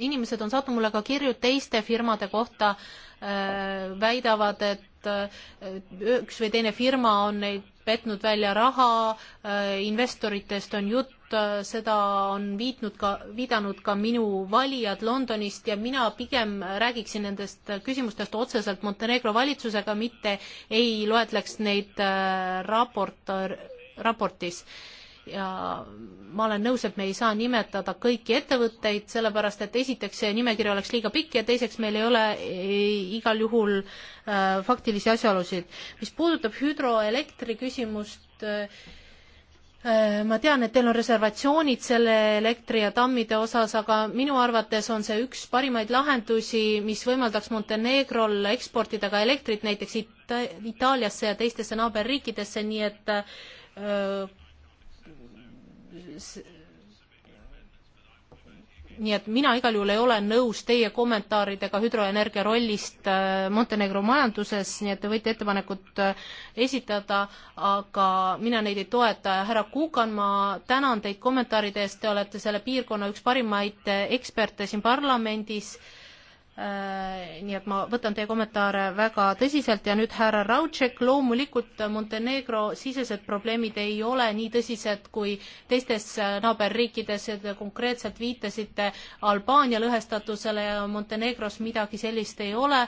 inimesed on saatnud mulle ka kirju teiste firmade kohta, äh, väidavad, et äh, üks või teine firma on neid petnud välja raha, äh, investoritest on jutt, seda on viitnud ka, viidanud ka minu valijad Londonist ja mina pigem räägiksin nendest küsimustest otseselt Montenegro valitsusega, mitte ei loetleks neid raport, raportis ja ma olen nõus, et me ei saa nimetada kõiki ettevõtteid, sellepärast et esiteks see nimekiri oleks liiga pikk ja teiseks meil ei ole igal juhul äh, faktilisi asjaolusid. mis puudutab hüdroelektri küsimust äh, äh,, ma tean, et teil on reservatsioonid selle elektri ja tammide osas, aga minu arvates on see üks parimaid lahendusi, mis võimaldaks Montenegrol eksportida ka elektrit näiteks Ita Itaaliasse ja teistesse naaberriikidesse, nii et öö, äh, nii et mina igal juhul ei ole nõus teie kommentaaridega hüdroenergia rollist äh, Montenegro majanduses, nii et te võite ettepanekut äh, esitada, aga mina neid ei toeta. härra Kukan, ma tänan teid kommentaaride eest, te olete selle piirkonna üks parimaid äh, eksperte siin parlamendis äh, Äh, nii et ma võtan teie kommentaare väga tõsiselt ja nüüd härra Raudšek, loomulikult Montenegro sisesed probleemid ei ole nii tõsised kui teistes äh, naaberriikides, te konkreetselt viitasite Albaania lõhestatusele ja Montenegros midagi sellist ei ole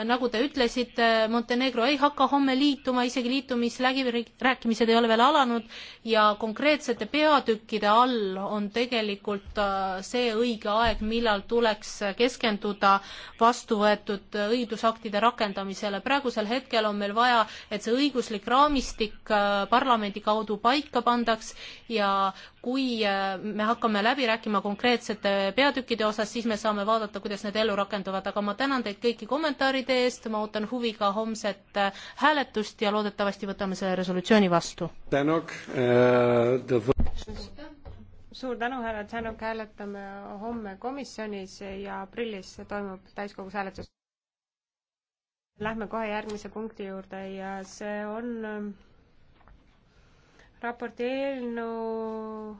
nagu te ütlesite, Montenegro ei hakka homme liituma, isegi liitumisläbirääkimised ei ole veel alanud ja konkreetsete peatükkide all on tegelikult äh, see õige aeg, millal tuleks keskenduda vastu võetud õigusaktide rakendamisele. praegusel hetkel on meil vaja, et see õiguslik raamistik äh, parlamendi kaudu paika pandaks ja kui äh, me hakkame läbi rääkima konkreetsete peatükkide osas, siis me saame vaadata, kuidas need ellu rakenduvad, aga ma tänan teid kõiki kommentaaride kommentaaride eest, ma ootan huviga homset äh, hääletust ja loodetavasti võtame selle resolutsiooni vastu. Tänok äh,. suur tänu, härra Tänok, hääletame homme komisjonis ja aprillis toimub täiskogus hääletus. Lähme kohe järgmise punkti juurde ja see on äh, raporti eelnõu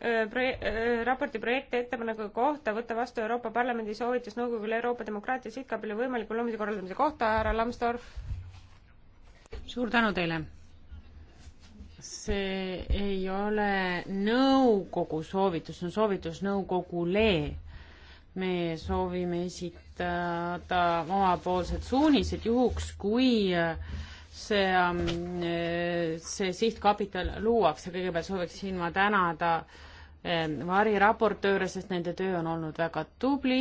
Äh, proje-, äh, raporti projekti ettepaneku kohta võtta vastu Euroopa Parlamendi soovitus nõukogule Euroopa demokraatia sihtkapile võimaliku loomise korraldamise kohta, härra Lambsdorff. suur tänu teile. see ei ole nõukogu soovitus, see on soovitus nõukogule. me soovime esitada omapoolsed suunised juhuks, kui äh, see, see sihtkapital luuakse, kõigepealt sooviksin ma tänada äh, Ehm, variraportööre, sest nende töö on olnud väga tubli,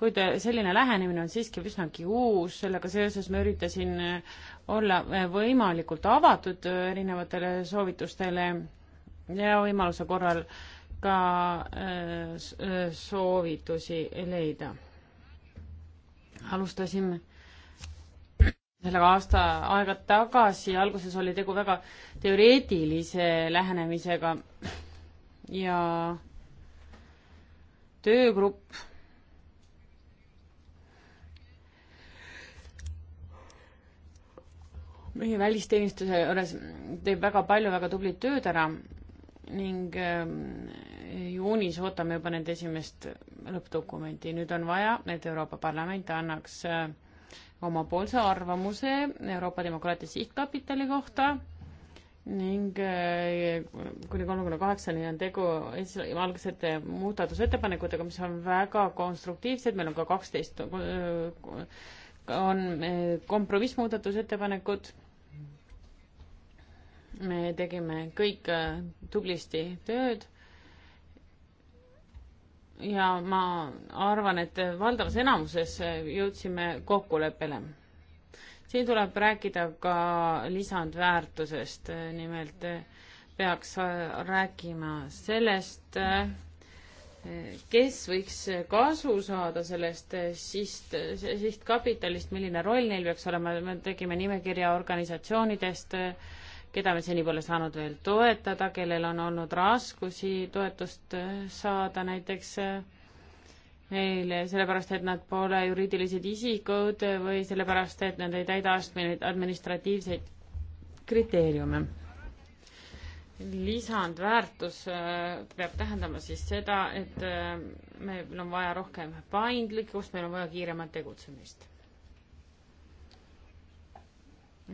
kuid eh, selline lähenemine on siiski üsnagi uus, sellega seoses ma üritasin eh, olla eh, võimalikult avatud erinevatele soovitustele ja võimaluse korral ka soovitusi leida. alustasime sellega aasta aega tagasi, alguses oli tegu väga teoreetilise lähenemisega ja töögrupp meie välisteenistuse juures teeb väga palju väga tublit tööd ära ning ähm, juunis ootame juba nende esimest lõppdokumenti. nüüd on vaja, et Euroopa Parlament annaks äh, omapoolse arvamuse Euroopa Demokraatia Sihtkapitali kohta ning äh, kuni kolmekümne kaheksani on tegu algsete muudatusettepanekutega, mis on väga konstruktiivsed, meil on ka kaksteist, äh, on äh, kompromissmuudatusettepanekud. me tegime kõik tublisti tööd. ja ma arvan, et valdavas enamuses jõudsime kokkuleppele siin tuleb rääkida ka lisandväärtusest, nimelt peaks rääkima sellest, kes võiks kasu saada sellest sist, sihtkapitalist, milline roll neil peaks olema, me tegime nimekirja organisatsioonidest, keda me seni pole saanud veel toetada, kellel on olnud raskusi toetust saada, näiteks äh, neile sellepärast, et nad pole juriidilised isikud või sellepärast, et nad ei täida administratiivseid kriteeriume. lisandväärtus äh, peab tähendama siis seda, et äh, meil on vaja rohkem paindlikkust, meil on vaja kiiremat tegutsemist.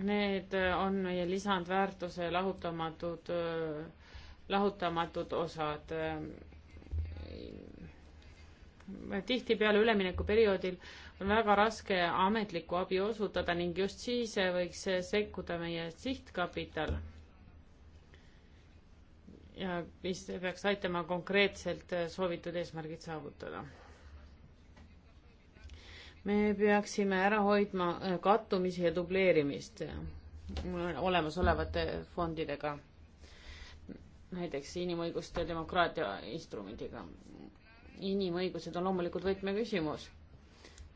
Need äh, on meie lisandväärtuse lahutamatud, lahutamatud osad tihtipeale üleminekuperioodil on väga raske ametlikku abi osutada ning just siis võiks sekkuda meie sihtkapital. ja mis peaks aitama konkreetselt soovitud eesmärgid saavutada. me peaksime ära hoidma äh, kattumisi ja dubleerimist äh, olemasolevate fondidega, näiteks inimõiguste demokraatia instrumendiga inimõigused on loomulikult võtmeküsimus.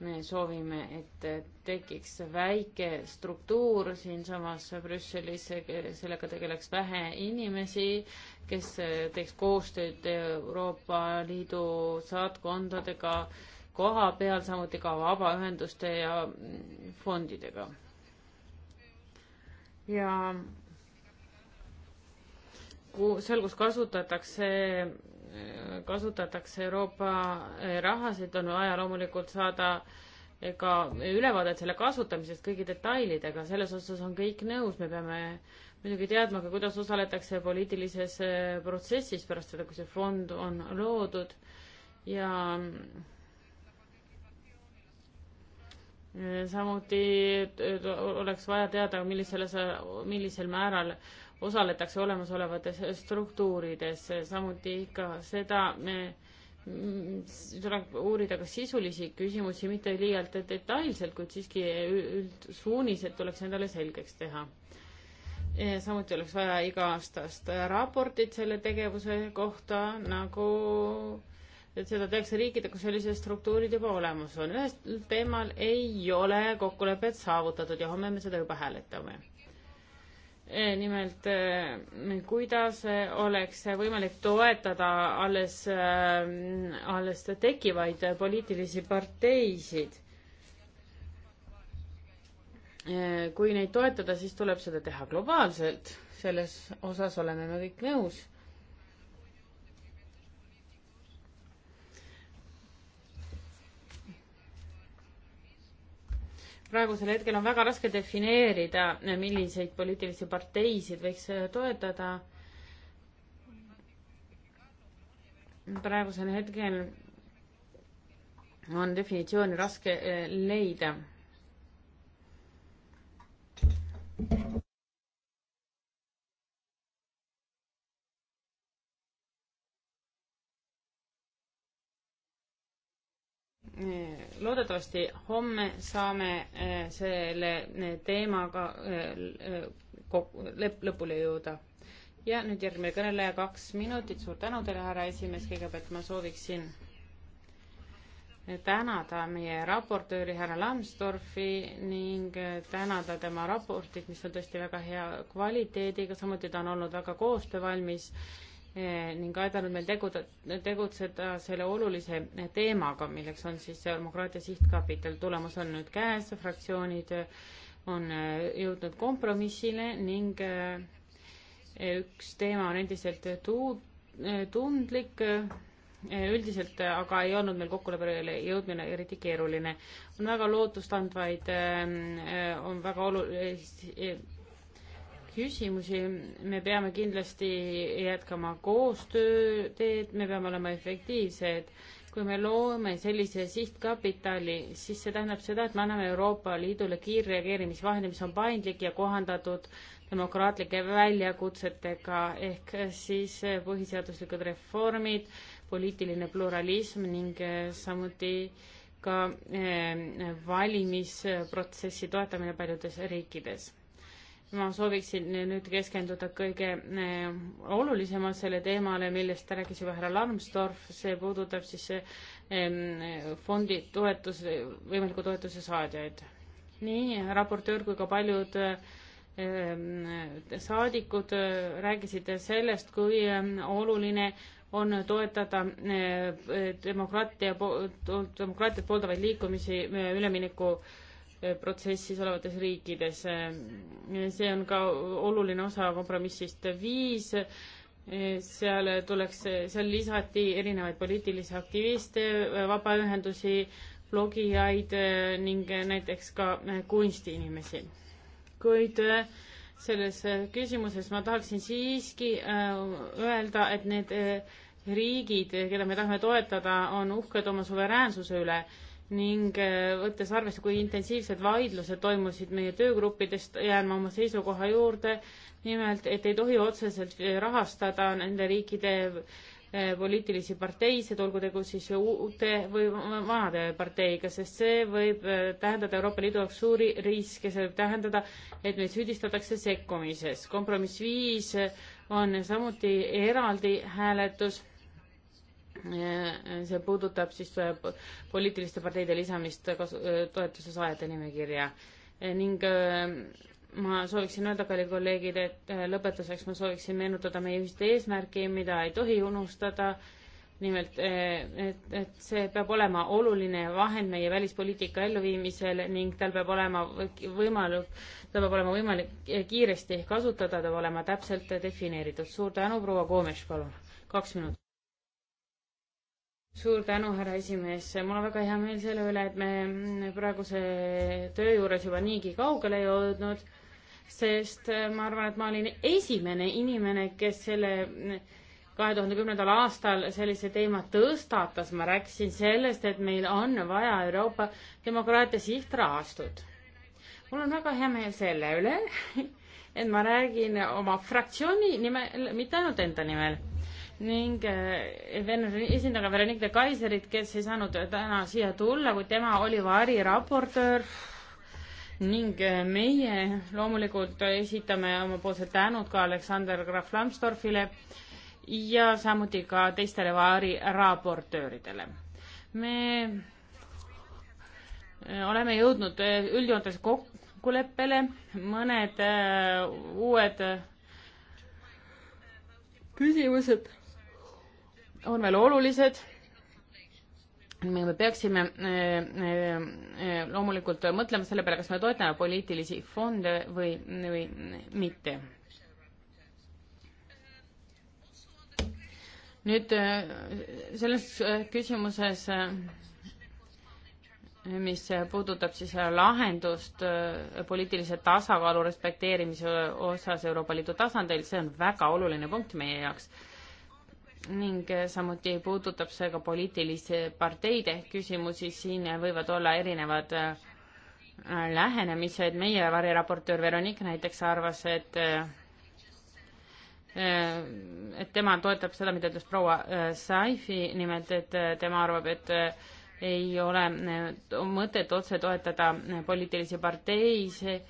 me soovime, et tekiks väike struktuur siinsamas Brüsselis, sellega tegeleks vähe inimesi, kes teeks koostööd Euroopa Liidu saatkondadega koha peal, samuti ka vabaühenduste ja fondidega. ja seal, kus kasutatakse kasutatakse Euroopa rahasid, on vaja loomulikult saada ka ülevaadet selle kasutamisest kõigi detailidega, selles osas on kõik nõus, me peame muidugi teadma ka, kuidas osaletakse poliitilises äh, protsessis pärast seda, kui see fond on loodud ja äh, samuti oleks vaja teada, millisele, millisel määral äh, osaletakse olemasolevates struktuurides, samuti ka seda me tuleb uurida ka sisulisi küsimusi, mitte liialt detailselt, kuid siiski üldsuunised tuleks endale selgeks teha. samuti oleks vaja iga-aastast raportit selle tegevuse kohta, nagu et seda tehakse riikidega, kus sellised struktuurid juba olemas on. ühest teemal ei ole kokkulepet saavutatud ja homme me seda juba hääletame Eh, nimelt eh, kuidas eh, oleks võimalik toetada alles, alles tekkivaid poliitilisi parteisid. kui neid toetada, siis tuleb seda teha globaalselt, selles osas oleme me kõik nõus praegusel hetkel on väga raske defineerida, milliseid poliitilisi parteisid võiks äh, toetada. praegusel hetkel on definitsiooni raske äh, leida. loodetavasti homme saame eh, selle eh, teemaga eh, lõpule jõuda. ja nüüd järgmine kõneleja, kaks minutit, suur tänu teile, härra esimees, kõigepealt ma sooviksin tänada meie raportööri härra Lambsdorfi ning tänada tema raportit, mis on tõesti väga hea kvaliteediga, samuti ta on olnud väga koostöövalmis Eh, ning aidanud meil teguda, tegutseda selle olulise eh, teemaga, milleks on siis demokraatia sihtkapital. tulemus on nüüd käes, fraktsioonid eh, on jõudnud kompromissile ning üks teema on endiselt tuu-, tundlik, üldiselt aga ei olnud meil kokkuleppele jõudmine eriti keeruline. on väga lootustandvaid, on väga olulisi küsimusi, me peame kindlasti jätkama koostööteed, me peame olema efektiivsed. kui me loome sellise sihtkapitali, siis see tähendab seda, et me anname Euroopa Liidule kiirreageerimisvahendi, mis on paindlik ja kohandatud demokraatlike väljakutsetega ehk siis põhiseaduslikud reformid, poliitiline pluralism ning eh, samuti ka eh, valimisprotsessi toetamine paljudes riikides ma sooviksin nüüd keskenduda kõige eh, olulisemalt selle teemale, millest rääkis juba härra Larmstorf, see puudutab siis eh, fondi toetus, võimaliku toetuse saadjaid. nii raportöör kui ka paljud eh, saadikud rääkisid sellest, kui oluline on toetada demokraatia, demokraatiat pooldavaid liikumisi ülemineku protsessis olevates riikides. see on ka oluline osa kompromissist viis, seal tuleks, seal lisati erinevaid poliitilisi aktiviste, vabaühendusi, blogijaid ning näiteks ka kunstiinimesi. kuid selles küsimuses ma tahaksin siiski äh, öelda, et need riigid, keda me tahame toetada, on uhked oma suveräänsuse üle ning äh, võttes arvesse, kui intensiivsed vaidlused toimusid meie töögruppidest, jään ma oma seisukoha juurde, nimelt, et ei tohi otseselt äh, rahastada nende riikide äh, poliitilisi parteisid, olgu tegu siis uute või vanade parteiga, sest see võib tähendada Euroopa Liidu jaoks suuri riske, see võib tähendada, et meid süüdistatakse sekkumises. kompromiss viis on samuti eraldi hääletus see puudutab siis äh, poliitiliste parteide lisamist äh, toetuse saajate nimekirja ning äh, ma sooviksin öelda, kallid kolleegid, et lõpetuseks ma sooviksin meenutada meie ühist eesmärki, mida ei tohi unustada. nimelt, et, et see peab olema oluline vahend meie välispoliitika elluviimisel ning tal peab olema võimalik, tal peab olema võimalik kiiresti kasutada, ta peab olema täpselt defineeritud. suur tänu, proua Koomes, palun, kaks minutit suur tänu, härra esimees, mul on väga hea meel selle üle, et me praeguse töö juures juba niigi kaugele jõudnud, sest ma arvan, et ma olin esimene inimene, kes selle kahe tuhande kümnendal aastal sellise teema tõstatas, ma rääkisin sellest, et meil on vaja Euroopa demokraatia sihtrahastut. mul on väga hea meel selle üle, et ma räägin oma fraktsiooni nimel, mitte ainult enda nimel ning eh, esindaja Veronique de Kaiserit, kes ei saanud täna siia tulla, kuid tema oli variraportöör ning eh, meie loomulikult esitame omapoolsed tänud ka Aleksander Graf Lambsdorffile ja samuti ka teistele variraportööridele. me eh, oleme jõudnud üldjoontes kokkuleppele, mõned uued küsimused on veel olulised. me peaksime eh, eh, eh, loomulikult mõtlema selle peale, kas me toetame poliitilisi fonde või, või mitte. nüüd selles küsimuses, mis puudutab siis lahendust poliitilise tasakaalu respekteerimise osas Euroopa Liidu tasandil, see on väga oluline punkt meie jaoks ning samuti puudutab see ka poliitilisi parteide küsimusi, siin võivad olla erinevad äh, lähenemised, meie variraportöör Veronik näiteks arvas, et äh, et tema toetab seda, mida ütles proua äh, Saifi, nimelt et tema arvab, et ei ole mõtet otse toetada poliitilisi parteisid,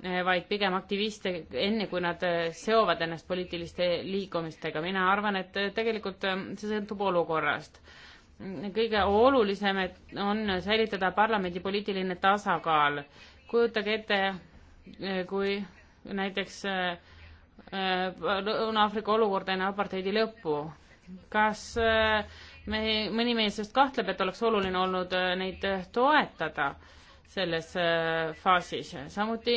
Eh, vaid pigem aktiviste, enne kui nad eh, seovad ennast poliitiliste liikumistega. mina arvan, et eh, tegelikult see sõltub olukorrast. kõige olulisem on säilitada parlamendi poliitiline tasakaal. kujutage ette, kui näiteks Lõuna-Aafrika olukord enne apartheidi lõppu. kas me, mõni mees just kahtleb, et oleks oluline olnud neid toetada? selles äh, faasis. samuti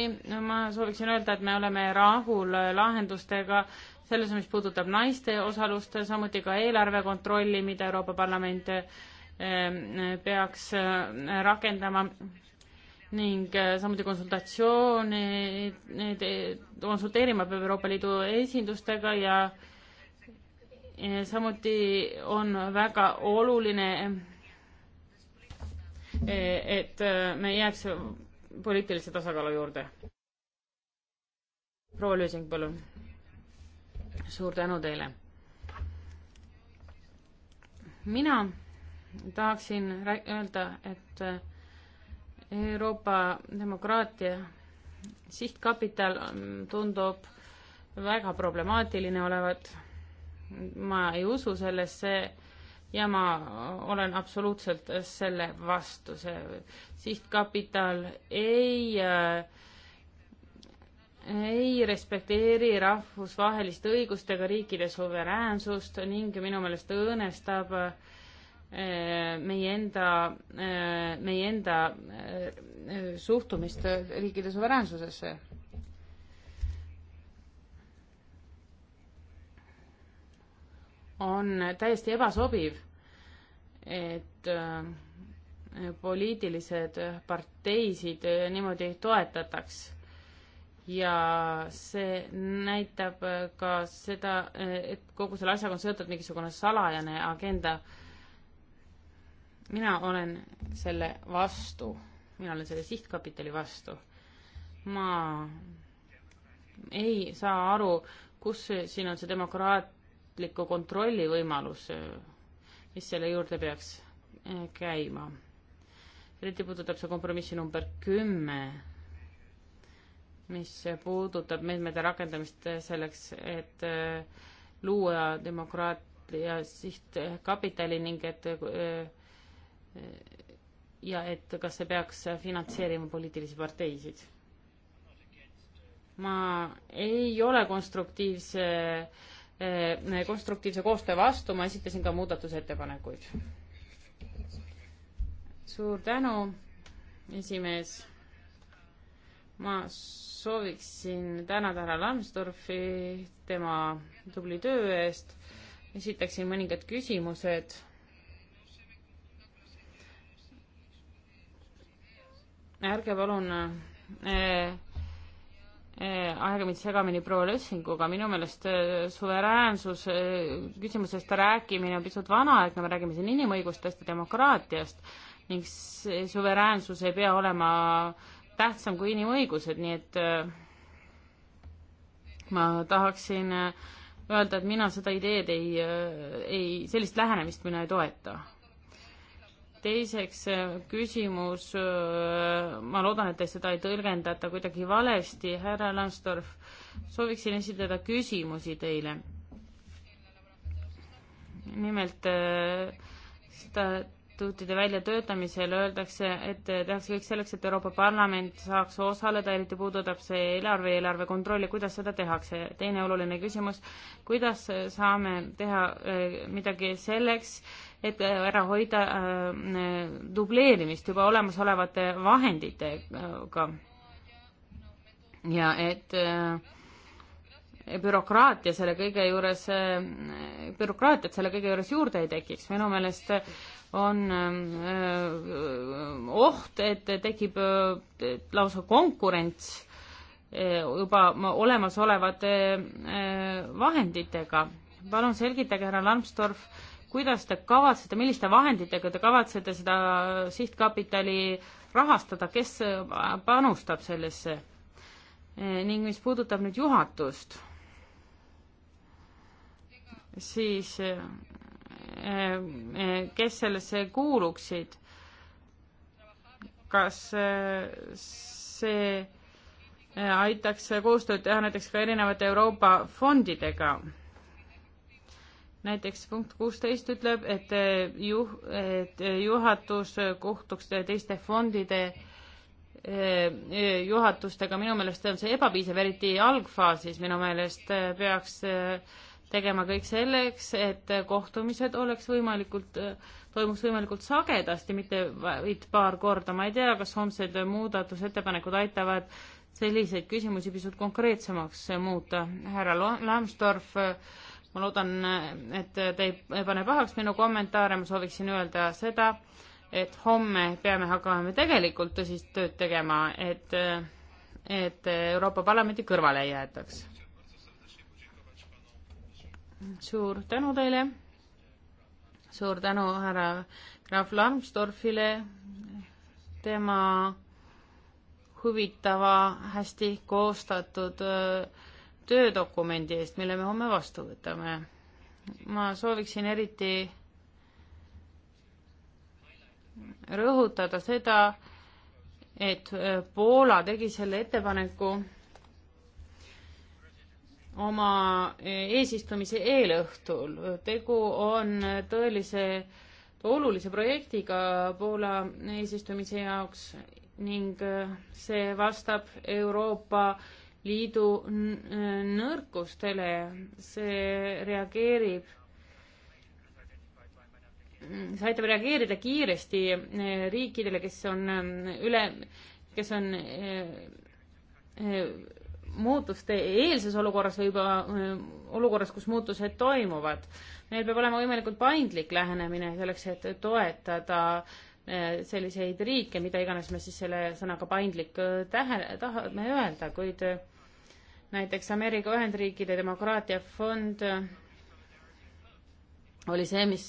ma sooviksin öelda, et me oleme rahul äh, lahendustega selles, mis puudutab naiste osalust, samuti ka eelarve kontrolli, mida Euroopa Parlament äh, peaks rakendama ning samuti konsultatsiooni, konsulteerima peab Euroopa Liidu esindustega ja samuti on väga oluline Eh, et eh, me ei jääks poliitilise tasakaalu juurde. proua Lüüsing, palun. suur tänu teile. mina tahaksin öelda, et eh, Euroopa demokraatia sihtkapital tundub väga problemaatiline olevat. ma ei usu sellesse ja ma olen absoluutselt selle vastu, see sihtkapital ei äh, ei respekteeri rahvusvahelist õigust ega riikide suveräänsust ning minu meelest õõnestab äh, meie enda, äh, meie enda suhtumist riikide suveräänsusesse. on täiesti ebasobiv et äh, poliitilised parteisid äh, niimoodi toetataks. ja see näitab äh, ka seda, et kogu selle asjaga on seotud mingisugune salajane agenda. mina olen selle vastu, mina olen selle sihtkapitali vastu. ma ei saa aru, kus siin on see demokraatliku kontrolli võimalus mis selle juurde peaks eh, käima. eriti puudutab see kompromissi number kümme, mis puudutab meetmete rakendamist selleks, et eh, luua demokraatia sihtkapitali ning et eh, ja et kas see peaks finantseerima poliitilisi parteisid. ma ei ole konstruktiivse äh, Eh, konstruktiivse koostöö vastu, ma esitasin ka muudatusettepanekuid. suur tänu, esimees. ma sooviksin tänada härra Lambsdorfi tema tubli töö eest. esitaksin mõningad küsimused. ärge palun äh, Eh, aegamini segamini proua Lössinguga, minu meelest eh, suveräänsuse eh, küsimusest rääkimine on pisut vanaaegne, me räägime siin inimõigustest ja demokraatiast ning see suveräänsus ei pea olema tähtsam kui inimõigused, nii et ma tahaksin öelda, et mina seda ideed ei, ei, sellist lähenemist mina ei toeta teiseks äh, küsimus, äh, ma loodan, et te seda ei tõlgendata kuidagi valesti, härra Lansdorf, sooviksin esitada küsimusi teile. nimelt äh, statuutide väljatöötamisel öeldakse, et tehakse kõik selleks, et Euroopa Parlament saaks osaleda, eriti puudutab see eelarve, eelarve kontrolli, kuidas seda tehakse. teine oluline küsimus, kuidas saame teha midagi selleks, et ära hoida äh, dubleerimist juba olemasolevate vahenditega. ja et äh, bürokraatia selle kõige juures, äh, bürokraatiat selle kõige juures juurde ei tekiks, minu meelest on oht, et tekib lausa konkurents juba olemasolevate vahenditega. palun selgitage, härra Lambsdorff, kuidas te kavatsete, milliste vahenditega te kavatsete seda sihtkapitali rahastada, kes panustab sellesse? ning mis puudutab nüüd juhatust, siis eh, eh, kes sellesse kuuluksid, kas eh, see aitaks koostööd teha näiteks ka erinevate Euroopa fondidega näiteks punkt kuusteist ütleb, et eh, juh-, et eh, juhatus eh, kohtuks teiste fondide juhatustega, minu meelest on see ebapiisav, eriti algfaasis minu meelest peaks tegema kõik selleks, et kohtumised oleks võimalikult, toimuks võimalikult sagedasti, mitte vaid paar korda. ma ei tea, kas homsed muudatusettepanekud aitavad selliseid küsimusi pisut konkreetsemaks muuta. härra Lambsdorff ma loodan, et te ei pane pahaks minu kommentaare, ma sooviksin öelda seda, et homme peame hakkama me tegelikult tõsist tööd tegema, et, et Euroopa Parlamendi kõrvale ei jäetaks. suur tänu teile, suur tänu härra Graf Lambsdorffile, tema huvitava, hästi koostatud öö, äh, töödokumendi eest, mille me homme vastu võtame. ma sooviksin eriti rõhutada seda, et äh, Poola tegi selle ettepaneku oma äh, eesistumise eelõhtul. tegu on tõelise olulise projektiga Poola eesistumise jaoks ning äh, see vastab Euroopa Liidu nõrkustele, see reageerib, see aitab reageerida kiiresti eh, riikidele, kes on eh, üle, kes on eh, muutuste eelses olukorras või juba olukorras, kus muutused toimuvad. meil peab olema võimalikult paindlik lähenemine selleks, et toetada selliseid riike, mida iganes me siis selle sõnaga paindlik tähe, tahame öelda, kuid näiteks Ameerika Ühendriikide demokraatiafond oli see, mis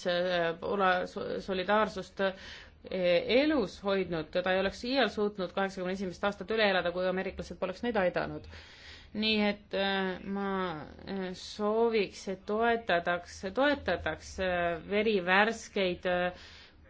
pole äh, solidaarsust äh, elus hoidnud, teda ei oleks iial suutnud kaheksakümne esimest aastat üle elada, kui ameeriklased poleks neid aidanud. nii et äh, ma sooviks, et toetataks, toetataks verivärskeid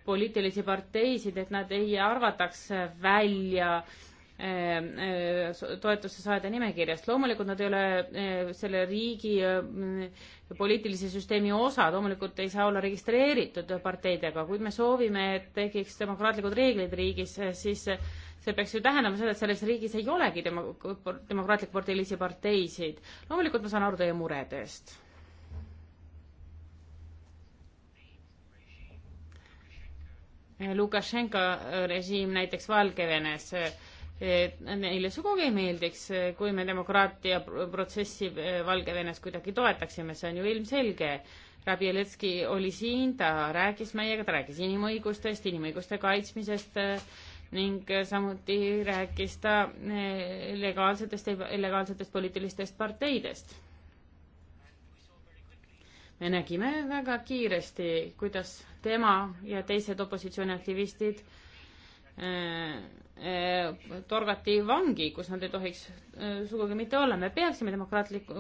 poliitilisi parteisid, et nad ei arvataks välja äh, toetuse saajate nimekirjast. loomulikult nad ei ole eh, selle riigi eh, poliitilise süsteemi osa, loomulikult ei saa olla registreeritud parteidega, kuid me soovime, et tekiks demokraatlikud reeglid riigis, eh, siis see peaks ju tähendama seda, et selles riigis ei olegi demok-, demokraatlikke parteilisi parteisid. loomulikult ma saan aru teie muredest. Lukašenka režiim näiteks Valgevenes neile sugugi ei meeldiks, kui me demokraatia protsessi eh, Valgevenes kuidagi toetaksime, see on ju ilmselge. Rabieletski oli siin, ta rääkis meiega, ta rääkis inimõigustest, inimõiguste kaitsmisest eh, ning samuti rääkis ta eh, legaalsetest ja illegaalsetest poliitilistest parteidest. me nägime väga kiiresti, kuidas tema ja teised opositsiooniaktivistid äh, Eh, torgati vangi, kus nad ei tohiks eh, sugugi mitte olla. me peaksime demokraatlikku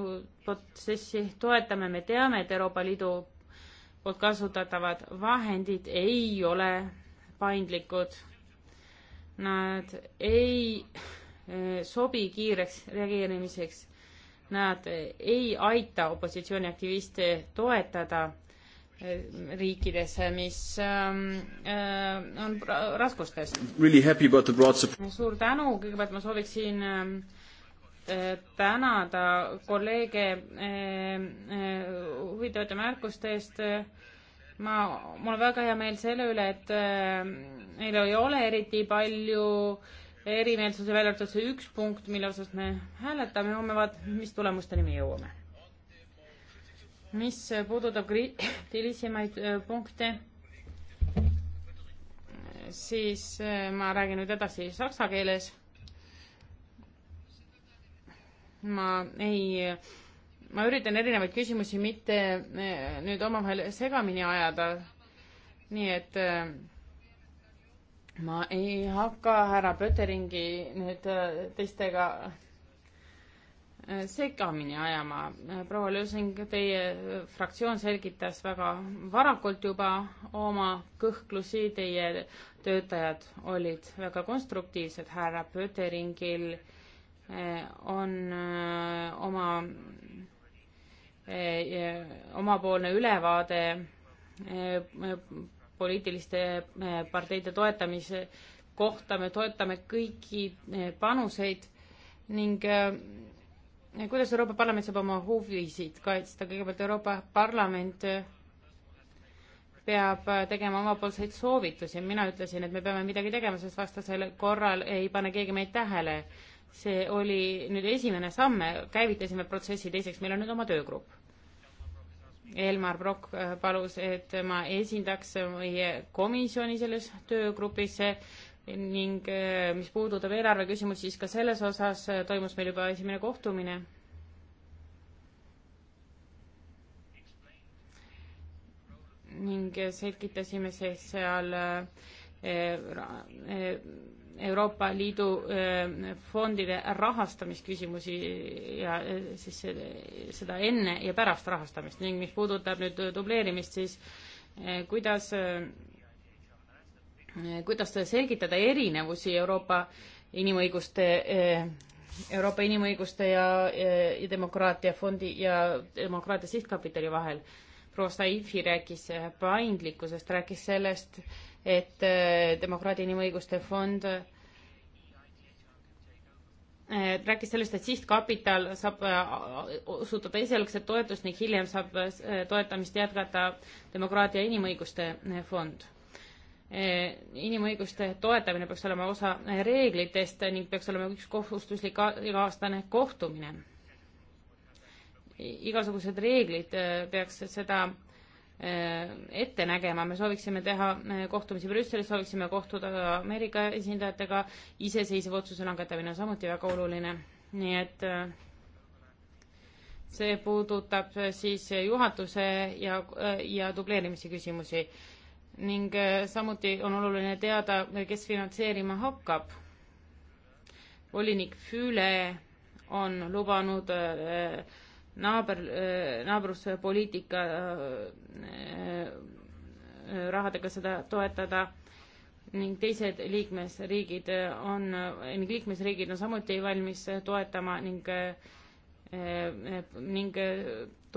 protsessi toetama, me teame, et Euroopa Liidu poolt kasutatavad vahendid ei ole paindlikud. Nad ei eh, sobi kiireks reageerimiseks. Nad ei aita opositsiooniaktiviste toetada riikides, mis ähm, äh, on raskustes really. suur tänu, kõigepealt ma sooviksin ähm, äh, tänada kolleege äh, huvitavate märkuste eest. ma, mul on väga hea meel selle üle, et meil ei ole eriti palju erimeelsusi, välja arvatud see üks punkt, mille osas me hääletame, homme vaatame, mis tulemusteni me jõuame mis puudutab kriitilisemaid äh, punkte, siis äh, ma räägin nüüd edasi saksa keeles. ma ei, ma üritan erinevaid küsimusi mitte äh, nüüd omavahel segamini ajada. nii et ma ei hakka härra Pöteringi nüüd teistega Äh, segamini ajama. Äh, proua Lösing, teie äh, fraktsioon selgitas väga varakult juba oma kõhklusi, teie töötajad olid väga konstruktiivsed, härra Pöteringil on oma, omapoolne ülevaade poliitiliste parteide toetamise kohta, me toetame kõiki panuseid ning kuidas Euroopa Parlament saab oma huvisid kaitsta, kõigepealt Euroopa Parlament äh, peab äh, tegema omapoolseid soovitusi, mina ütlesin, et me peame midagi tegema, sest vastasel korral ei pane keegi meid tähele. see oli nüüd esimene samm, käivitasime protsessi, teiseks meil on nüüd oma töögrupp. Elmar Brokk äh, palus, et ma esindaks meie komisjoni selles töögrupis ning äh, mis puudutab eelarve küsimust, siis ka selles osas äh, toimus meil juba esimene kohtumine. ning äh, selgitasime siis seal Euroopa Liidu fondide rahastamisküsimusi ja siis seda enne ja pärast rahastamist ning mis puudutab nüüd dubleerimist, siis kuidas Eh, kuidas selgitada erinevusi Euroopa inimõiguste, eh, Euroopa inimõiguste ja, eh, ja demokraatia fondi ja demokraatia sihtkapitali vahel. proua Staifi rääkis paindlikkusest, rääkis sellest, et demokraatia inimõiguste fond rääkis sellest, et sihtkapital saab osutada esialgset toetust ning hiljem saab toetamist jätkata demokraatia inimõiguste fond. Eh, inimõiguste toetamine peaks olema osa eh, reeglitest ning peaks olema üks kohustuslik iga-aastane kohtumine. igasugused reeglid eh, peaks seda ette nägema, me sooviksime teha kohtumisi Brüsselis, sooviksime kohtuda Ameerika esindajatega, iseseisva otsuse langetamine on samuti väga oluline, nii et see puudutab siis juhatuse ja, ja dubleerimise küsimusi ning äh, samuti on oluline teada, kes finantseerima hakkab. volinik Füüle on lubanud äh, naaber, äh, naabruspoliitika rahadega seda toetada ning teised liikmesriigid on, ning liikmesriigid on samuti valmis toetama ning ning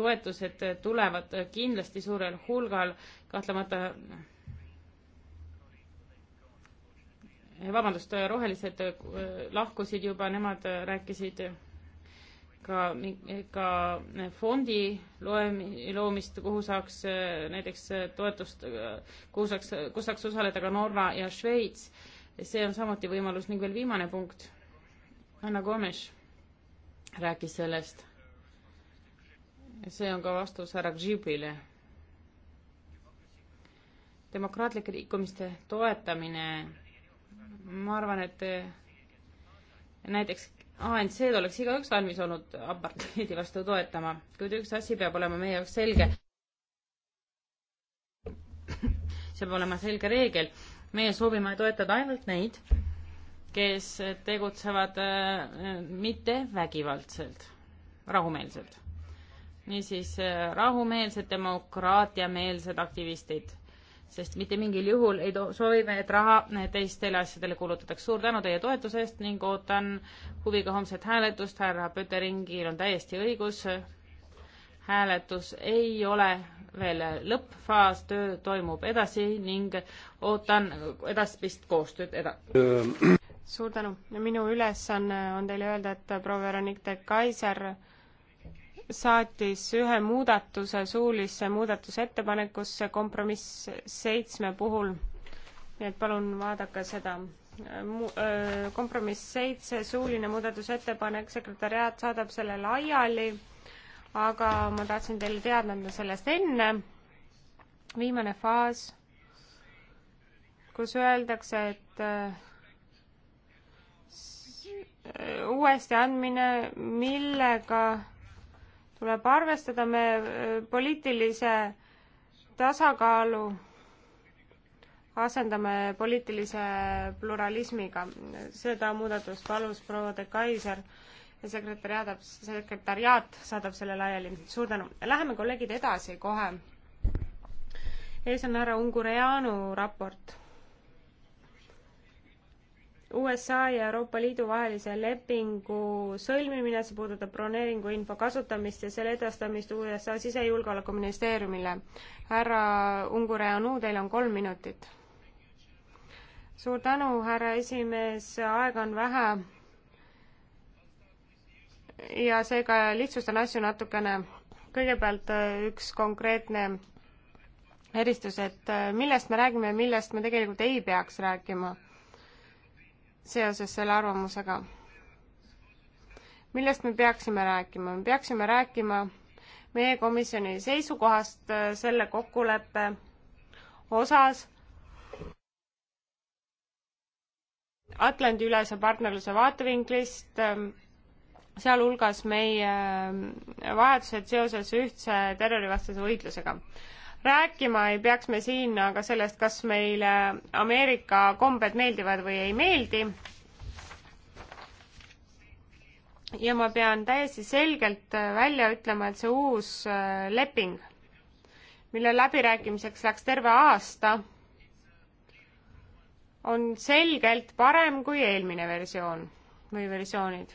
toetused tulevad kindlasti suurel hulgal, kahtlemata vabandust, rohelised eh, lahkusid juba, nemad rääkisid ka, ka fondi loemi-, loomist, kuhu saaks eh, näiteks toetust, kuhu saaks, kus saaks osaleda ka Norra ja Šveits. see on samuti võimalus ning veel viimane punkt. Anna Gomes rääkis sellest see on ka vastus härra Gžibile. demokraatlike liikumiste toetamine, ma arvan, et näiteks ANC-d oleks igaüks valmis olnud apartheidi vastu toetama, kuid üks asi peab olema meie jaoks selge. see peab olema selge reegel, meie soovime toetada ainult neid, kes tegutsevad äh, mitte vägivaldselt, rahumeelselt niisiis äh, rahumeelsed, demokraatiameelsed aktivistid, sest mitte mingil juhul ei soovime, et raha äh, teistele asjadele kulutatakse. suur tänu teie toetuse eest ning ootan huviga homset hääletust, härra Pöteringil on täiesti õigus, hääletus ei ole veel lõppfaas, töö toimub edasi ning ootan edaspist koostööd eda-. suur tänu. minu ülesanne on, on teile öelda, et proua Veronique de Kaiser saatis ühe muudatuse suulisse muudatusettepanekusse kompromiss seitsme puhul. nii et palun vaadake seda. kompromiss seitse, suuline muudatusettepanek, sekretäriaat saadab selle laiali, aga ma tahtsin teile teada anda sellest enne. viimane faas, kus öeldakse, et uuesti andmine, millega tuleb arvestada me poliitilise tasakaalu asendame poliitilise pluralismiga. seda muudatust palus proua de Kaiser ja sekretäriaadab, sekretäriaat saadab selle laiali. suur tänu. Läheme kolleegid edasi kohe. ees on härra Ungureanu raport USA ja Euroopa Liidu vahelise lepingu sõlmimine, see puudutab broneeringuinfo kasutamist ja selle edastamist USA sisejulgeolekuministeeriumile. härra Ungureanu, teil on kolm minutit. suur tänu, härra esimees, aega on vähe. ja seega lihtsustan asju natukene. kõigepealt äh, üks konkreetne eristus, et äh, millest me räägime ja millest me tegelikult ei peaks rääkima seoses selle arvamusega. millest me peaksime rääkima? me peaksime rääkima meie komisjoni seisukohast äh, selle kokkuleppe osas Atlandi-ülese partnerluse vaatevinklist, ähm, sealhulgas meie ähm, vajadused seoses ühtse terrorivastase võitlusega rääkima ei peaks me siin aga sellest, kas meile Ameerika kombed meeldivad või ei meeldi. ja ma pean täiesti selgelt välja ütlema, et see uus äh, leping, mille läbirääkimiseks läks terve aasta, on selgelt parem kui eelmine versioon või versioonid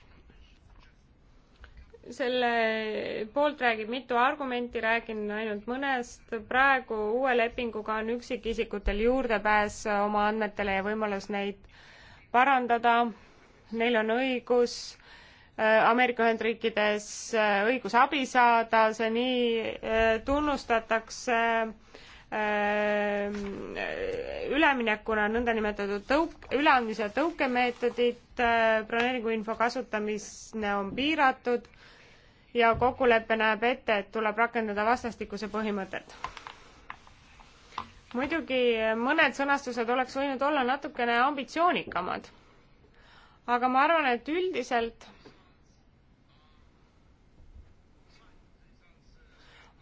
selle poolt räägin mitu argumenti, räägin ainult mõnest. praegu uue lepinguga on üksikisikutel juurdepääs oma andmetele ja võimalus neid parandada. Neil on õigus äh, Ameerika Ühendriikides äh, õigus abi saada, see nii äh, tunnustatakse üleminekuna nõndanimetatud tõuk-, üleandmise tõukemeetodit, broneeringuinfo kasutamine on piiratud ja kokkulepe näeb ette, et tuleb rakendada vastastikuse põhimõtet. muidugi mõned sõnastused oleks võinud olla natukene ambitsioonikamad, aga ma arvan, et üldiselt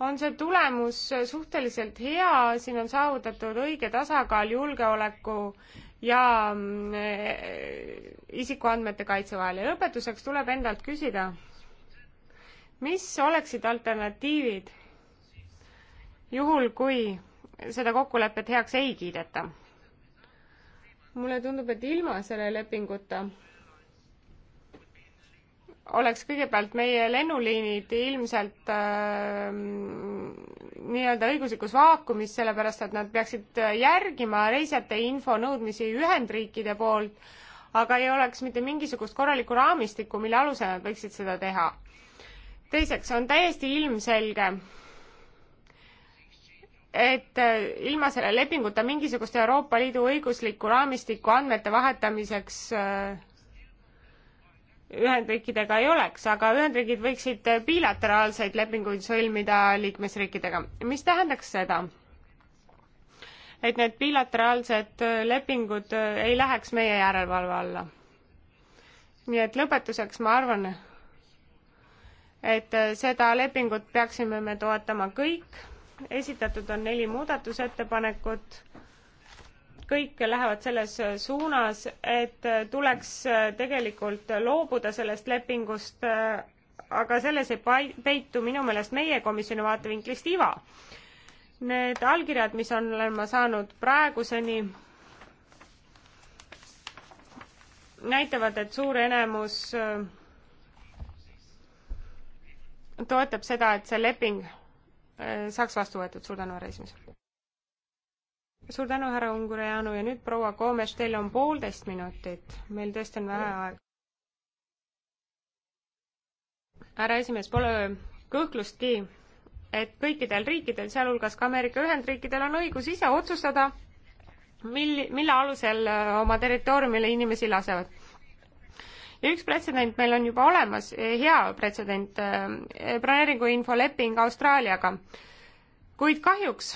on see tulemus suhteliselt hea, siin on saavutatud õige tasakaal julgeoleku ja mm, e, e, isikuandmete kaitse vahel ja lõpetuseks tuleb endalt küsida mis oleksid alternatiivid juhul, kui seda kokkulepet heaks ei kiideta? mulle tundub, et ilma selle lepinguta oleks kõigepealt meie lennuliinid ilmselt äh, nii-öelda õiguslikus vaakumis, sellepärast et nad peaksid järgima reisijate info nõudmisi Ühendriikide poolt, aga ei oleks mitte mingisugust korralikku raamistikku, mille alusel nad võiksid seda teha teiseks on täiesti ilmselge, et äh, ilma selle lepinguta mingisugust Euroopa Liidu õiguslikku raamistikku andmete vahetamiseks äh, Ühendriikidega ei oleks, aga Ühendriigid võiksid bilateraalseid lepinguid sõlmida liikmesriikidega, mis tähendaks seda, et need bilateraalsed äh, lepingud ei läheks meie järelevalve alla. nii et lõpetuseks ma arvan, et äh, seda lepingut peaksime me toetama kõik. esitatud on neli muudatusettepanekut. kõik lähevad selles äh, suunas, et äh, tuleks tegelikult loobuda sellest lepingust, aga selles ei peitu minu meelest meie komisjoni vaatevinklist iva. Need allkirjad, mis on, olen ma saanud praeguseni, näitavad, et suur enamus äh, toetab seda, et see leping äh, saaks vastu võetud. suur tänu, härra esimees. suur tänu, härra Ungureanu ja nüüd proua Koomes, teil on poolteist minutit, meil tõesti on vähe aega. härra esimees, pole kõhklustki, et kõikidel riikidel, sealhulgas ka Ameerika Ühendriikidel, on õigus ise otsustada, mil-, mille alusel äh, oma territooriumile inimesi lasevad ja üks pretsedent meil on juba olemas, e, hea pretsedent, e, broneeringuinfo leping Austraaliaga. kuid kahjuks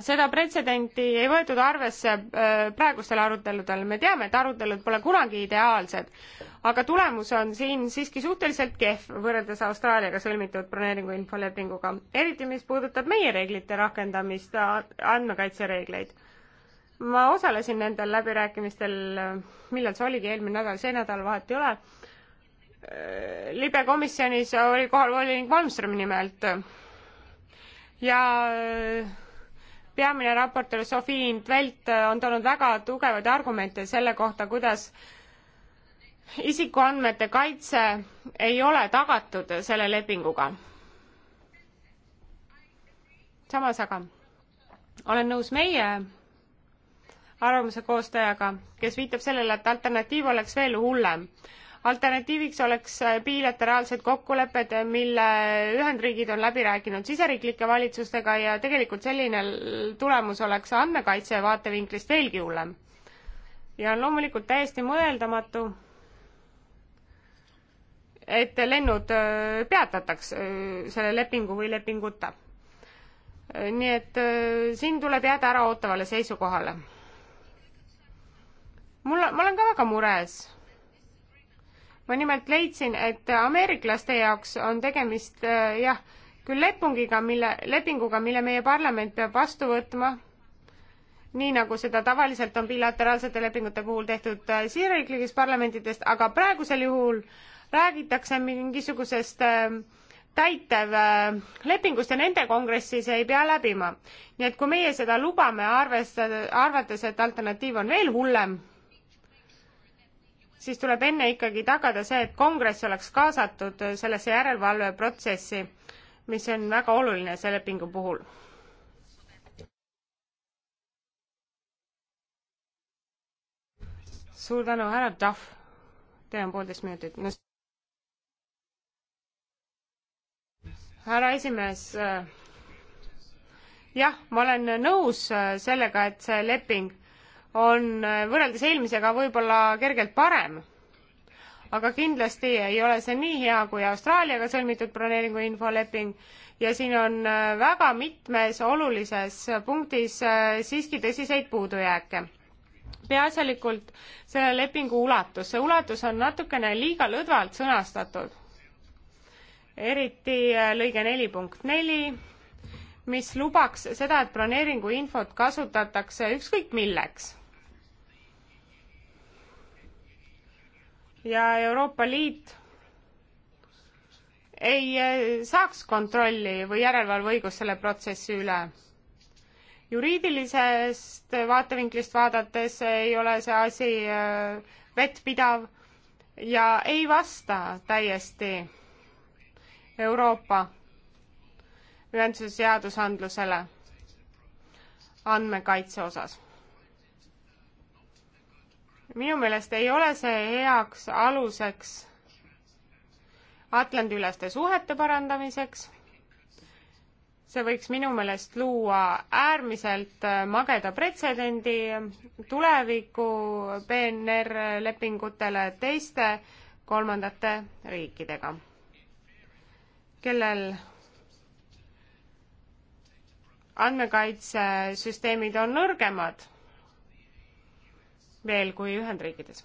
seda pretsedenti ei võetud arvesse e, praegustel aruteludel, me teame, et arutelud pole kunagi ideaalsed, aga tulemus on siin siiski suhteliselt kehv võrreldes Austraaliaga sõlmitud broneeringuinfo lepinguga, eriti mis puudutab meie reeglite rakendamist, andmekaitsereegleid ma osalesin nendel läbirääkimistel, millal see oligi, eelmine nädal, see nädal, vahet ei ole. Äh, libe komisjonis oli kohal volinik Malmström nimelt. ja äh, peamine raportöör Sophie Intvelt on toonud väga tugevaid argumente selle kohta, kuidas isikuandmete kaitse ei ole tagatud selle lepinguga. samas aga olen nõus meie arvamuse koostajaga, kes viitab sellele, et alternatiiv oleks veel hullem. alternatiiviks oleks äh, bilateraalsed kokkulepped, mille Ühendriigid on läbi rääkinud siseriiklike valitsustega ja tegelikult selline tulemus oleks andmekaitse vaatevinklist veelgi hullem. ja on loomulikult täiesti mõeldamatu, et lennud äh, peatataks äh, selle lepingu või lepinguta nii et äh, siin tuleb jääda äraootavale seisukohale mul, ma olen ka väga mures. ma nimelt leidsin, et ameeriklaste jaoks on tegemist äh, jah, küll lepungiga, mille, lepinguga, mille meie parlament peab vastu võtma, nii nagu seda tavaliselt on bilateraalsete lepingute puhul tehtud äh, siseriiklikest parlamentidest, aga praegusel juhul räägitakse mingisugusest äh, täitev äh, lepingust ja nende kongressi see ei pea läbima. nii et kui meie seda lubame, arvestades, arvates, et alternatiiv on veel hullem, siis tuleb enne ikkagi tagada see, et kongress oleks kaasatud sellesse järelevalveprotsessi, mis on väga oluline selle lepingu puhul. suur tänu, härra Tahv. Teil on poolteist minutit no.. härra esimees, äh, jah, ma olen nõus äh, sellega, et see leping on äh, võrreldes eelmisega võib-olla kergelt parem, aga kindlasti ei ole see nii hea kui Austraaliaga sõlmitud broneeringu infoleping ja siin on äh, väga mitmes olulises punktis äh, siiski tõsiseid puudujääke. peaasjalikult selle lepingu ulatus, see ulatus on natukene liiga lõdvalt sõnastatud. eriti lõige neli punkt neli, mis lubaks seda, et broneeringu infot kasutatakse ükskõik milleks ja Euroopa Liit ei eh, saaks kontrolli või järelevalveõigust selle protsessi üle. juriidilisest vaatevinklist vaadates ei ole see asi eh, vettpidav ja ei vasta täiesti Euroopa ühenduse seadusandlusele andmekaitse osas minu meelest ei ole see heaks aluseks Atlandi-üleste suhete parandamiseks. see võiks minu meelest luua äärmiselt äh, mageda pretsedendi tuleviku PNR lepingutele teiste kolmandate riikidega, kellel andmekaitsesüsteemid on nõrgemad veel kui Ühendriikides.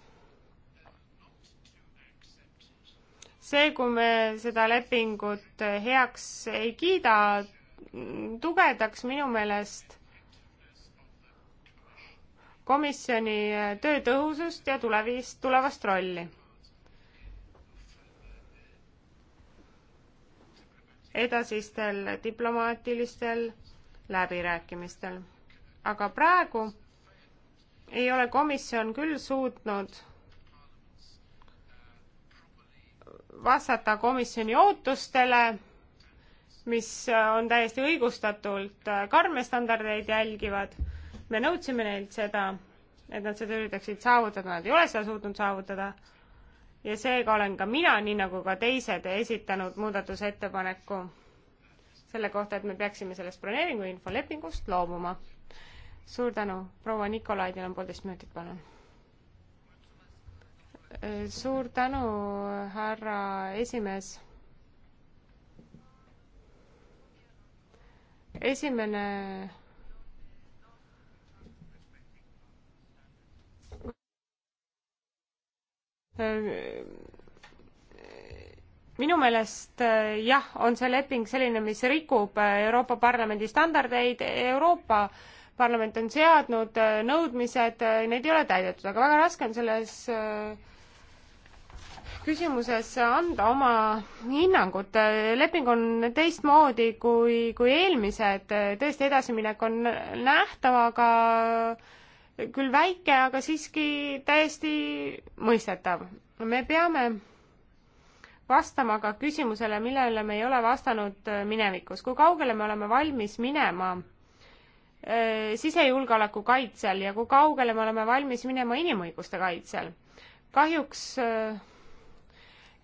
see, kui me seda lepingut heaks ei kiida, tugevdaks minu meelest komisjoni töö tõhusust ja tulevist, tulevast rolli. edasistel diplomaatilistel läbirääkimistel. aga praegu ei ole komisjon küll suutnud vastata komisjoni ootustele, mis on täiesti õigustatult karme standardeid jälgivad. me nõudsime neilt seda, et nad seda üritaksid saavutada, nad ei ole seda suutnud saavutada. ja seega olen ka mina, nii nagu ka teised, esitanud muudatusettepaneku selle kohta, et me peaksime sellest broneeringu infolepingust loobuma suur tänu, proua Nikolai, teil on poolteist minutit, palun. suur tänu, härra esimees. esimene minu meelest eh, jah, on see leping selline, mis rikub eh, Euroopa Parlamendi standardeid, Euroopa äh, parlament on seadnud äh, nõudmised, äh, need ei ole täidetud, aga väga raske on selles äh, küsimuses anda oma hinnangut. leping on teistmoodi kui, kui eelmised, tõesti edasiminek on nähtav, aga küll väike, aga siiski täiesti mõistetav. me peame vastama ka küsimusele, millele me ei ole vastanud minevikus. kui kaugele me oleme valmis minema Äh, sisejulgeoleku kaitsel ja kui kaugele me oleme valmis minema inimõiguste kaitsel. kahjuks äh,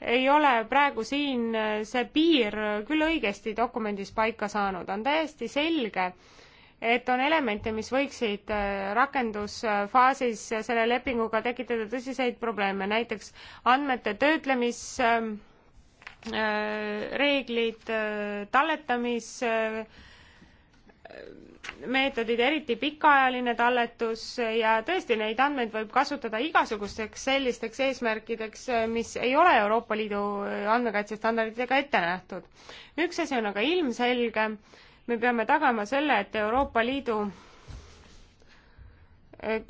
ei ole praegu siin äh, see piir küll õigesti dokumendis paika saanud, on täiesti selge, et on elemente, mis võiksid rakendusfaasis selle lepinguga tekitada tõsiseid probleeme, näiteks andmete töötlemisreeglid, talletamisreeglid, meetodid, eriti pikaajaline talletus ja tõesti, neid andmeid võib kasutada igasugusteks sellisteks eesmärkideks, mis ei ole Euroopa Liidu andmekaitsestandarditega ette nähtud. üks asi on aga ilmselge, me peame tagama selle, et Euroopa Liidu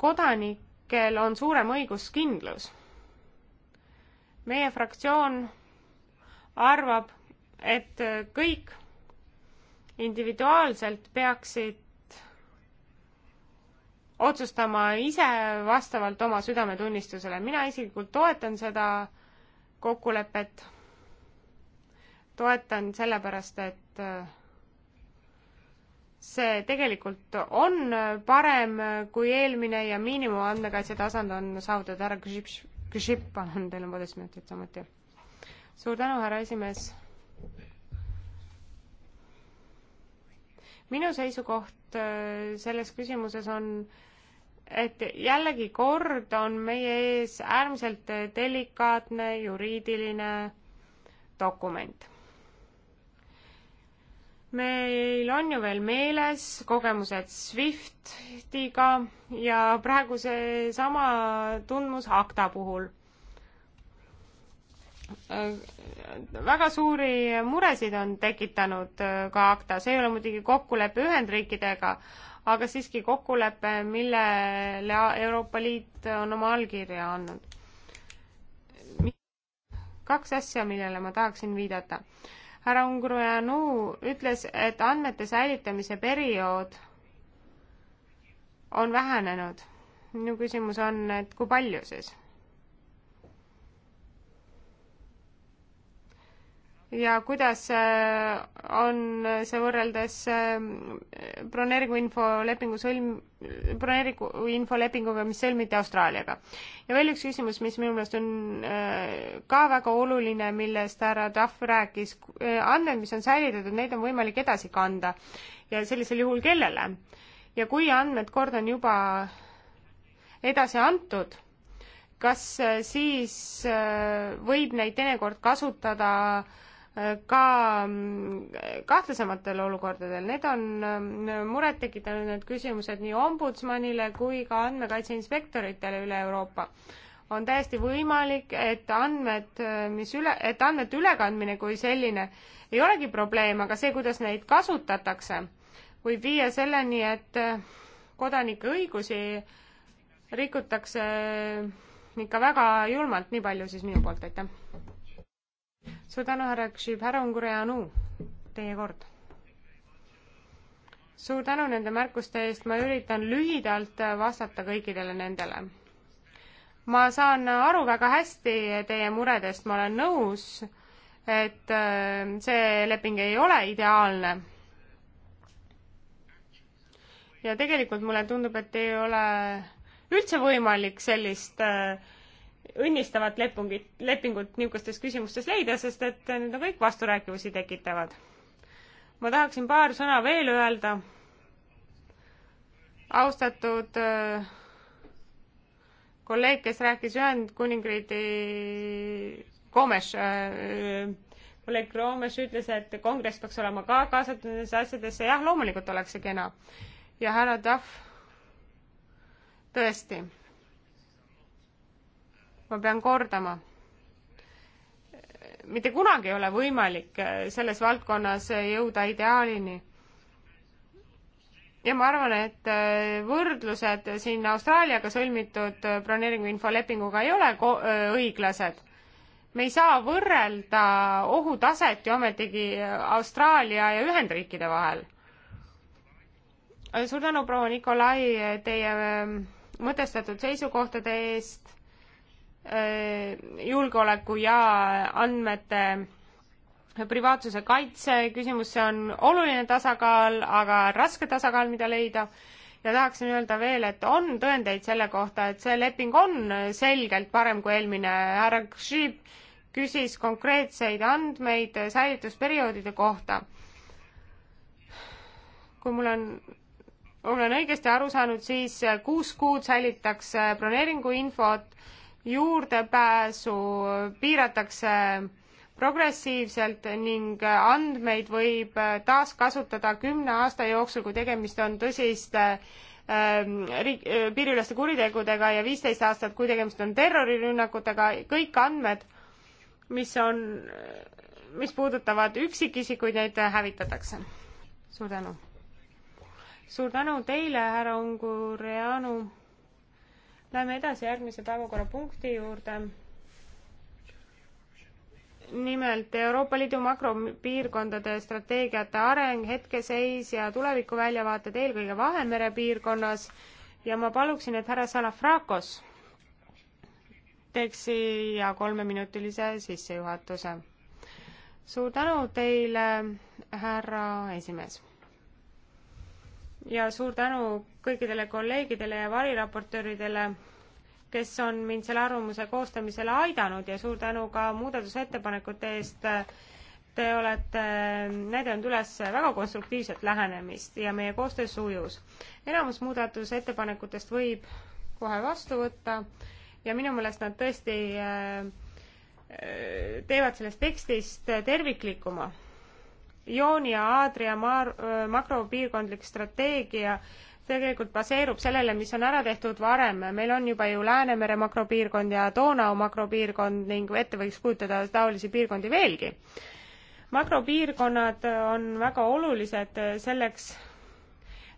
kodanikel on suurem õiguskindlus. meie fraktsioon arvab, et kõik individuaalselt peaksid otsustama ise vastavalt oma südametunnistusele. mina isiklikult toetan seda kokkulepet. toetan sellepärast, et äh, see tegelikult on äh, parem äh, kui eelmine ja miinimumandmekaitse tasand on saavutatud. härra Kšip, Kšip, palun, teil on poolteist minutit samuti. suur tänu, härra esimees minu seisukoht äh, selles küsimuses on, et jällegi kord on meie ees äärmiselt delikaatne juriidiline dokument. meil on ju veel meeles kogemused SWIFTiga ja praegu seesama tundmus akta puhul Äh, väga suuri muresid on tekitanud äh, ka ACTA, see ei ole muidugi kokkulepe Ühendriikidega, aga siiski kokkulepe, millele Euroopa Liit on oma allkirja andnud. kaks asja, millele ma tahaksin viidata. härra Ungrujanu ütles, et andmete säilitamise periood on vähenenud. minu küsimus on, et kui palju siis? ja kuidas äh, on see võrreldes äh, broneeringuinfo lepingu sõlm, broneeringuinfo lepinguga, mis sõlmiti Austraaliaga. ja veel üks küsimus, mis minu meelest on äh, ka väga oluline, millest härra Tahv rääkis, andmed, mis on säilitatud, neid on võimalik edasi kanda ja sellisel juhul kellele? ja kui andmed kord on juba edasi antud, kas siis võib neid teinekord kasutada äh, ka mm, kahtlasematel olukordadel. Need on mm, muret tekitanud need küsimused nii ombudsmanile kui ka andmekaitse inspektoritele üle Euroopa. on täiesti võimalik, et andmed, mm, mis üle, et andmete ülekandmine kui selline ei olegi probleem, aga see, kuidas neid kasutatakse, võib viia selleni, et kodanike õigusi rikutakse ikka väga julmalt, nii palju siis minu poolt, aitäh! suur tänu, härra Kšib, härra Ungureanu, teie kord. suur tänu nende märkuste eest, ma üritan lühidalt vastata kõikidele nendele. ma saan aru väga hästi teie muredest, ma olen nõus, et äh, see leping ei ole ideaalne. ja tegelikult mulle tundub, et ei ole üldse võimalik sellist äh, õnnistavat lepungit, lepingut niisugustes küsimustes leida, sest et need on kõik vasturääkivusi tekitavad. ma tahaksin paar sõna veel öelda. austatud äh, kolleeg, kes rääkis Ühendkuningriigi Gomes, äh, kolleeg Gomes ütles, et kongress peaks olema ka kaasatud nendesse asjadesse, jah, loomulikult oleks see kena. ja härra Tahv, tõesti ma pean kordama, mitte kunagi ei ole võimalik äh, selles valdkonnas jõuda ideaalini. ja ma arvan, et äh, võrdlused siin Austraaliaga sõlmitud äh, broneeringu infolepinguga ei ole õiglased. me ei saa võrrelda ohutaset ju ometigi Austraalia ja Ühendriikide vahel. suur tänu, proua Nikolai, teie ähm, mõtestatud seisukohtade eest Äh, julgeoleku ja andmete privaatsuse kaitse küsimus, see on oluline tasakaal, aga raske tasakaal, mida leida. ja tahaksin öelda veel, et on tõendeid selle kohta, et see leping on selgelt parem kui eelmine. härra Kšib küsis konkreetseid andmeid säilitusperioodide kohta. kui mul on olen õigesti aru saanud, siis kuus kuud säilitakse broneeringuinfot juurdepääsu piiratakse progressiivselt ning andmeid võib taaskasutada kümne aasta jooksul, kui tegemist on tõsiste ähm, riik, äh, piiriüleste kuritegudega ja viisteist aastat, kui tegemist on terrorirünnakutega, kõik andmed, mis on, mis puudutavad üksikisikuid, neid hävitatakse. suur tänu! suur tänu teile, härra Ungureanu! Läheme edasi järgmise päevakorrapunkti juurde. nimelt Euroopa Liidu makropiirkondade strateegiate areng, hetkeseis ja tulevikuväljavaated eelkõige Vahemere piirkonnas ja ma paluksin, et härra Salafrakos teeks siia kolmeminutilise sissejuhatuse. suur tänu teile, härra esimees ja suur tänu kõikidele kolleegidele ja variraportööridele, kes on mind selle arvamuse koostamisele aidanud ja suur tänu ka muudatusettepanekute eest. Te olete näidanud üles väga konstruktiivset lähenemist ja meie koostöö sujus. enamus muudatusettepanekutest võib kohe vastu võtta ja minu meelest nad tõesti äh, teevad sellest tekstist terviklikuma Jooni ja Aadria maar-, makropiirkondlik strateegia tegelikult baseerub sellele, mis on ära tehtud varem. meil on juba ju Läänemere makropiirkond ja Donau makropiirkond ning ette võiks kujutada taolisi piirkondi veelgi. makropiirkonnad on väga olulised selleks,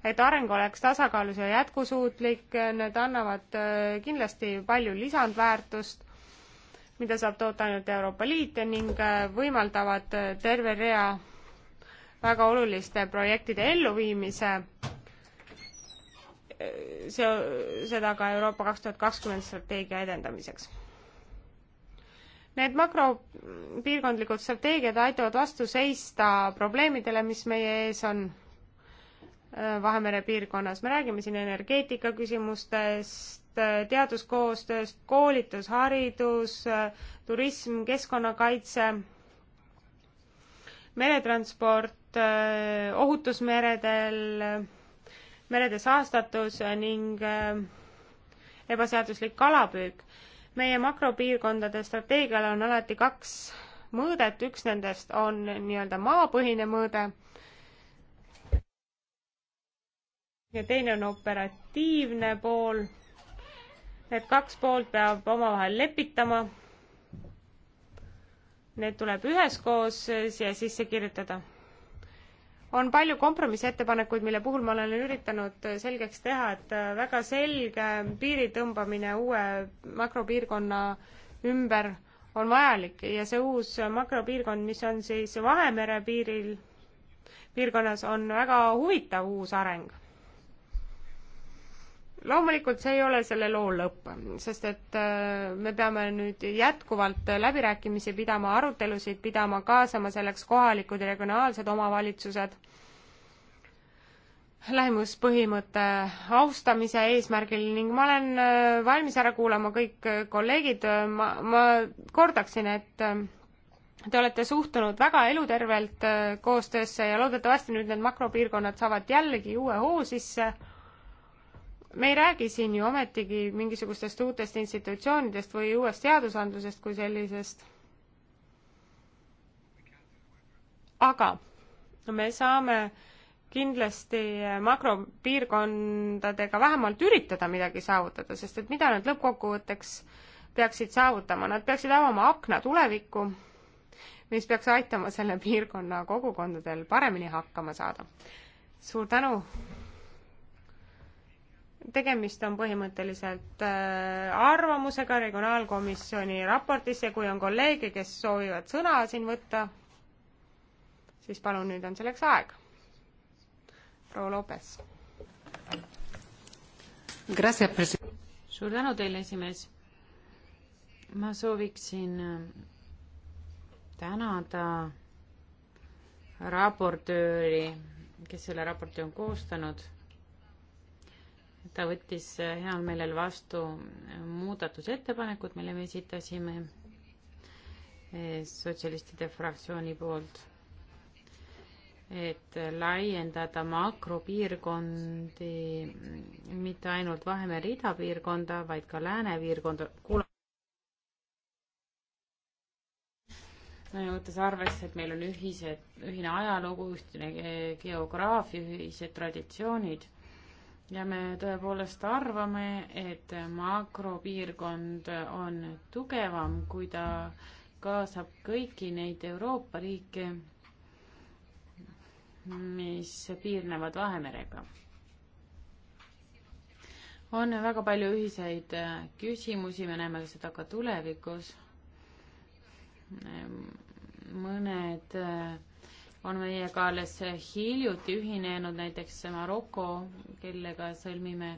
et areng oleks tasakaalus ja jätkusuutlik, need annavad kindlasti palju lisandväärtust, mida saab toota ainult Euroopa Liit ning võimaldavad terve rea väga oluliste projektide elluviimise, see, seda ka Euroopa kaks tuhat kakskümmend strateegia edendamiseks. Need makropiirkondlikud strateegiad aitavad vastu seista probleemidele, mis meie ees on äh, Vahemere piirkonnas, me räägime siin energeetika küsimustest, äh, teaduskoostööst, koolitus, haridus, äh, turism, keskkonnakaitse, meretransport, Äh, ohutus meredel, merede saastatus ning äh, ebaseaduslik kalapüük. meie makropiirkondade strateegial on alati kaks mõõdet, üks nendest on nii-öelda maapõhine mõõde ja teine on operatiivne pool. Need kaks poolt peab omavahel lepitama. Need tuleb üheskoos siia sisse kirjutada on palju kompromissettepanekuid, mille puhul ma olen üritanud selgeks teha, et väga selge piiri tõmbamine uue makropiirkonna ümber on vajalik ja see uus makropiirkond, mis on siis Vahemere piiril, piirkonnas, on väga huvitav uus areng loomulikult see ei ole selle loo lõpp, sest et äh, me peame nüüd jätkuvalt läbirääkimisi pidama, arutelusid pidama, kaasama selleks kohalikud ja regionaalsed omavalitsused, lähimuspõhimõtte austamise eesmärgil ning ma olen äh, valmis ära kuulama kõik äh, kolleegid, ma, ma kordaksin, et Te olete suhtunud väga elutervelt koostöösse ja loodetavasti nüüd need makropiirkonnad saavad jällegi uue hoo sisse me ei räägi siin ju ometigi mingisugustest uutest institutsioonidest või uuest seadusandlusest kui sellisest. aga me saame kindlasti makropiirkondadega vähemalt üritada midagi saavutada, sest et mida nad lõppkokkuvõtteks peaksid saavutama, nad peaksid avama akna tulevikku, mis peaks aitama selle piirkonna kogukondadel paremini hakkama saada. suur tänu! tegemist on põhimõtteliselt äh, arvamusega Regionaalkomisjoni raportis ja kui on kolleege, kes soovivad sõna siin võtta, siis palun, nüüd on selleks aeg. proua Lopes. suur tänu teile, esimees. ma sooviksin äh, tänada raportööri, kes selle raporti on koostanud ta võttis äh, heal meelel vastu muudatusettepanekud, mille me esitasime äh, sotsialistide fraktsiooni poolt, et äh, laiendada makropiirkondi mm, mitte ainult Vahemere idapiirkonda, vaid ka läänepiirkonda, võttes arvesse, et meil on ühised, ühine ajalugu, ühtne geograafia, ühised traditsioonid ja me tõepoolest arvame, et makropiirkond on tugevam, kui ta kaasab kõiki neid Euroopa riike, mis piirnevad Vahemerega. on väga palju ühiseid küsimusi, me näeme seda ka tulevikus. mõned on meiega alles hiljuti ühinenud näiteks Maroko, kellega sõlmime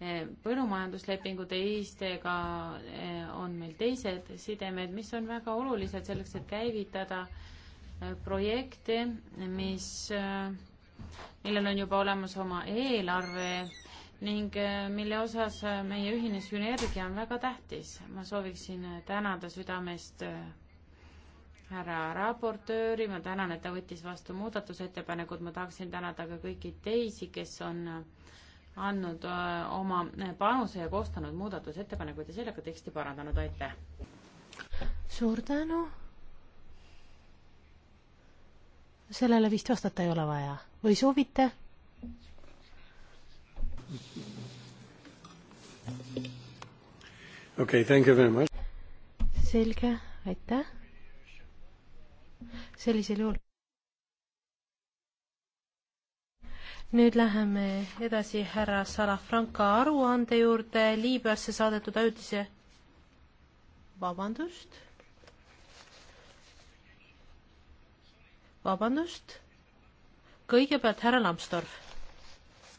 eh, põllumajanduslepingu teistega eh, on meil teised sidemed, mis on väga olulised selleks, et käivitada eh, projekte, mis, millel on juba olemas oma eelarve ning mille osas meie ühine sünergia on väga tähtis. ma sooviksin tänada südamest härra raportööri, ma tänan, et ta võttis vastu muudatusettepanekud, ma tahaksin tänada ka kõiki teisi, kes on äh, andnud äh, oma äh, panuse ja koostanud muudatusettepanekuid ja sellega teksti parandanud, aitäh! suur tänu! sellele vist vastata ei ole vaja või soovite? okei okay,, thank you very much! selge, aitäh! sellisel juhul. nüüd läheme edasi härra Salafranca aruande juurde Liibüasse saadetud ajutise, vabandust, vabandust, kõigepealt härra Lambsdorff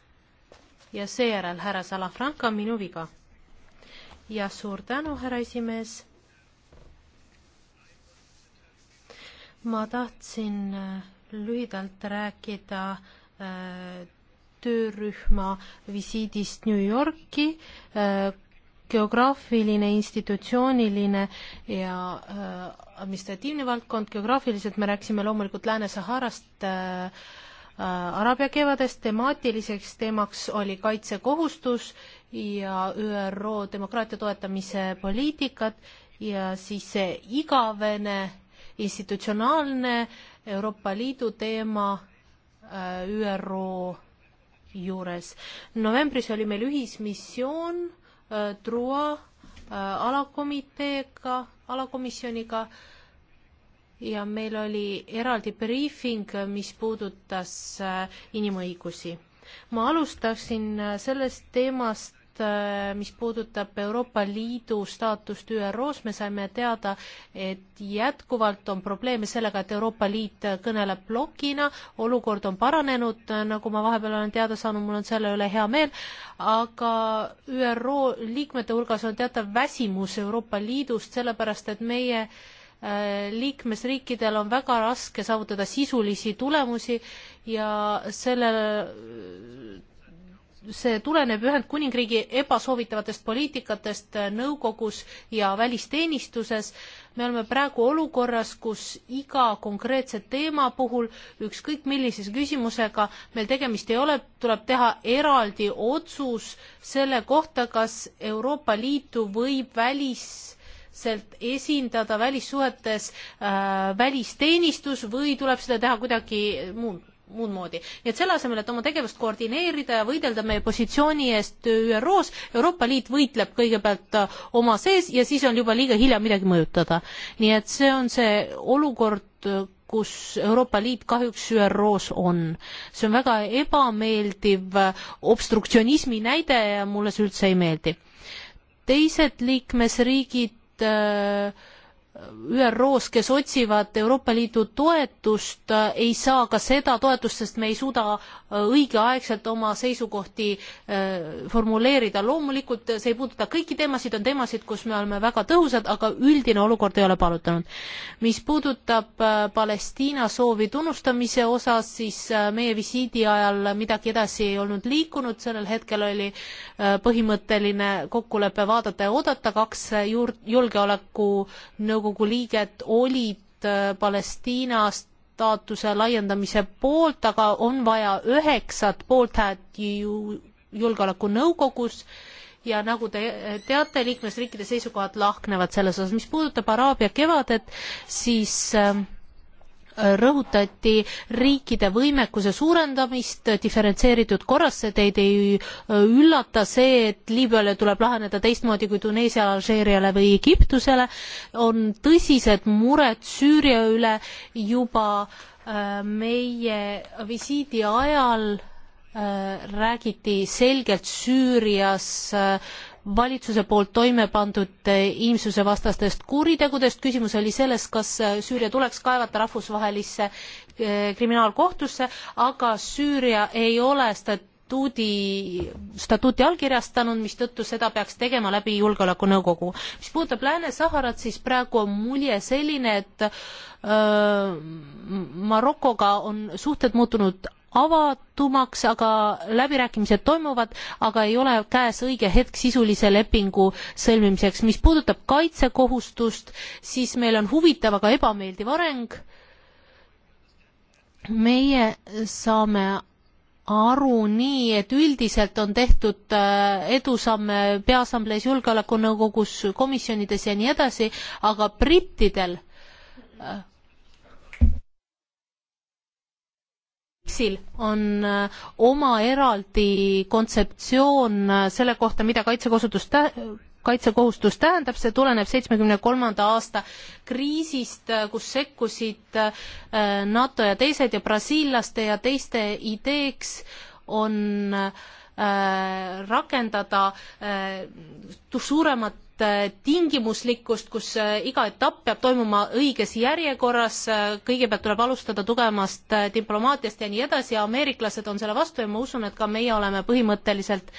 ja seejärel härra Salafranca, minu viga. ja suur tänu, härra esimees ma tahtsin äh, lühidalt rääkida äh, töörühma visiidist New Yorki, äh, geograafiline, institutsiooniline ja administratiivne valdkond, geograafiliselt me rääkisime loomulikult Lääne-Saharast, Araabia kevadest temaatiliseks teemaks oli kaitsekohustus ja ÜRO demokraatia toetamise poliitikad ja siis see igavene institutsionaalne Euroopa Liidu teema äh, ÜRO juures. novembris oli meil ühismissioon TRUA äh, äh, alakomiteega, alakomisjoniga ja meil oli eraldi briifing, mis puudutas inimõigusi. ma alustaksin sellest teemast, Äh, mis puudutab Euroopa Liidu staatust ÜRO-s, me saime teada, et jätkuvalt on probleeme sellega, et Euroopa Liit kõneleb plokina, olukord on paranenud, äh, nagu ma vahepeal olen teada saanud, mul on selle üle hea meel, aga ÜRO liikmete hulgas on teatav väsimus Euroopa Liidust, sellepärast et meie äh, liikmesriikidel on väga raske saavutada sisulisi tulemusi ja selle see tuleneb Ühendkuningriigi ebasoovitavatest poliitikatest nõukogus ja välisteenistuses. me oleme praegu olukorras, kus iga konkreetse teema puhul, ükskõik millise küsimusega meil tegemist ei ole, tuleb teha eraldi otsus selle kohta, kas Euroopa Liitu võib välis sealt esindada välissuhetes äh, välisteenistus või tuleb seda teha kuidagi muud muud moodi. nii et selle asemel, et oma tegevust koordineerida ja võidelda meie positsiooni eest ÜRO-s, Euroopa Liit võitleb kõigepealt äh, oma sees ja siis on juba liiga hilja midagi mõjutada. nii et see on see olukord, äh, kus Euroopa Liit kahjuks ÜRO-s on. see on väga ebameeldiv äh, obstruktsionismi näide ja mulle see üldse ei meeldi. teised liikmesriigid äh, ÜRO-s, kes otsivad Euroopa Liidu toetust, äh, ei saa ka seda toetust, sest me ei suuda äh, õigeaegselt oma seisukohti äh, formuleerida. loomulikult see ei puuduta kõiki teemasid, on teemasid, kus me oleme väga tõhusad, aga üldine olukord ei ole palutanud. mis puudutab Palestiina soovi tunnustamise osas, siis meie visiidi ajal midagi edasi ei olnud liikunud, sellel hetkel oli põhimõtteline kokkulepe vaadata ja oodata, kaks juur-, julgeolekunõukogu nõukogu liiget olid äh, Palestiina staatuse laiendamise poolt, aga on vaja üheksat poolthäält ju julgeolekunõukogus ja nagu te teate, liikmesriikide seisukohad lahknevad selles osas. mis puudutab Araabia kevadet, siis äh, rõhutati riikide võimekuse suurendamist diferentseeritud korras, see teid ei äh, üllata, see, et Liibüale tuleb laheneda teistmoodi kui Tuneesia, Alžeeriale või Egiptusele, on tõsised mured Süüria üle juba äh, meie visiidi ajal äh, räägiti selgelt Süürias äh, valitsuse poolt toime pandud eh, inimsusevastastest kuritegudest, küsimus oli selles, kas eh, Süüria tuleks kaevata rahvusvahelisse eh, kriminaalkohtusse, aga Süüria ei ole statuudi, statuuti allkirjastanud, mistõttu seda peaks tegema läbi Julgeolekunõukogu. mis puudutab Lääne-Saharat, siis praegu on mulje selline, et öö, Marokoga on suhted muutunud avatumaks, aga läbirääkimised toimuvad, aga ei ole käes õige hetk sisulise lepingu sõlmimiseks. mis puudutab kaitsekohustust, siis meil on huvitav, aga ebameeldiv areng. meie saame aru nii, et üldiselt on tehtud äh, edusamme Peaassamblees, Julgeolekunõukogus, komisjonides ja nii edasi, aga brittidel äh, KAPS-il on äh, oma eraldi kontseptsioon äh, selle kohta, mida kaitsekohutus tä-, kaitsekohustus tähendab, see tuleneb seitsmekümne kolmanda aasta kriisist, äh, kus sekkusid NATO ja teised ja brasiillaste ja teiste ideeks on rakendada suuremat Äh, tingimuslikkust, kus äh, iga etapp peab toimuma õiges järjekorras, äh, kõigepealt tuleb alustada tugevamast diplomaatiast ja nii edasi ja ameeriklased on selle vastu ja ma usun, et ka meie oleme põhimõtteliselt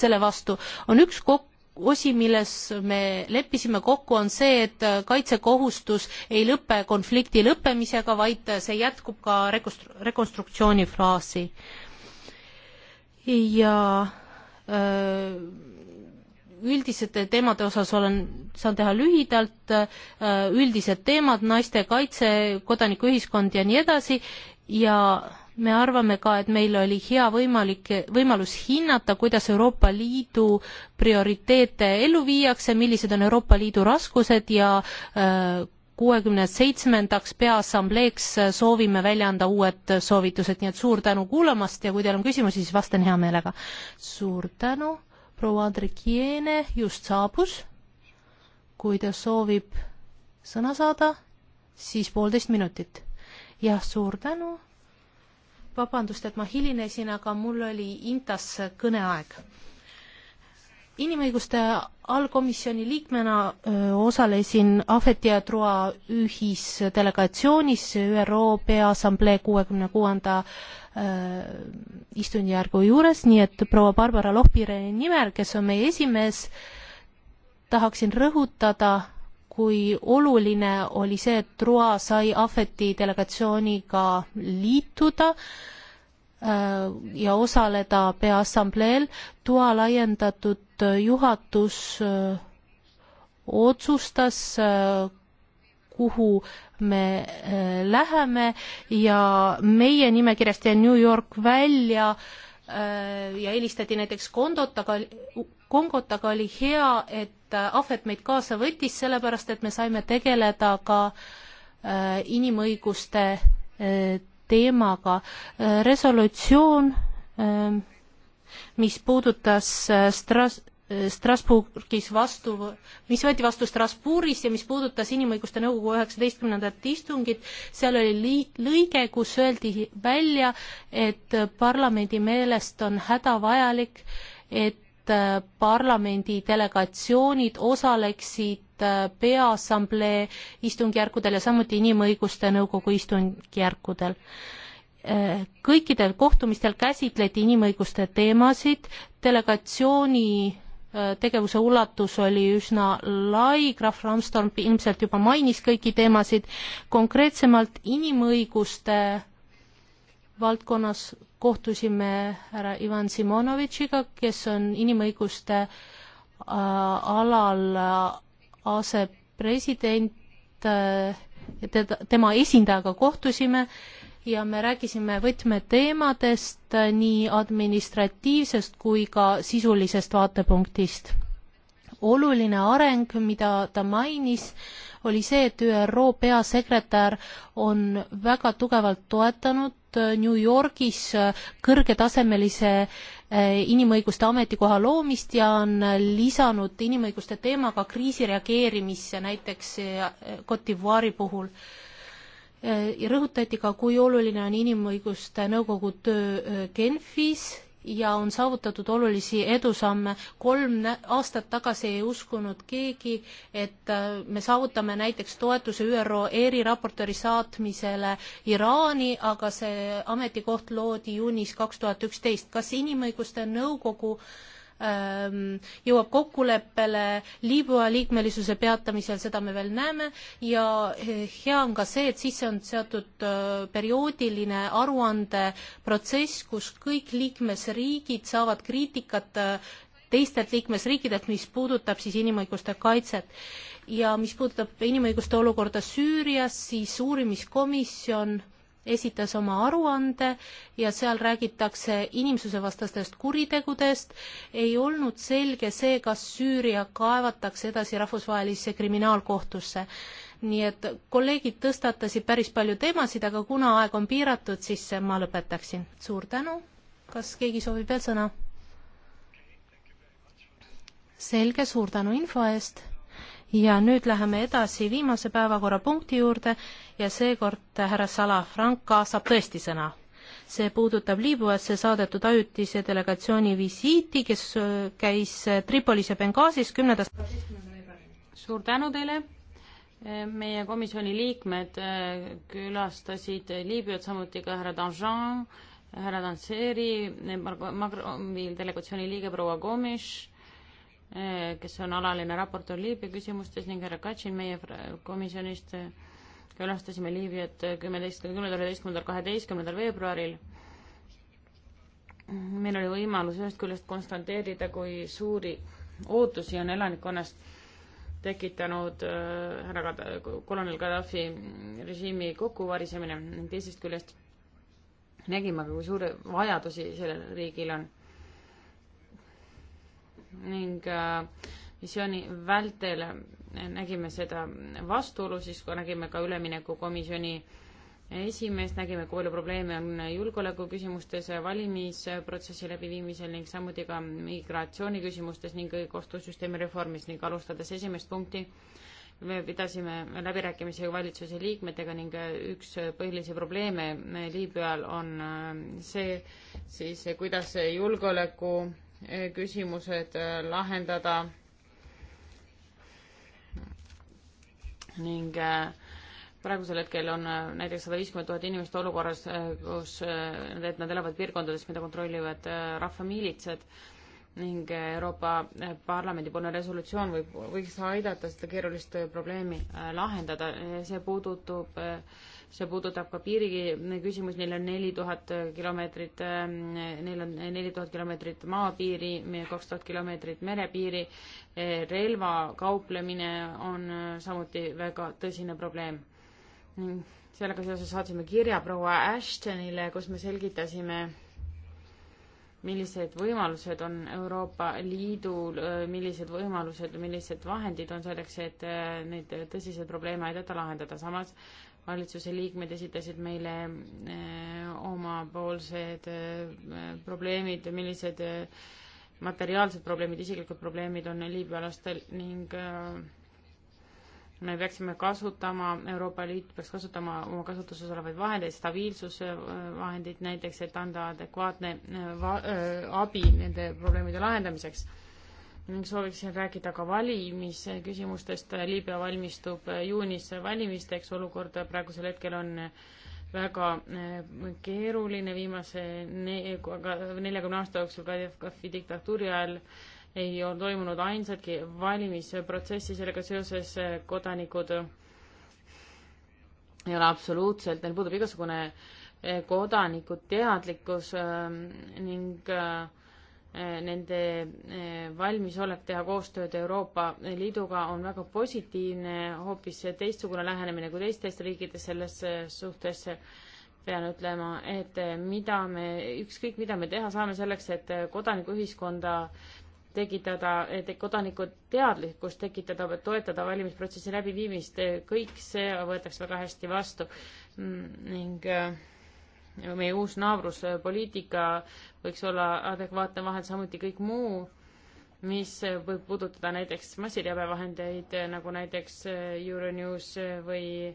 selle vastu. on üks kokku osi, milles me leppisime kokku, on see, et kaitsekohustus ei lõpe konflikti lõppemisega, vaid see jätkub ka rekonstru-, rekonstruktsiooni fraasi. ja öö, üldisete teemade osas olen, saan teha lühidalt, äh, üldised teemad, naiste kaitse, kodanikuühiskond ja nii edasi ja me arvame ka, et meil oli hea võimalik, võimalus hinnata, kuidas Euroopa Liidu prioriteete ellu viiakse, millised on Euroopa Liidu raskused ja äh, kuuekümne seitsmendaks Peaassambleeks äh, soovime välja anda uued soovitused, nii et suur tänu kuulamast ja kui teil on küsimusi, siis vastan hea meelega. suur tänu proua Andrikiene just saabus. kui ta soovib sõna saada, siis poolteist minutit. jah, suur tänu. vabandust, et ma hilinesin, aga mul oli Intas kõneaeg inimõiguste allkomisjoni liikmena öö, osalesin Ahveti ja Troa ühisdelegatsioonis ÜRO Peaassamblee kuuekümne kuuenda istungjärgu juures, nii et proua Barbara Lohpireni nimel, kes on meie esimees, tahaksin rõhutada, kui oluline oli see, et Troa sai Ahveti delegatsiooniga liituda öö, Äh, ja osaleda Peaassambleel, toa laiendatud äh, juhatus äh, otsustas, kuhu me läheme ja meie nimekirjast jäi New York välja ja helistati näiteks Kondot, aga Kongot, aga oli hea, et Ahvet meid kaasa võttis, sellepärast et me saime tegeleda ka inimõiguste teemaga äh, resolutsioon, ähm, mis puudutas äh, Stras-, äh, Strasbourgis vastu, mis võeti vastu Strasbourgis ja mis puudutas Inimõiguste Nõukogu üheksateistkümnendat istungit, seal oli lii-, lõige, kus öeldi välja, et parlamendi meelest on hädavajalik, et et äh, parlamendi delegatsioonid osaleksid äh, Peaassamblee istungjärkudel ja samuti Inimõiguste Nõukogu istungjärkudel. Äh, kõikidel kohtumistel käsitleti inimõiguste teemasid, delegatsiooni tegevuse ulatus oli üsna lai, Graf Rammstorm ilmselt juba mainis kõiki teemasid, konkreetsemalt inimõiguste valdkonnas kohtusime härra Ivan Simonovitšiga, kes on inimõiguste äh, alal äh, asepresident, äh, teda, tema esindajaga kohtusime ja me rääkisime võtmeteemadest nii administratiivsest kui ka sisulisest vaatepunktist oluline areng, mida ta mainis, oli see, et ÜRO peasekretär on väga tugevalt toetanud äh, New Yorgis äh, kõrgetasemelise äh, inimõiguste ametikoha loomist ja on lisanud inimõiguste teemaga kriisireageerimisse, näiteks Cote d'Ivoire'i puhul ja rõhutati ka, kui oluline on Inimõiguste Nõukogu töö Genfis ja on saavutatud olulisi edusamme. kolm aastat tagasi ei uskunud keegi, et äh, me saavutame näiteks toetuse ÜRO eriraportööri saatmisele Iraani, aga see ametikoht loodi juunis kaks tuhat üksteist. kas Inimõiguste Nõukogu äh, Ehm, jõuab kokkuleppele Liibüa liikmelisuse peatamisel, seda me veel näeme, ja eh, hea on ka see, et sisse on seatud eh, perioodiline aruandeprotsess, kus kõik liikmesriigid saavad kriitikat eh, teistelt liikmesriikidelt, mis puudutab siis inimõiguste kaitset. ja mis puudutab inimõiguste olukorda Süürias, siis uurimiskomisjon esitas oma aruande ja seal räägitakse inimsusevastastest kuritegudest, ei olnud selge see, kas Süüria kaevatakse edasi rahvusvahelisse kriminaalkohtusse. nii et kolleegid tõstatasid päris palju teemasid, aga kuna aeg on piiratud, siis ma lõpetaksin. suur tänu, kas keegi soovib veel sõna? selge, suur tänu info eest ja nüüd läheme edasi viimase päevakorrapunkti juurde ja seekord härra Salafranca saab tõesti sõna. see puudutab Liibüasse saadetud ajutise delegatsiooni visiiti, kes äh, käis äh, Tripolis ja Benghazis kümnendast 10. suur tänu teile, äh, meie komisjoni liikmed külastasid Liibüat, samuti ka härra Danjean, härra Danseri, Magromi delegatsiooni liige proua Gomes, kes on alaline raportöör Liibüa küsimustes ning härra Katšin meie komisjonist külastasime Liiviat kümneteistkümnendal, üheteistkümnendal, kaheteistkümnendal veebruaril. meil oli võimalus ühest küljest konstateerida, kui suuri ootusi on elanikkonnast tekitanud äh, härra kolonel Gaddafi režiimi kokkuvarisemine, teisest küljest nägime aga, kui suuri vajadusi sellel riigil on. ning äh, missiooni vältel nägime seda vastuolu, siis kui nägime ka üleminekukomisjoni esimeest, nägime, kui palju probleeme on julgeolekuküsimustes, valimisprotsessi läbiviimisel ning samuti ka migratsiooniküsimustes ning kohtusüsteemi reformis ning alustades esimest punkti, me pidasime läbirääkimisi valitsuse liikmetega ning üks põhilisi probleeme Liibüal on see siis, kuidas julgeoleku küsimused lahendada ning äh, praegusel hetkel on äh, näiteks sada viiskümmend tuhat inimest olukorras, äh, kus, et nad elavad piirkondades, mida kontrollivad rahvamiilitsad ning Euroopa Parlamendi poolne resolutsioon võib, võiks aidata seda keerulist probleemi lahendada. see puudutab äh, see puudutab ka piiri küsimus, neil on neli tuhat kilomeetrit, neil on neli tuhat kilomeetrit maapiiri, kaks tuhat kilomeetrit merepiiri, relva kauplemine on samuti väga tõsine probleem. sellega seoses saatsime kirja proua Ashtonile, kus me selgitasime, millised võimalused on Euroopa Liidul, millised võimalused, millised vahendid on selleks, et neid tõsiseid probleeme aidata lahendada. samas valitsuse liikmed esitasid meile eh, omapoolsed eh, probleemid, millised eh, materiaalsed probleemid, isiklikud probleemid on liibüalastel ning me peaksime kasutama, Euroopa Liit peaks kasutama oma kasutuses olevaid vahendeid, stabiilsusvahendeid näiteks, et anda adekvaatne va-, abi nende probleemide lahendamiseks ning sooviksin rääkida ka valimise küsimustest. Liibüa valmistub juunis valimisteks, olukord praegusel hetkel on väga eh, keeruline, viimase neljakümne aasta jooksul Gaddafi diktatuuri ajal ei ole toimunud ainsatki valimisprotsessi, sellega seoses kodanikud ei ole absoluutselt, neil puudub igasugune eh, kodaniku teadlikkus eh, ning äh, Eh, nende eh, valmisolek teha koostööd Euroopa Liiduga on väga positiivne, hoopis teistsugune lähenemine kui teistes riikides selles eh, suhtes pean ütlema, et mida me, ükskõik mida me teha saame selleks, et kodanikuühiskonda tekitada, et kodaniku teadlikkust tekitada, toetada valimisprotsessi läbiviimist, kõik see võetakse väga hästi vastu mm, ning äh, meie uus naabruspoliitika võiks olla adekvaatne vahend, samuti kõik muu, mis võib puudutada näiteks massiteabevahendeid, nagu näiteks Euronews või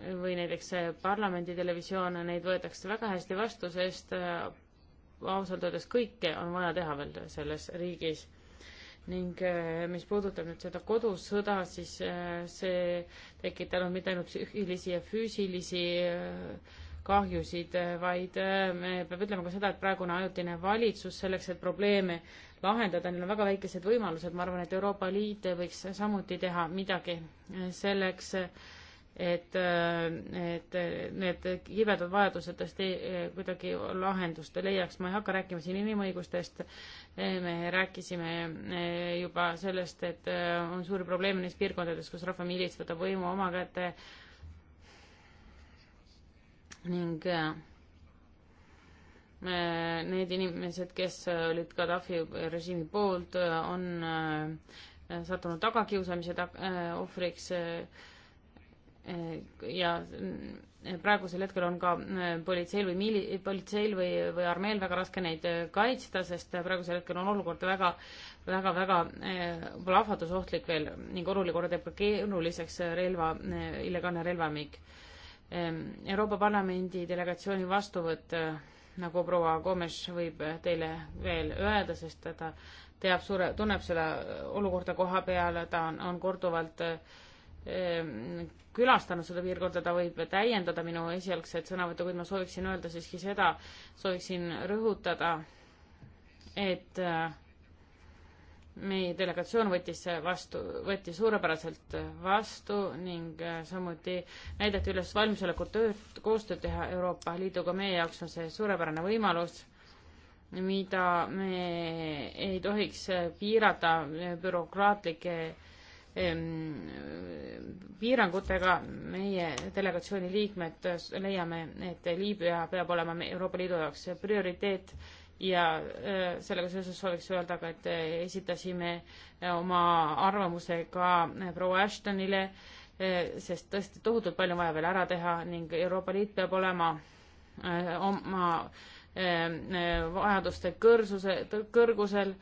või näiteks parlamendi televisioon, neid võetakse väga hästi vastu, sest ausalt öeldes kõike on vaja teha veel selles riigis. ning eh, mis puudutab nüüd seda kodusõda, siis eh, see tekitanud mitte ainult psüühilisi ja füüsilisi eh, kahjusid, vaid äh, me peab ütlema ka seda, et praegune ajutine valitsus selleks, et probleeme lahendada, neil on väga väikesed võimalused, ma arvan, et Euroopa Liit võiks samuti teha midagi selleks, et, äh, et need kibedad vajadused tõesti äh, kuidagi lahendust leiaks, ma ei hakka rääkima siin inimõigustest, me rääkisime juba sellest, et on suuri probleeme neis piirkondades, kus rahvamiilits võtab võimu oma kätte ning äh, need inimesed, kes olid Gaddafi režiimi poolt, on äh, sattunud tagakiusamise tag-, äh, ohvriks ja praegusel hetkel on ka politseil või miili-, politseil või, või armeel väga raske neid kaitsta, sest praegusel hetkel on olukord väga, väga, väga plahvatusohtlik veel ning olukorra teeb ka keeruliseks relva, illegaalne relvamik Euroopa Parlamendi delegatsiooni vastuvõtt, eh, nagu proua Gomes võib eh, teile veel öelda, sest ta teab suure, tunneb seda eh, olukorda koha peal, ta on, on korduvalt külastanud seda piirkonda, ta võib täiendada minu esialgset sõnavõttu, kuid ma sooviksin öelda siiski seda, sooviksin rõhutada, et äh, meie delegatsioon võttis vastu, võttis suurepäraselt vastu ning äh, samuti näidati üles valmisolekut tööd, koostööd teha Euroopa Liiduga, meie jaoks on see suurepärane võimalus, mida me ei tohiks äh, piirata äh, bürokraatlike ähm, piirangutega meie delegatsiooni liikmed leiame, et Liibüa peab olema Euroopa Liidu jaoks prioriteet ja äh, sellega seoses sooviks öelda ka, et äh, esitasime äh, oma arvamuse ka proua Ashtonile, sest tõesti tohutult palju on vaja veel ära teha ning Euroopa Liit peab olema oma vajaduste kõrsuse, kõrgusel,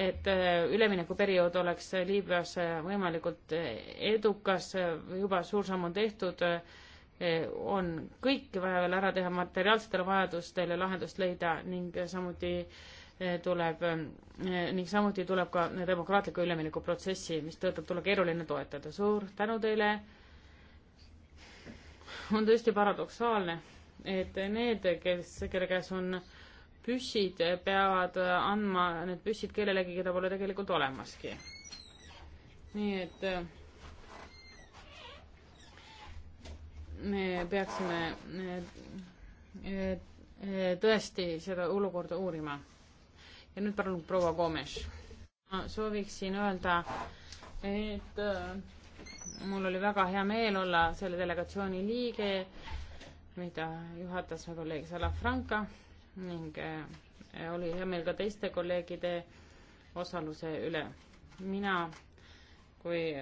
et üleminekuperiood oleks Liibüas võimalikult edukas, juba suur samm on tehtud on kõik vaja veel ära teha, materiaalsetele vajadustele lahendust leida ning samuti eh, tuleb, eh, ning samuti tuleb ka demokraatliku ülemineku protsessi, mis tõotab tulla keeruline toetada. suur tänu teile. on tõesti paradoksaalne, et need, kes, kelle käes on püssid, peavad andma need püssid kellelegi, keda pole tegelikult olemaski. nii et eh, me peaksime eh, eh, tõesti seda olukorda uurima. ja nüüd palun proua Gomes. ma sooviksin öelda, et eh, mul oli väga hea meel olla selle delegatsiooni liige, mida juhatas mu kolleeg Salafranca ning oli hea meel ka teiste kolleegide osaluse üle. mina kui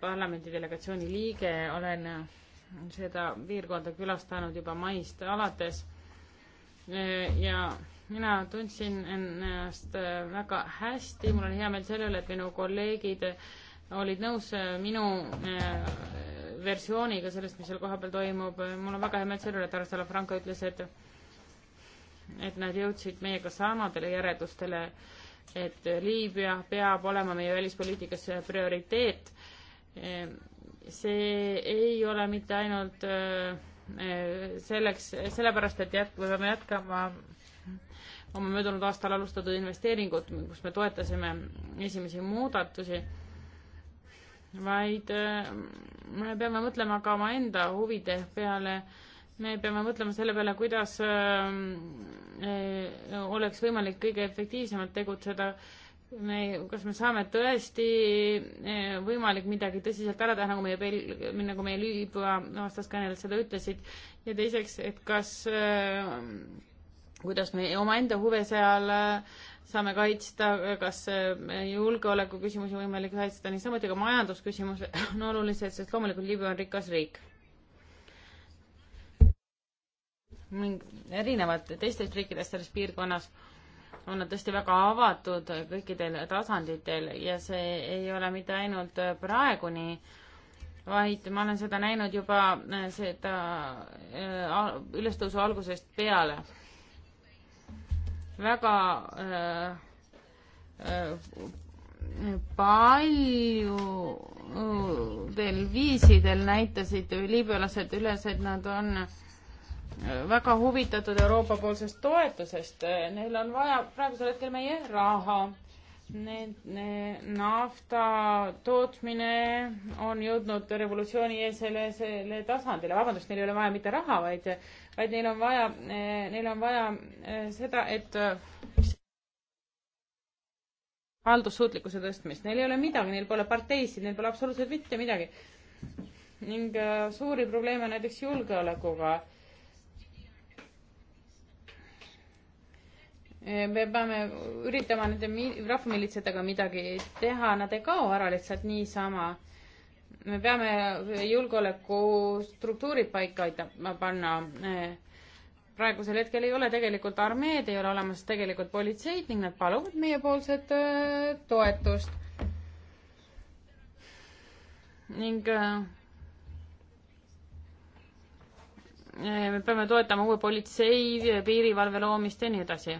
parlamendi delegatsiooni liige olen seda piirkonda külastanud juba maist alates. ja mina tundsin ennast väga hästi, mul on hea meel selle üle, et minu kolleegid olid nõus minu äh, versiooniga sellest, mis seal kohapeal toimub. mul on väga hea meel selle üle, et härra Salafranco ütles, et et nad jõudsid meiega samadele järeldustele, et Liibüa peab olema meie välispoliitikas prioriteet see ei ole mitte ainult äh, äh, selleks, sellepärast, et jätk-, me peame jätkama oma möödunud aastal alustatud investeeringut, kus me toetasime esimesi muudatusi, vaid äh, me peame mõtlema ka omaenda huvide peale, me peame mõtlema selle peale, kuidas oleks võimalik kõige efektiivsemalt tegutseda me, kas me saame tõesti eh, võimalik midagi tõsiselt ära teha, nagu meie Bel-, nagu meie Liibüa vastaskõnelejad seda ütlesid, ja teiseks, et kas, eh, kuidas me omaenda huve seal eh, saame kaitsta, kas julgeoleku küsimusi on võimalik kaitsta, niisamuti ka majandusküsimused on olulised, sest loomulikult Liibüa on rikas riik. ning erinevalt teistest riikidest selles piirkonnas on nad tõesti väga avatud kõikidel tasanditel ja see ei ole mitte ainult praeguni, vaid ma olen seda näinud juba äh, seda äh, ülestõusu algusest peale. väga äh, paljudel viisidel näitasid liibüalased üles, et nad on äh, väga huvitatud Euroopa poolsest toetusest, neil on vaja praegusel hetkel meie raha. Need, need, nafta tootmine on jõudnud revolutsioonieelsele tasandile, vabandust, neil ei ole vaja mitte raha, vaid, vaid neil on vaja, neil on vaja eh, seda, et eh, haldussuutlikkuse tõstmist, neil ei ole midagi, neil pole parteisid, neil pole absoluutselt mitte midagi. ning eh, suuri probleeme näiteks julgeolekuga Eh, me peame üritama nende rahvamilitsadega midagi teha, nad ei kao ära lihtsalt niisama. me peame julgeolekustruktuurid paika aitama panna. Eh, praegusel hetkel ei ole tegelikult armeed, ei ole olemas tegelikult politseid ning nad paluvad meiepoolset eh, toetust. ning me peame toetama uue politsei, piirivalve loomist ja nii edasi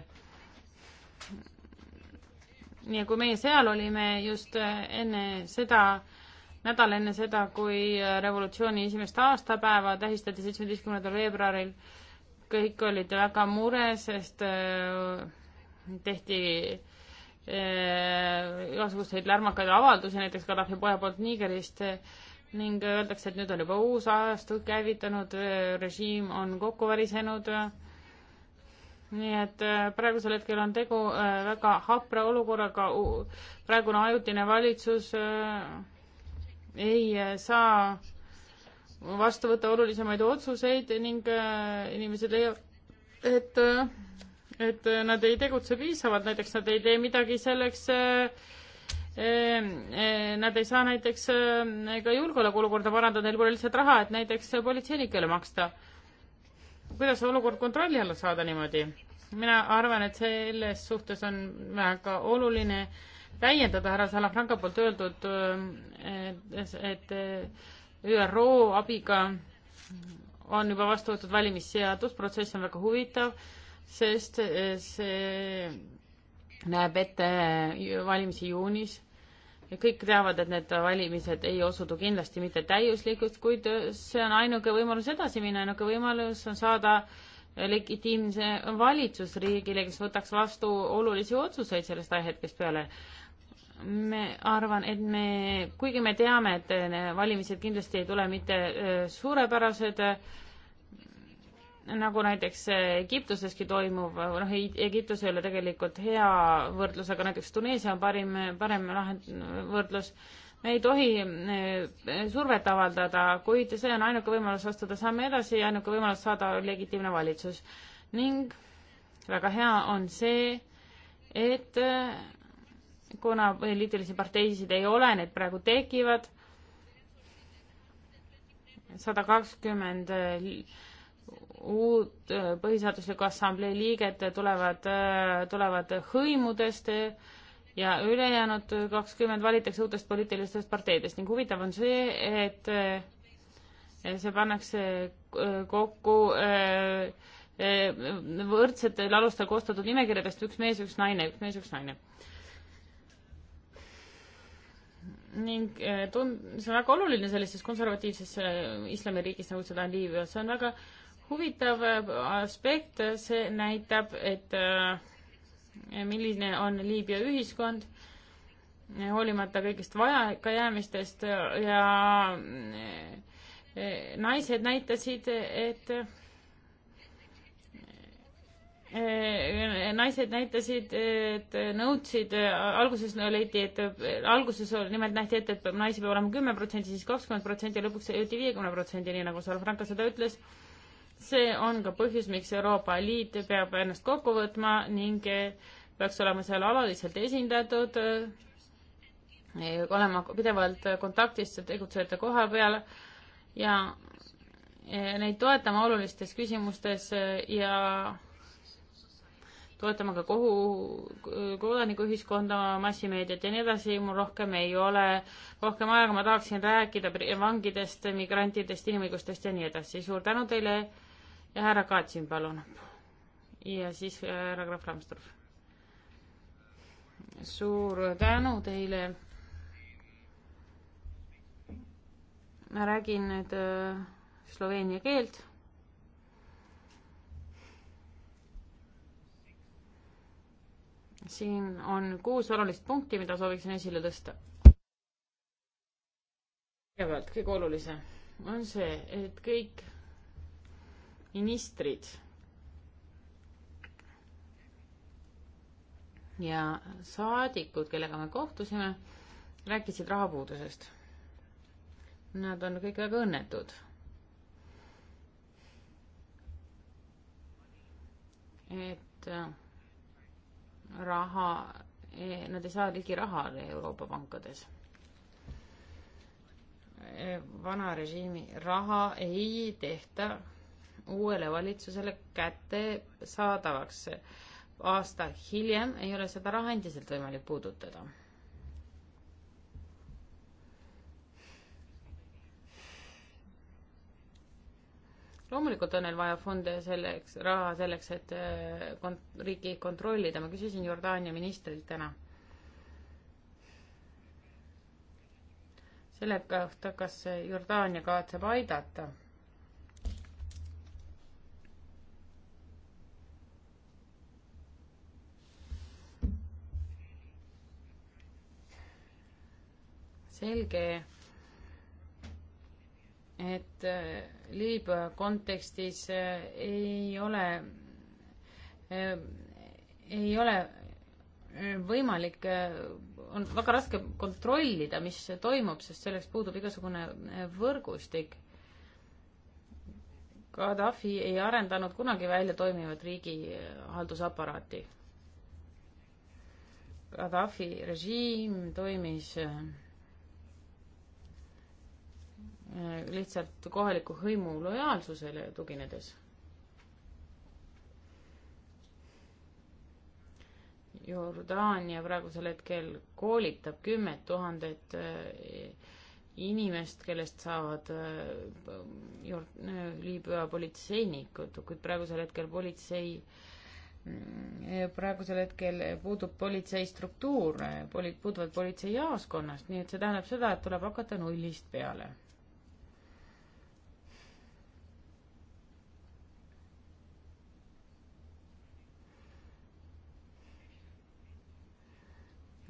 ja kui meie seal olime just enne seda, nädal enne seda, kui revolutsiooni esimest aastapäeva tähistati seitsmeteistkümnendal veebruaril, kõik olid väga mures, sest äh, tehti äh, igasuguseid lärmakaid avaldusi, näiteks Gaddafi poja poolt Nigerist ning öeldakse, et nüüd on juba uus ajastu käivitanud, äh, režiim on kokku varisenud nii et äh, praegusel hetkel on tegu äh, väga hapra olukorraga, praegune ajutine valitsus äh, ei saa vastu võtta olulisemaid otsuseid ning inimesed leiavad, et, et nad ei tegutse piisavalt, näiteks nad ei tee midagi selleks, nad ei saa näiteks ka julgeolekuolukorda parandada, neil pole lihtsalt raha, et näiteks politseinikele maksta kuidas olukord kontrolli alla saada niimoodi? mina arvan, et selles suhtes on väga oluline täiendada härra Salafranca poolt öeldud, äh, et ÜRO abiga on juba vastu võetud valimisseadus, protsess on väga huvitav, sest see näeb ette valimisi juunis ja kõik teavad, et need valimised ei osutu kindlasti mitte täiuslikuks, kuid äh, see on ainuke võimalus edasi minna, ainuke võimalus on saada legitiimse valitsus riigile, kes võtaks vastu olulisi otsuseid sellest hetkest peale. me arvan, et me, kuigi me teame, et äh, valimised kindlasti ei tule mitte äh, suurepärased, nagu näiteks Egiptuseski toimuv, noh, Egiptus ei ole tegelikult hea võrdlus, aga näiteks Tuneesia on parim, parem lahend, võrdlus. me ei tohi eh, survet avaldada, kuid see on ainuke võimalus astuda samme edasi ja ainuke võimalus saada legitiimne valitsus. ning väga hea on see, et eh, kuna poliitilisi parteisid ei ole, need praegu tekivad, sada kakskümmend 120 uut äh, Põhiseadusliku Assamblee liiget tulevad, äh, tulevad hõimudest äh, ja ülejäänud kakskümmend valitakse uutest poliitilistest parteidest ning huvitav on see, et see pannakse kokku võrdsetel alustel koostatud nimekirjadest üks mees, üks naine, üks mees, üks naine. ning tund-, see on väga oluline sellises konservatiivses islamiriigis, nagu seda on Liibüas, see on väga huvitav äh, aspekt, äh, see näitab, et äh, milline on Liibüa ühiskond, hoolimata kõigist vajakajäämistest ja naised näitasid, et naised näitasid, et nõudsid, alguses leiti, et alguses nimelt nähti ette, et naisi peab olema kümme protsenti, siis kakskümmend protsenti ja lõpuks jõuti viiekümne protsendini, nagu Salfranca seda ütles see on ka põhjus, miks Euroopa Liit peab ennast kokku võtma ning peaks olema seal alaliselt esindatud, olema pidevalt kontaktis tegutsejate koha peal ja neid toetama olulistes küsimustes ja toetama ka kohu, kodanikuühiskonda, massimeediat ja nii edasi, mul rohkem ei ole rohkem aega, ma tahaksin rääkida vangidest, migrantidest, inimõigustest ja nii edasi. suur tänu teile ja härra Katsin, palun. ja siis äh, härra Graf Lambsdorff. suur tänu teile. ma räägin nüüd äh, sloveenia keelt. siin on kuus olulist punkti, mida sooviksin esile tõsta. kõigepealt kõige olulisem on see, et kõik ministrid. ja saadikud, kellega me kohtusime, rääkisid rahapuudusest. Nad on kõik väga õnnetud. et äh, raha, eh, nad ei saa ligi rahale Euroopa pankades eh, vana režiimi raha ei tehta uuele valitsusele kättesaadavaks. aasta hiljem ei ole seda raha endiselt võimalik puudutada. loomulikult on neil vaja fonde selleks, raha selleks, et äh, kont-, riiki kontrollida, ma küsisin Jordaania ministrilt täna selle kohta, kas Jordaania kavatseb aidata selge, et äh, Liibüa kontekstis äh, ei ole, äh, ei ole võimalik, on väga raske kontrollida, mis toimub, sest selleks puudub igasugune võrgustik. Gaddafi ei arendanud kunagi välja toimivat riigi haldusaparaati. Gaddafi režiim toimis lihtsalt kohaliku hõimu lojaalsusele tuginedes. Jordaania praegusel hetkel koolitab kümmet tuhandet eh, inimest, kellest saavad eh, Jord-, eh, Liibüa politseinikud, kuid praegusel hetkel politsei, mm, praegusel hetkel puudub politseistruktuur, poli-, puuduvad politseijaoskonnast, nii et see tähendab seda, et tuleb hakata nullist peale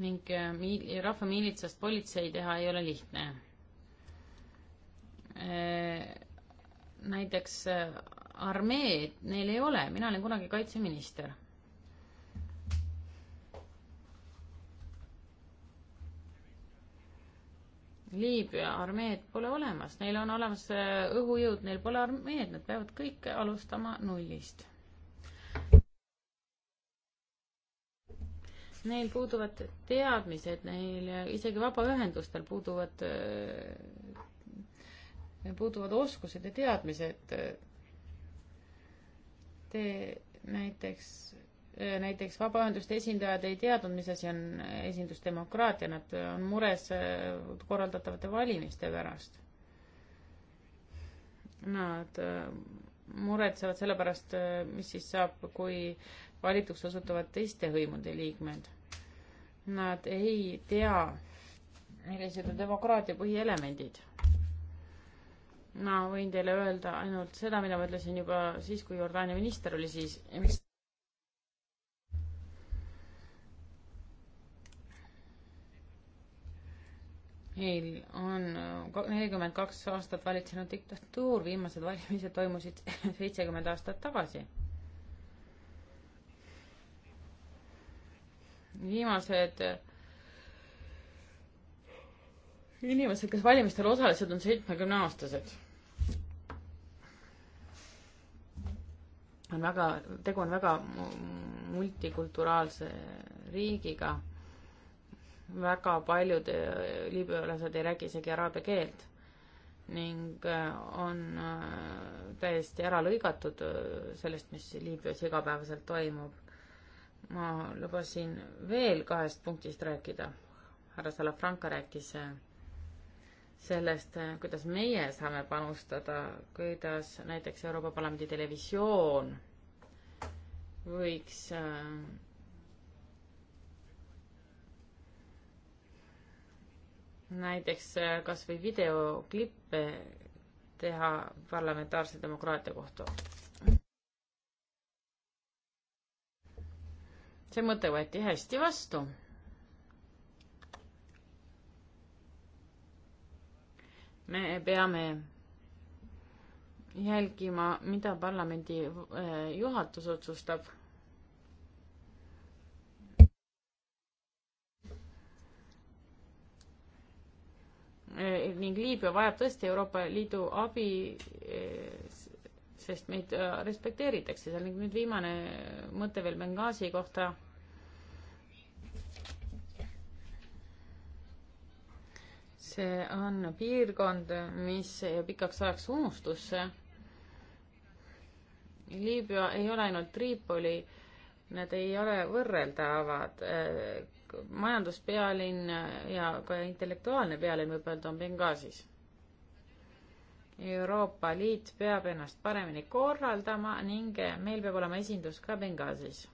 ning äh, rahvamiilitsast politsei teha ei ole lihtne. Äh, näiteks äh, armeed neil ei ole, mina olin kunagi kaitseminister. Liibüa armeed pole olemas, neil on olemas õhujõud, neil pole armeed, nad peavad kõike alustama nullist sest neil puuduvad teadmised, neil isegi vabaühendustel puuduvad, puuduvad oskused ja teadmised. Te näiteks, näiteks vabaühenduste esindajad ei teadnud, mis asi on esindusdemokraatia, nad on mures äh, korraldatavate valimiste pärast. Nad äh, muretsevad selle pärast, äh, mis siis saab, kui valituks osutuvad teiste hõimude liikmed. Nad ei tea, millised on demokraatia põhielemendid. ma võin teile öelda ainult seda, mida ma ütlesin juba siis, kui Jordaania minister oli siis. Neil on nelikümmend kaks aastat valitsenud diktatuur, viimased valimised toimusid seitsekümmend aastat tagasi viimased inimesed, kes valimistel osalesid, on seitsmekümneaastased. on väga, tegu on väga multikulturaalse riigiga. väga paljud äh, liibüalased ei räägi isegi araabia keelt ning äh, on äh, täiesti ära lõigatud sellest, mis Liibüas igapäevaselt toimub ma lubasin veel kahest punktist rääkida. härra Salafranca rääkis äh, sellest, äh, kuidas meie saame panustada, kuidas näiteks Euroopa Parlamendi televisioon võiks äh, näiteks kas või videoklippe teha parlamentaarse demokraatia kohta see mõte võeti hästi vastu. me peame jälgima, mida parlamendi äh, juhatus otsustab. Äh, ning Liibüa vajab tõesti Euroopa Liidu abi, äh, sest meid respekteeritakse seal ning nüüd viimane mõte veel Benghazi kohta. see on piirkond, mis jäi pikaks ajaks unustusse. Liibüa ei ole ainult Tripoli, nad ei ole võrreldavad. majanduspealinn ja ka intellektuaalne pealinn võib öelda on Benghazis. Euroopa Liit peab ennast paremini korraldama ning meil peab olema esindus ka Benghazis.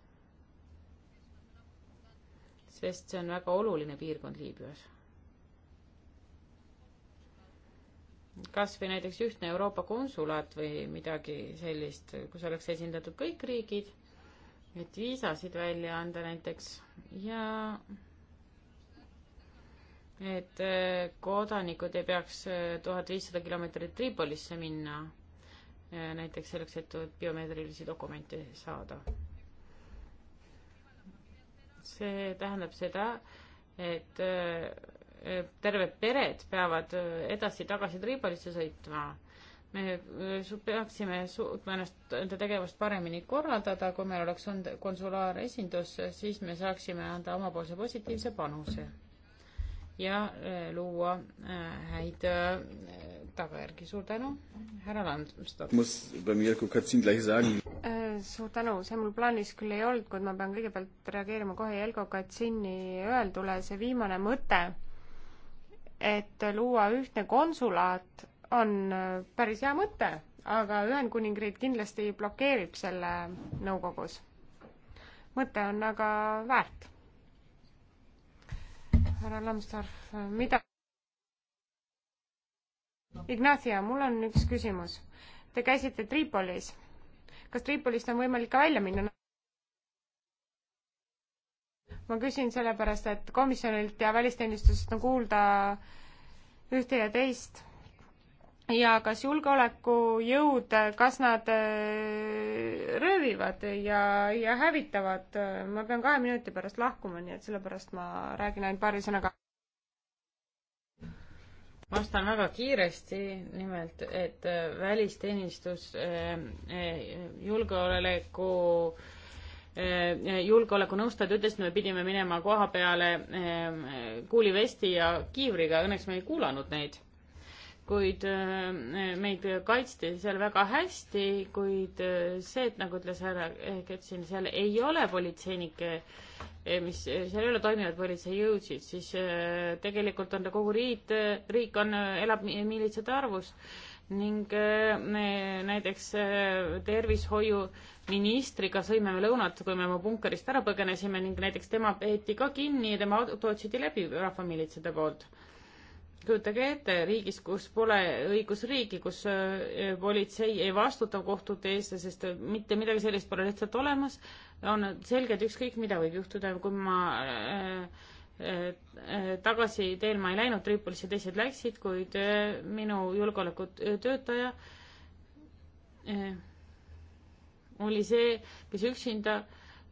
sest see on väga oluline piirkond Liibüas kas või näiteks ühtne Euroopa konsulaat või midagi sellist, kus oleks esindatud kõik riigid, et viisasid välja anda näiteks ja et äh, kodanikud ei peaks äh, tuhat viissada kilomeetrit Tripolisse minna äh, näiteks selleks, et biomeetrilisi dokumente saada. see tähendab seda, et terved pered peavad äh, edasi-tagasi Tripolisse sõitma. me äh, peaksime suutma ennast, enda tegevust paremini korraldada, kui meil oleks olnud konsulaaresindus, siis me saaksime anda omapoolse positiivse panuse ja äh, luua häid tagajärgi. suur tänu, härra Landstorp. suur tänu, see mul plaanis küll ei olnud, kuid ma pean kõigepealt reageerima kohe Jelko Katsini öeldule, see viimane mõte et luua ühtne konsulaat on äh, päris hea mõte, aga Ühendkuningriik kindlasti blokeerib selle nõukogus. mõte on aga väärt. härra Lambsdorff, mida? Ignatia, mul on üks küsimus. Te käisite Tripolis. kas Tripolist on võimalik ka välja minna? ma küsin sellepärast, et komisjonilt ja välisteenistusest on kuulda ühte ja teist. ja kas julgeolekujõud, kas nad äh, röövivad ja, ja hävitavad, ma pean kahe minuti pärast lahkuma, nii et sellepärast ma räägin ainult paari sõnaga. vastan väga kiiresti, nimelt, et välisteenistus äh, äh, julgeoleku äh, Äh, äh, julgeolekunõustajad ütlesid, me pidime minema koha peale äh, kuulivesti ja kiivriga, õnneks me ei kuulanud neid. kuid meid kaitsti seal väga hästi, kuid see, et nagu ütles härra Ketsin, seal ei ole politseinikke, mis, seal ei ole toimivad politseijõudsid, siis tegelikult on ta kogu riik, riik on, elab miilitsate arvust ning näiteks tervishoiu ministriga sõime me lõunat, kui me oma punkarist ära põgenesime ning näiteks tema peeti ka kinni ja tema auto otsiti läbi rahvamiilitsate poolt. kujutage ette, riigis, kus pole õigusriiki, kus äh, politsei ei vastuta kohtute eest, sest äh, mitte midagi sellist pole lihtsalt olemas, on selge, et ükskõik mida võib juhtuda, kui ma äh, äh tagasi teel ma ei läinud, Tripolisse teised läksid, kuid minu julgeolekutöötaja oli see, mis üksinda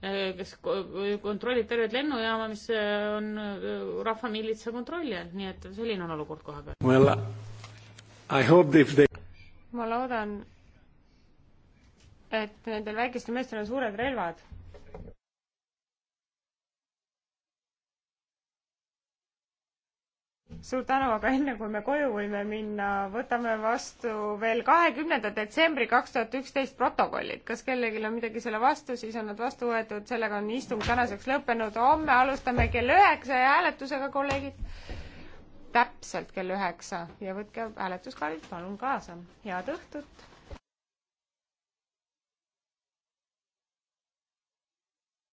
eh, kes kontrollib tervet lennujaama, mis eh, on eh, rahvamiilitsa kontrolli all, nii et selline on olukord koha peal well,. They... ma loodan, et nendel väikestel meestel on suured relvad suur tänu, aga enne kui me koju võime minna, võtame vastu veel kahekümnenda detsembri kaks tuhat üksteist protokollid. kas kellelgi on midagi selle vastu, siis on nad vastu võetud, sellega on istung tänaseks lõppenud. homme alustame kell üheksa ja hääletusega, kolleegid. täpselt kell üheksa ja võtke hääletuskaardid palun kaasa. head õhtut!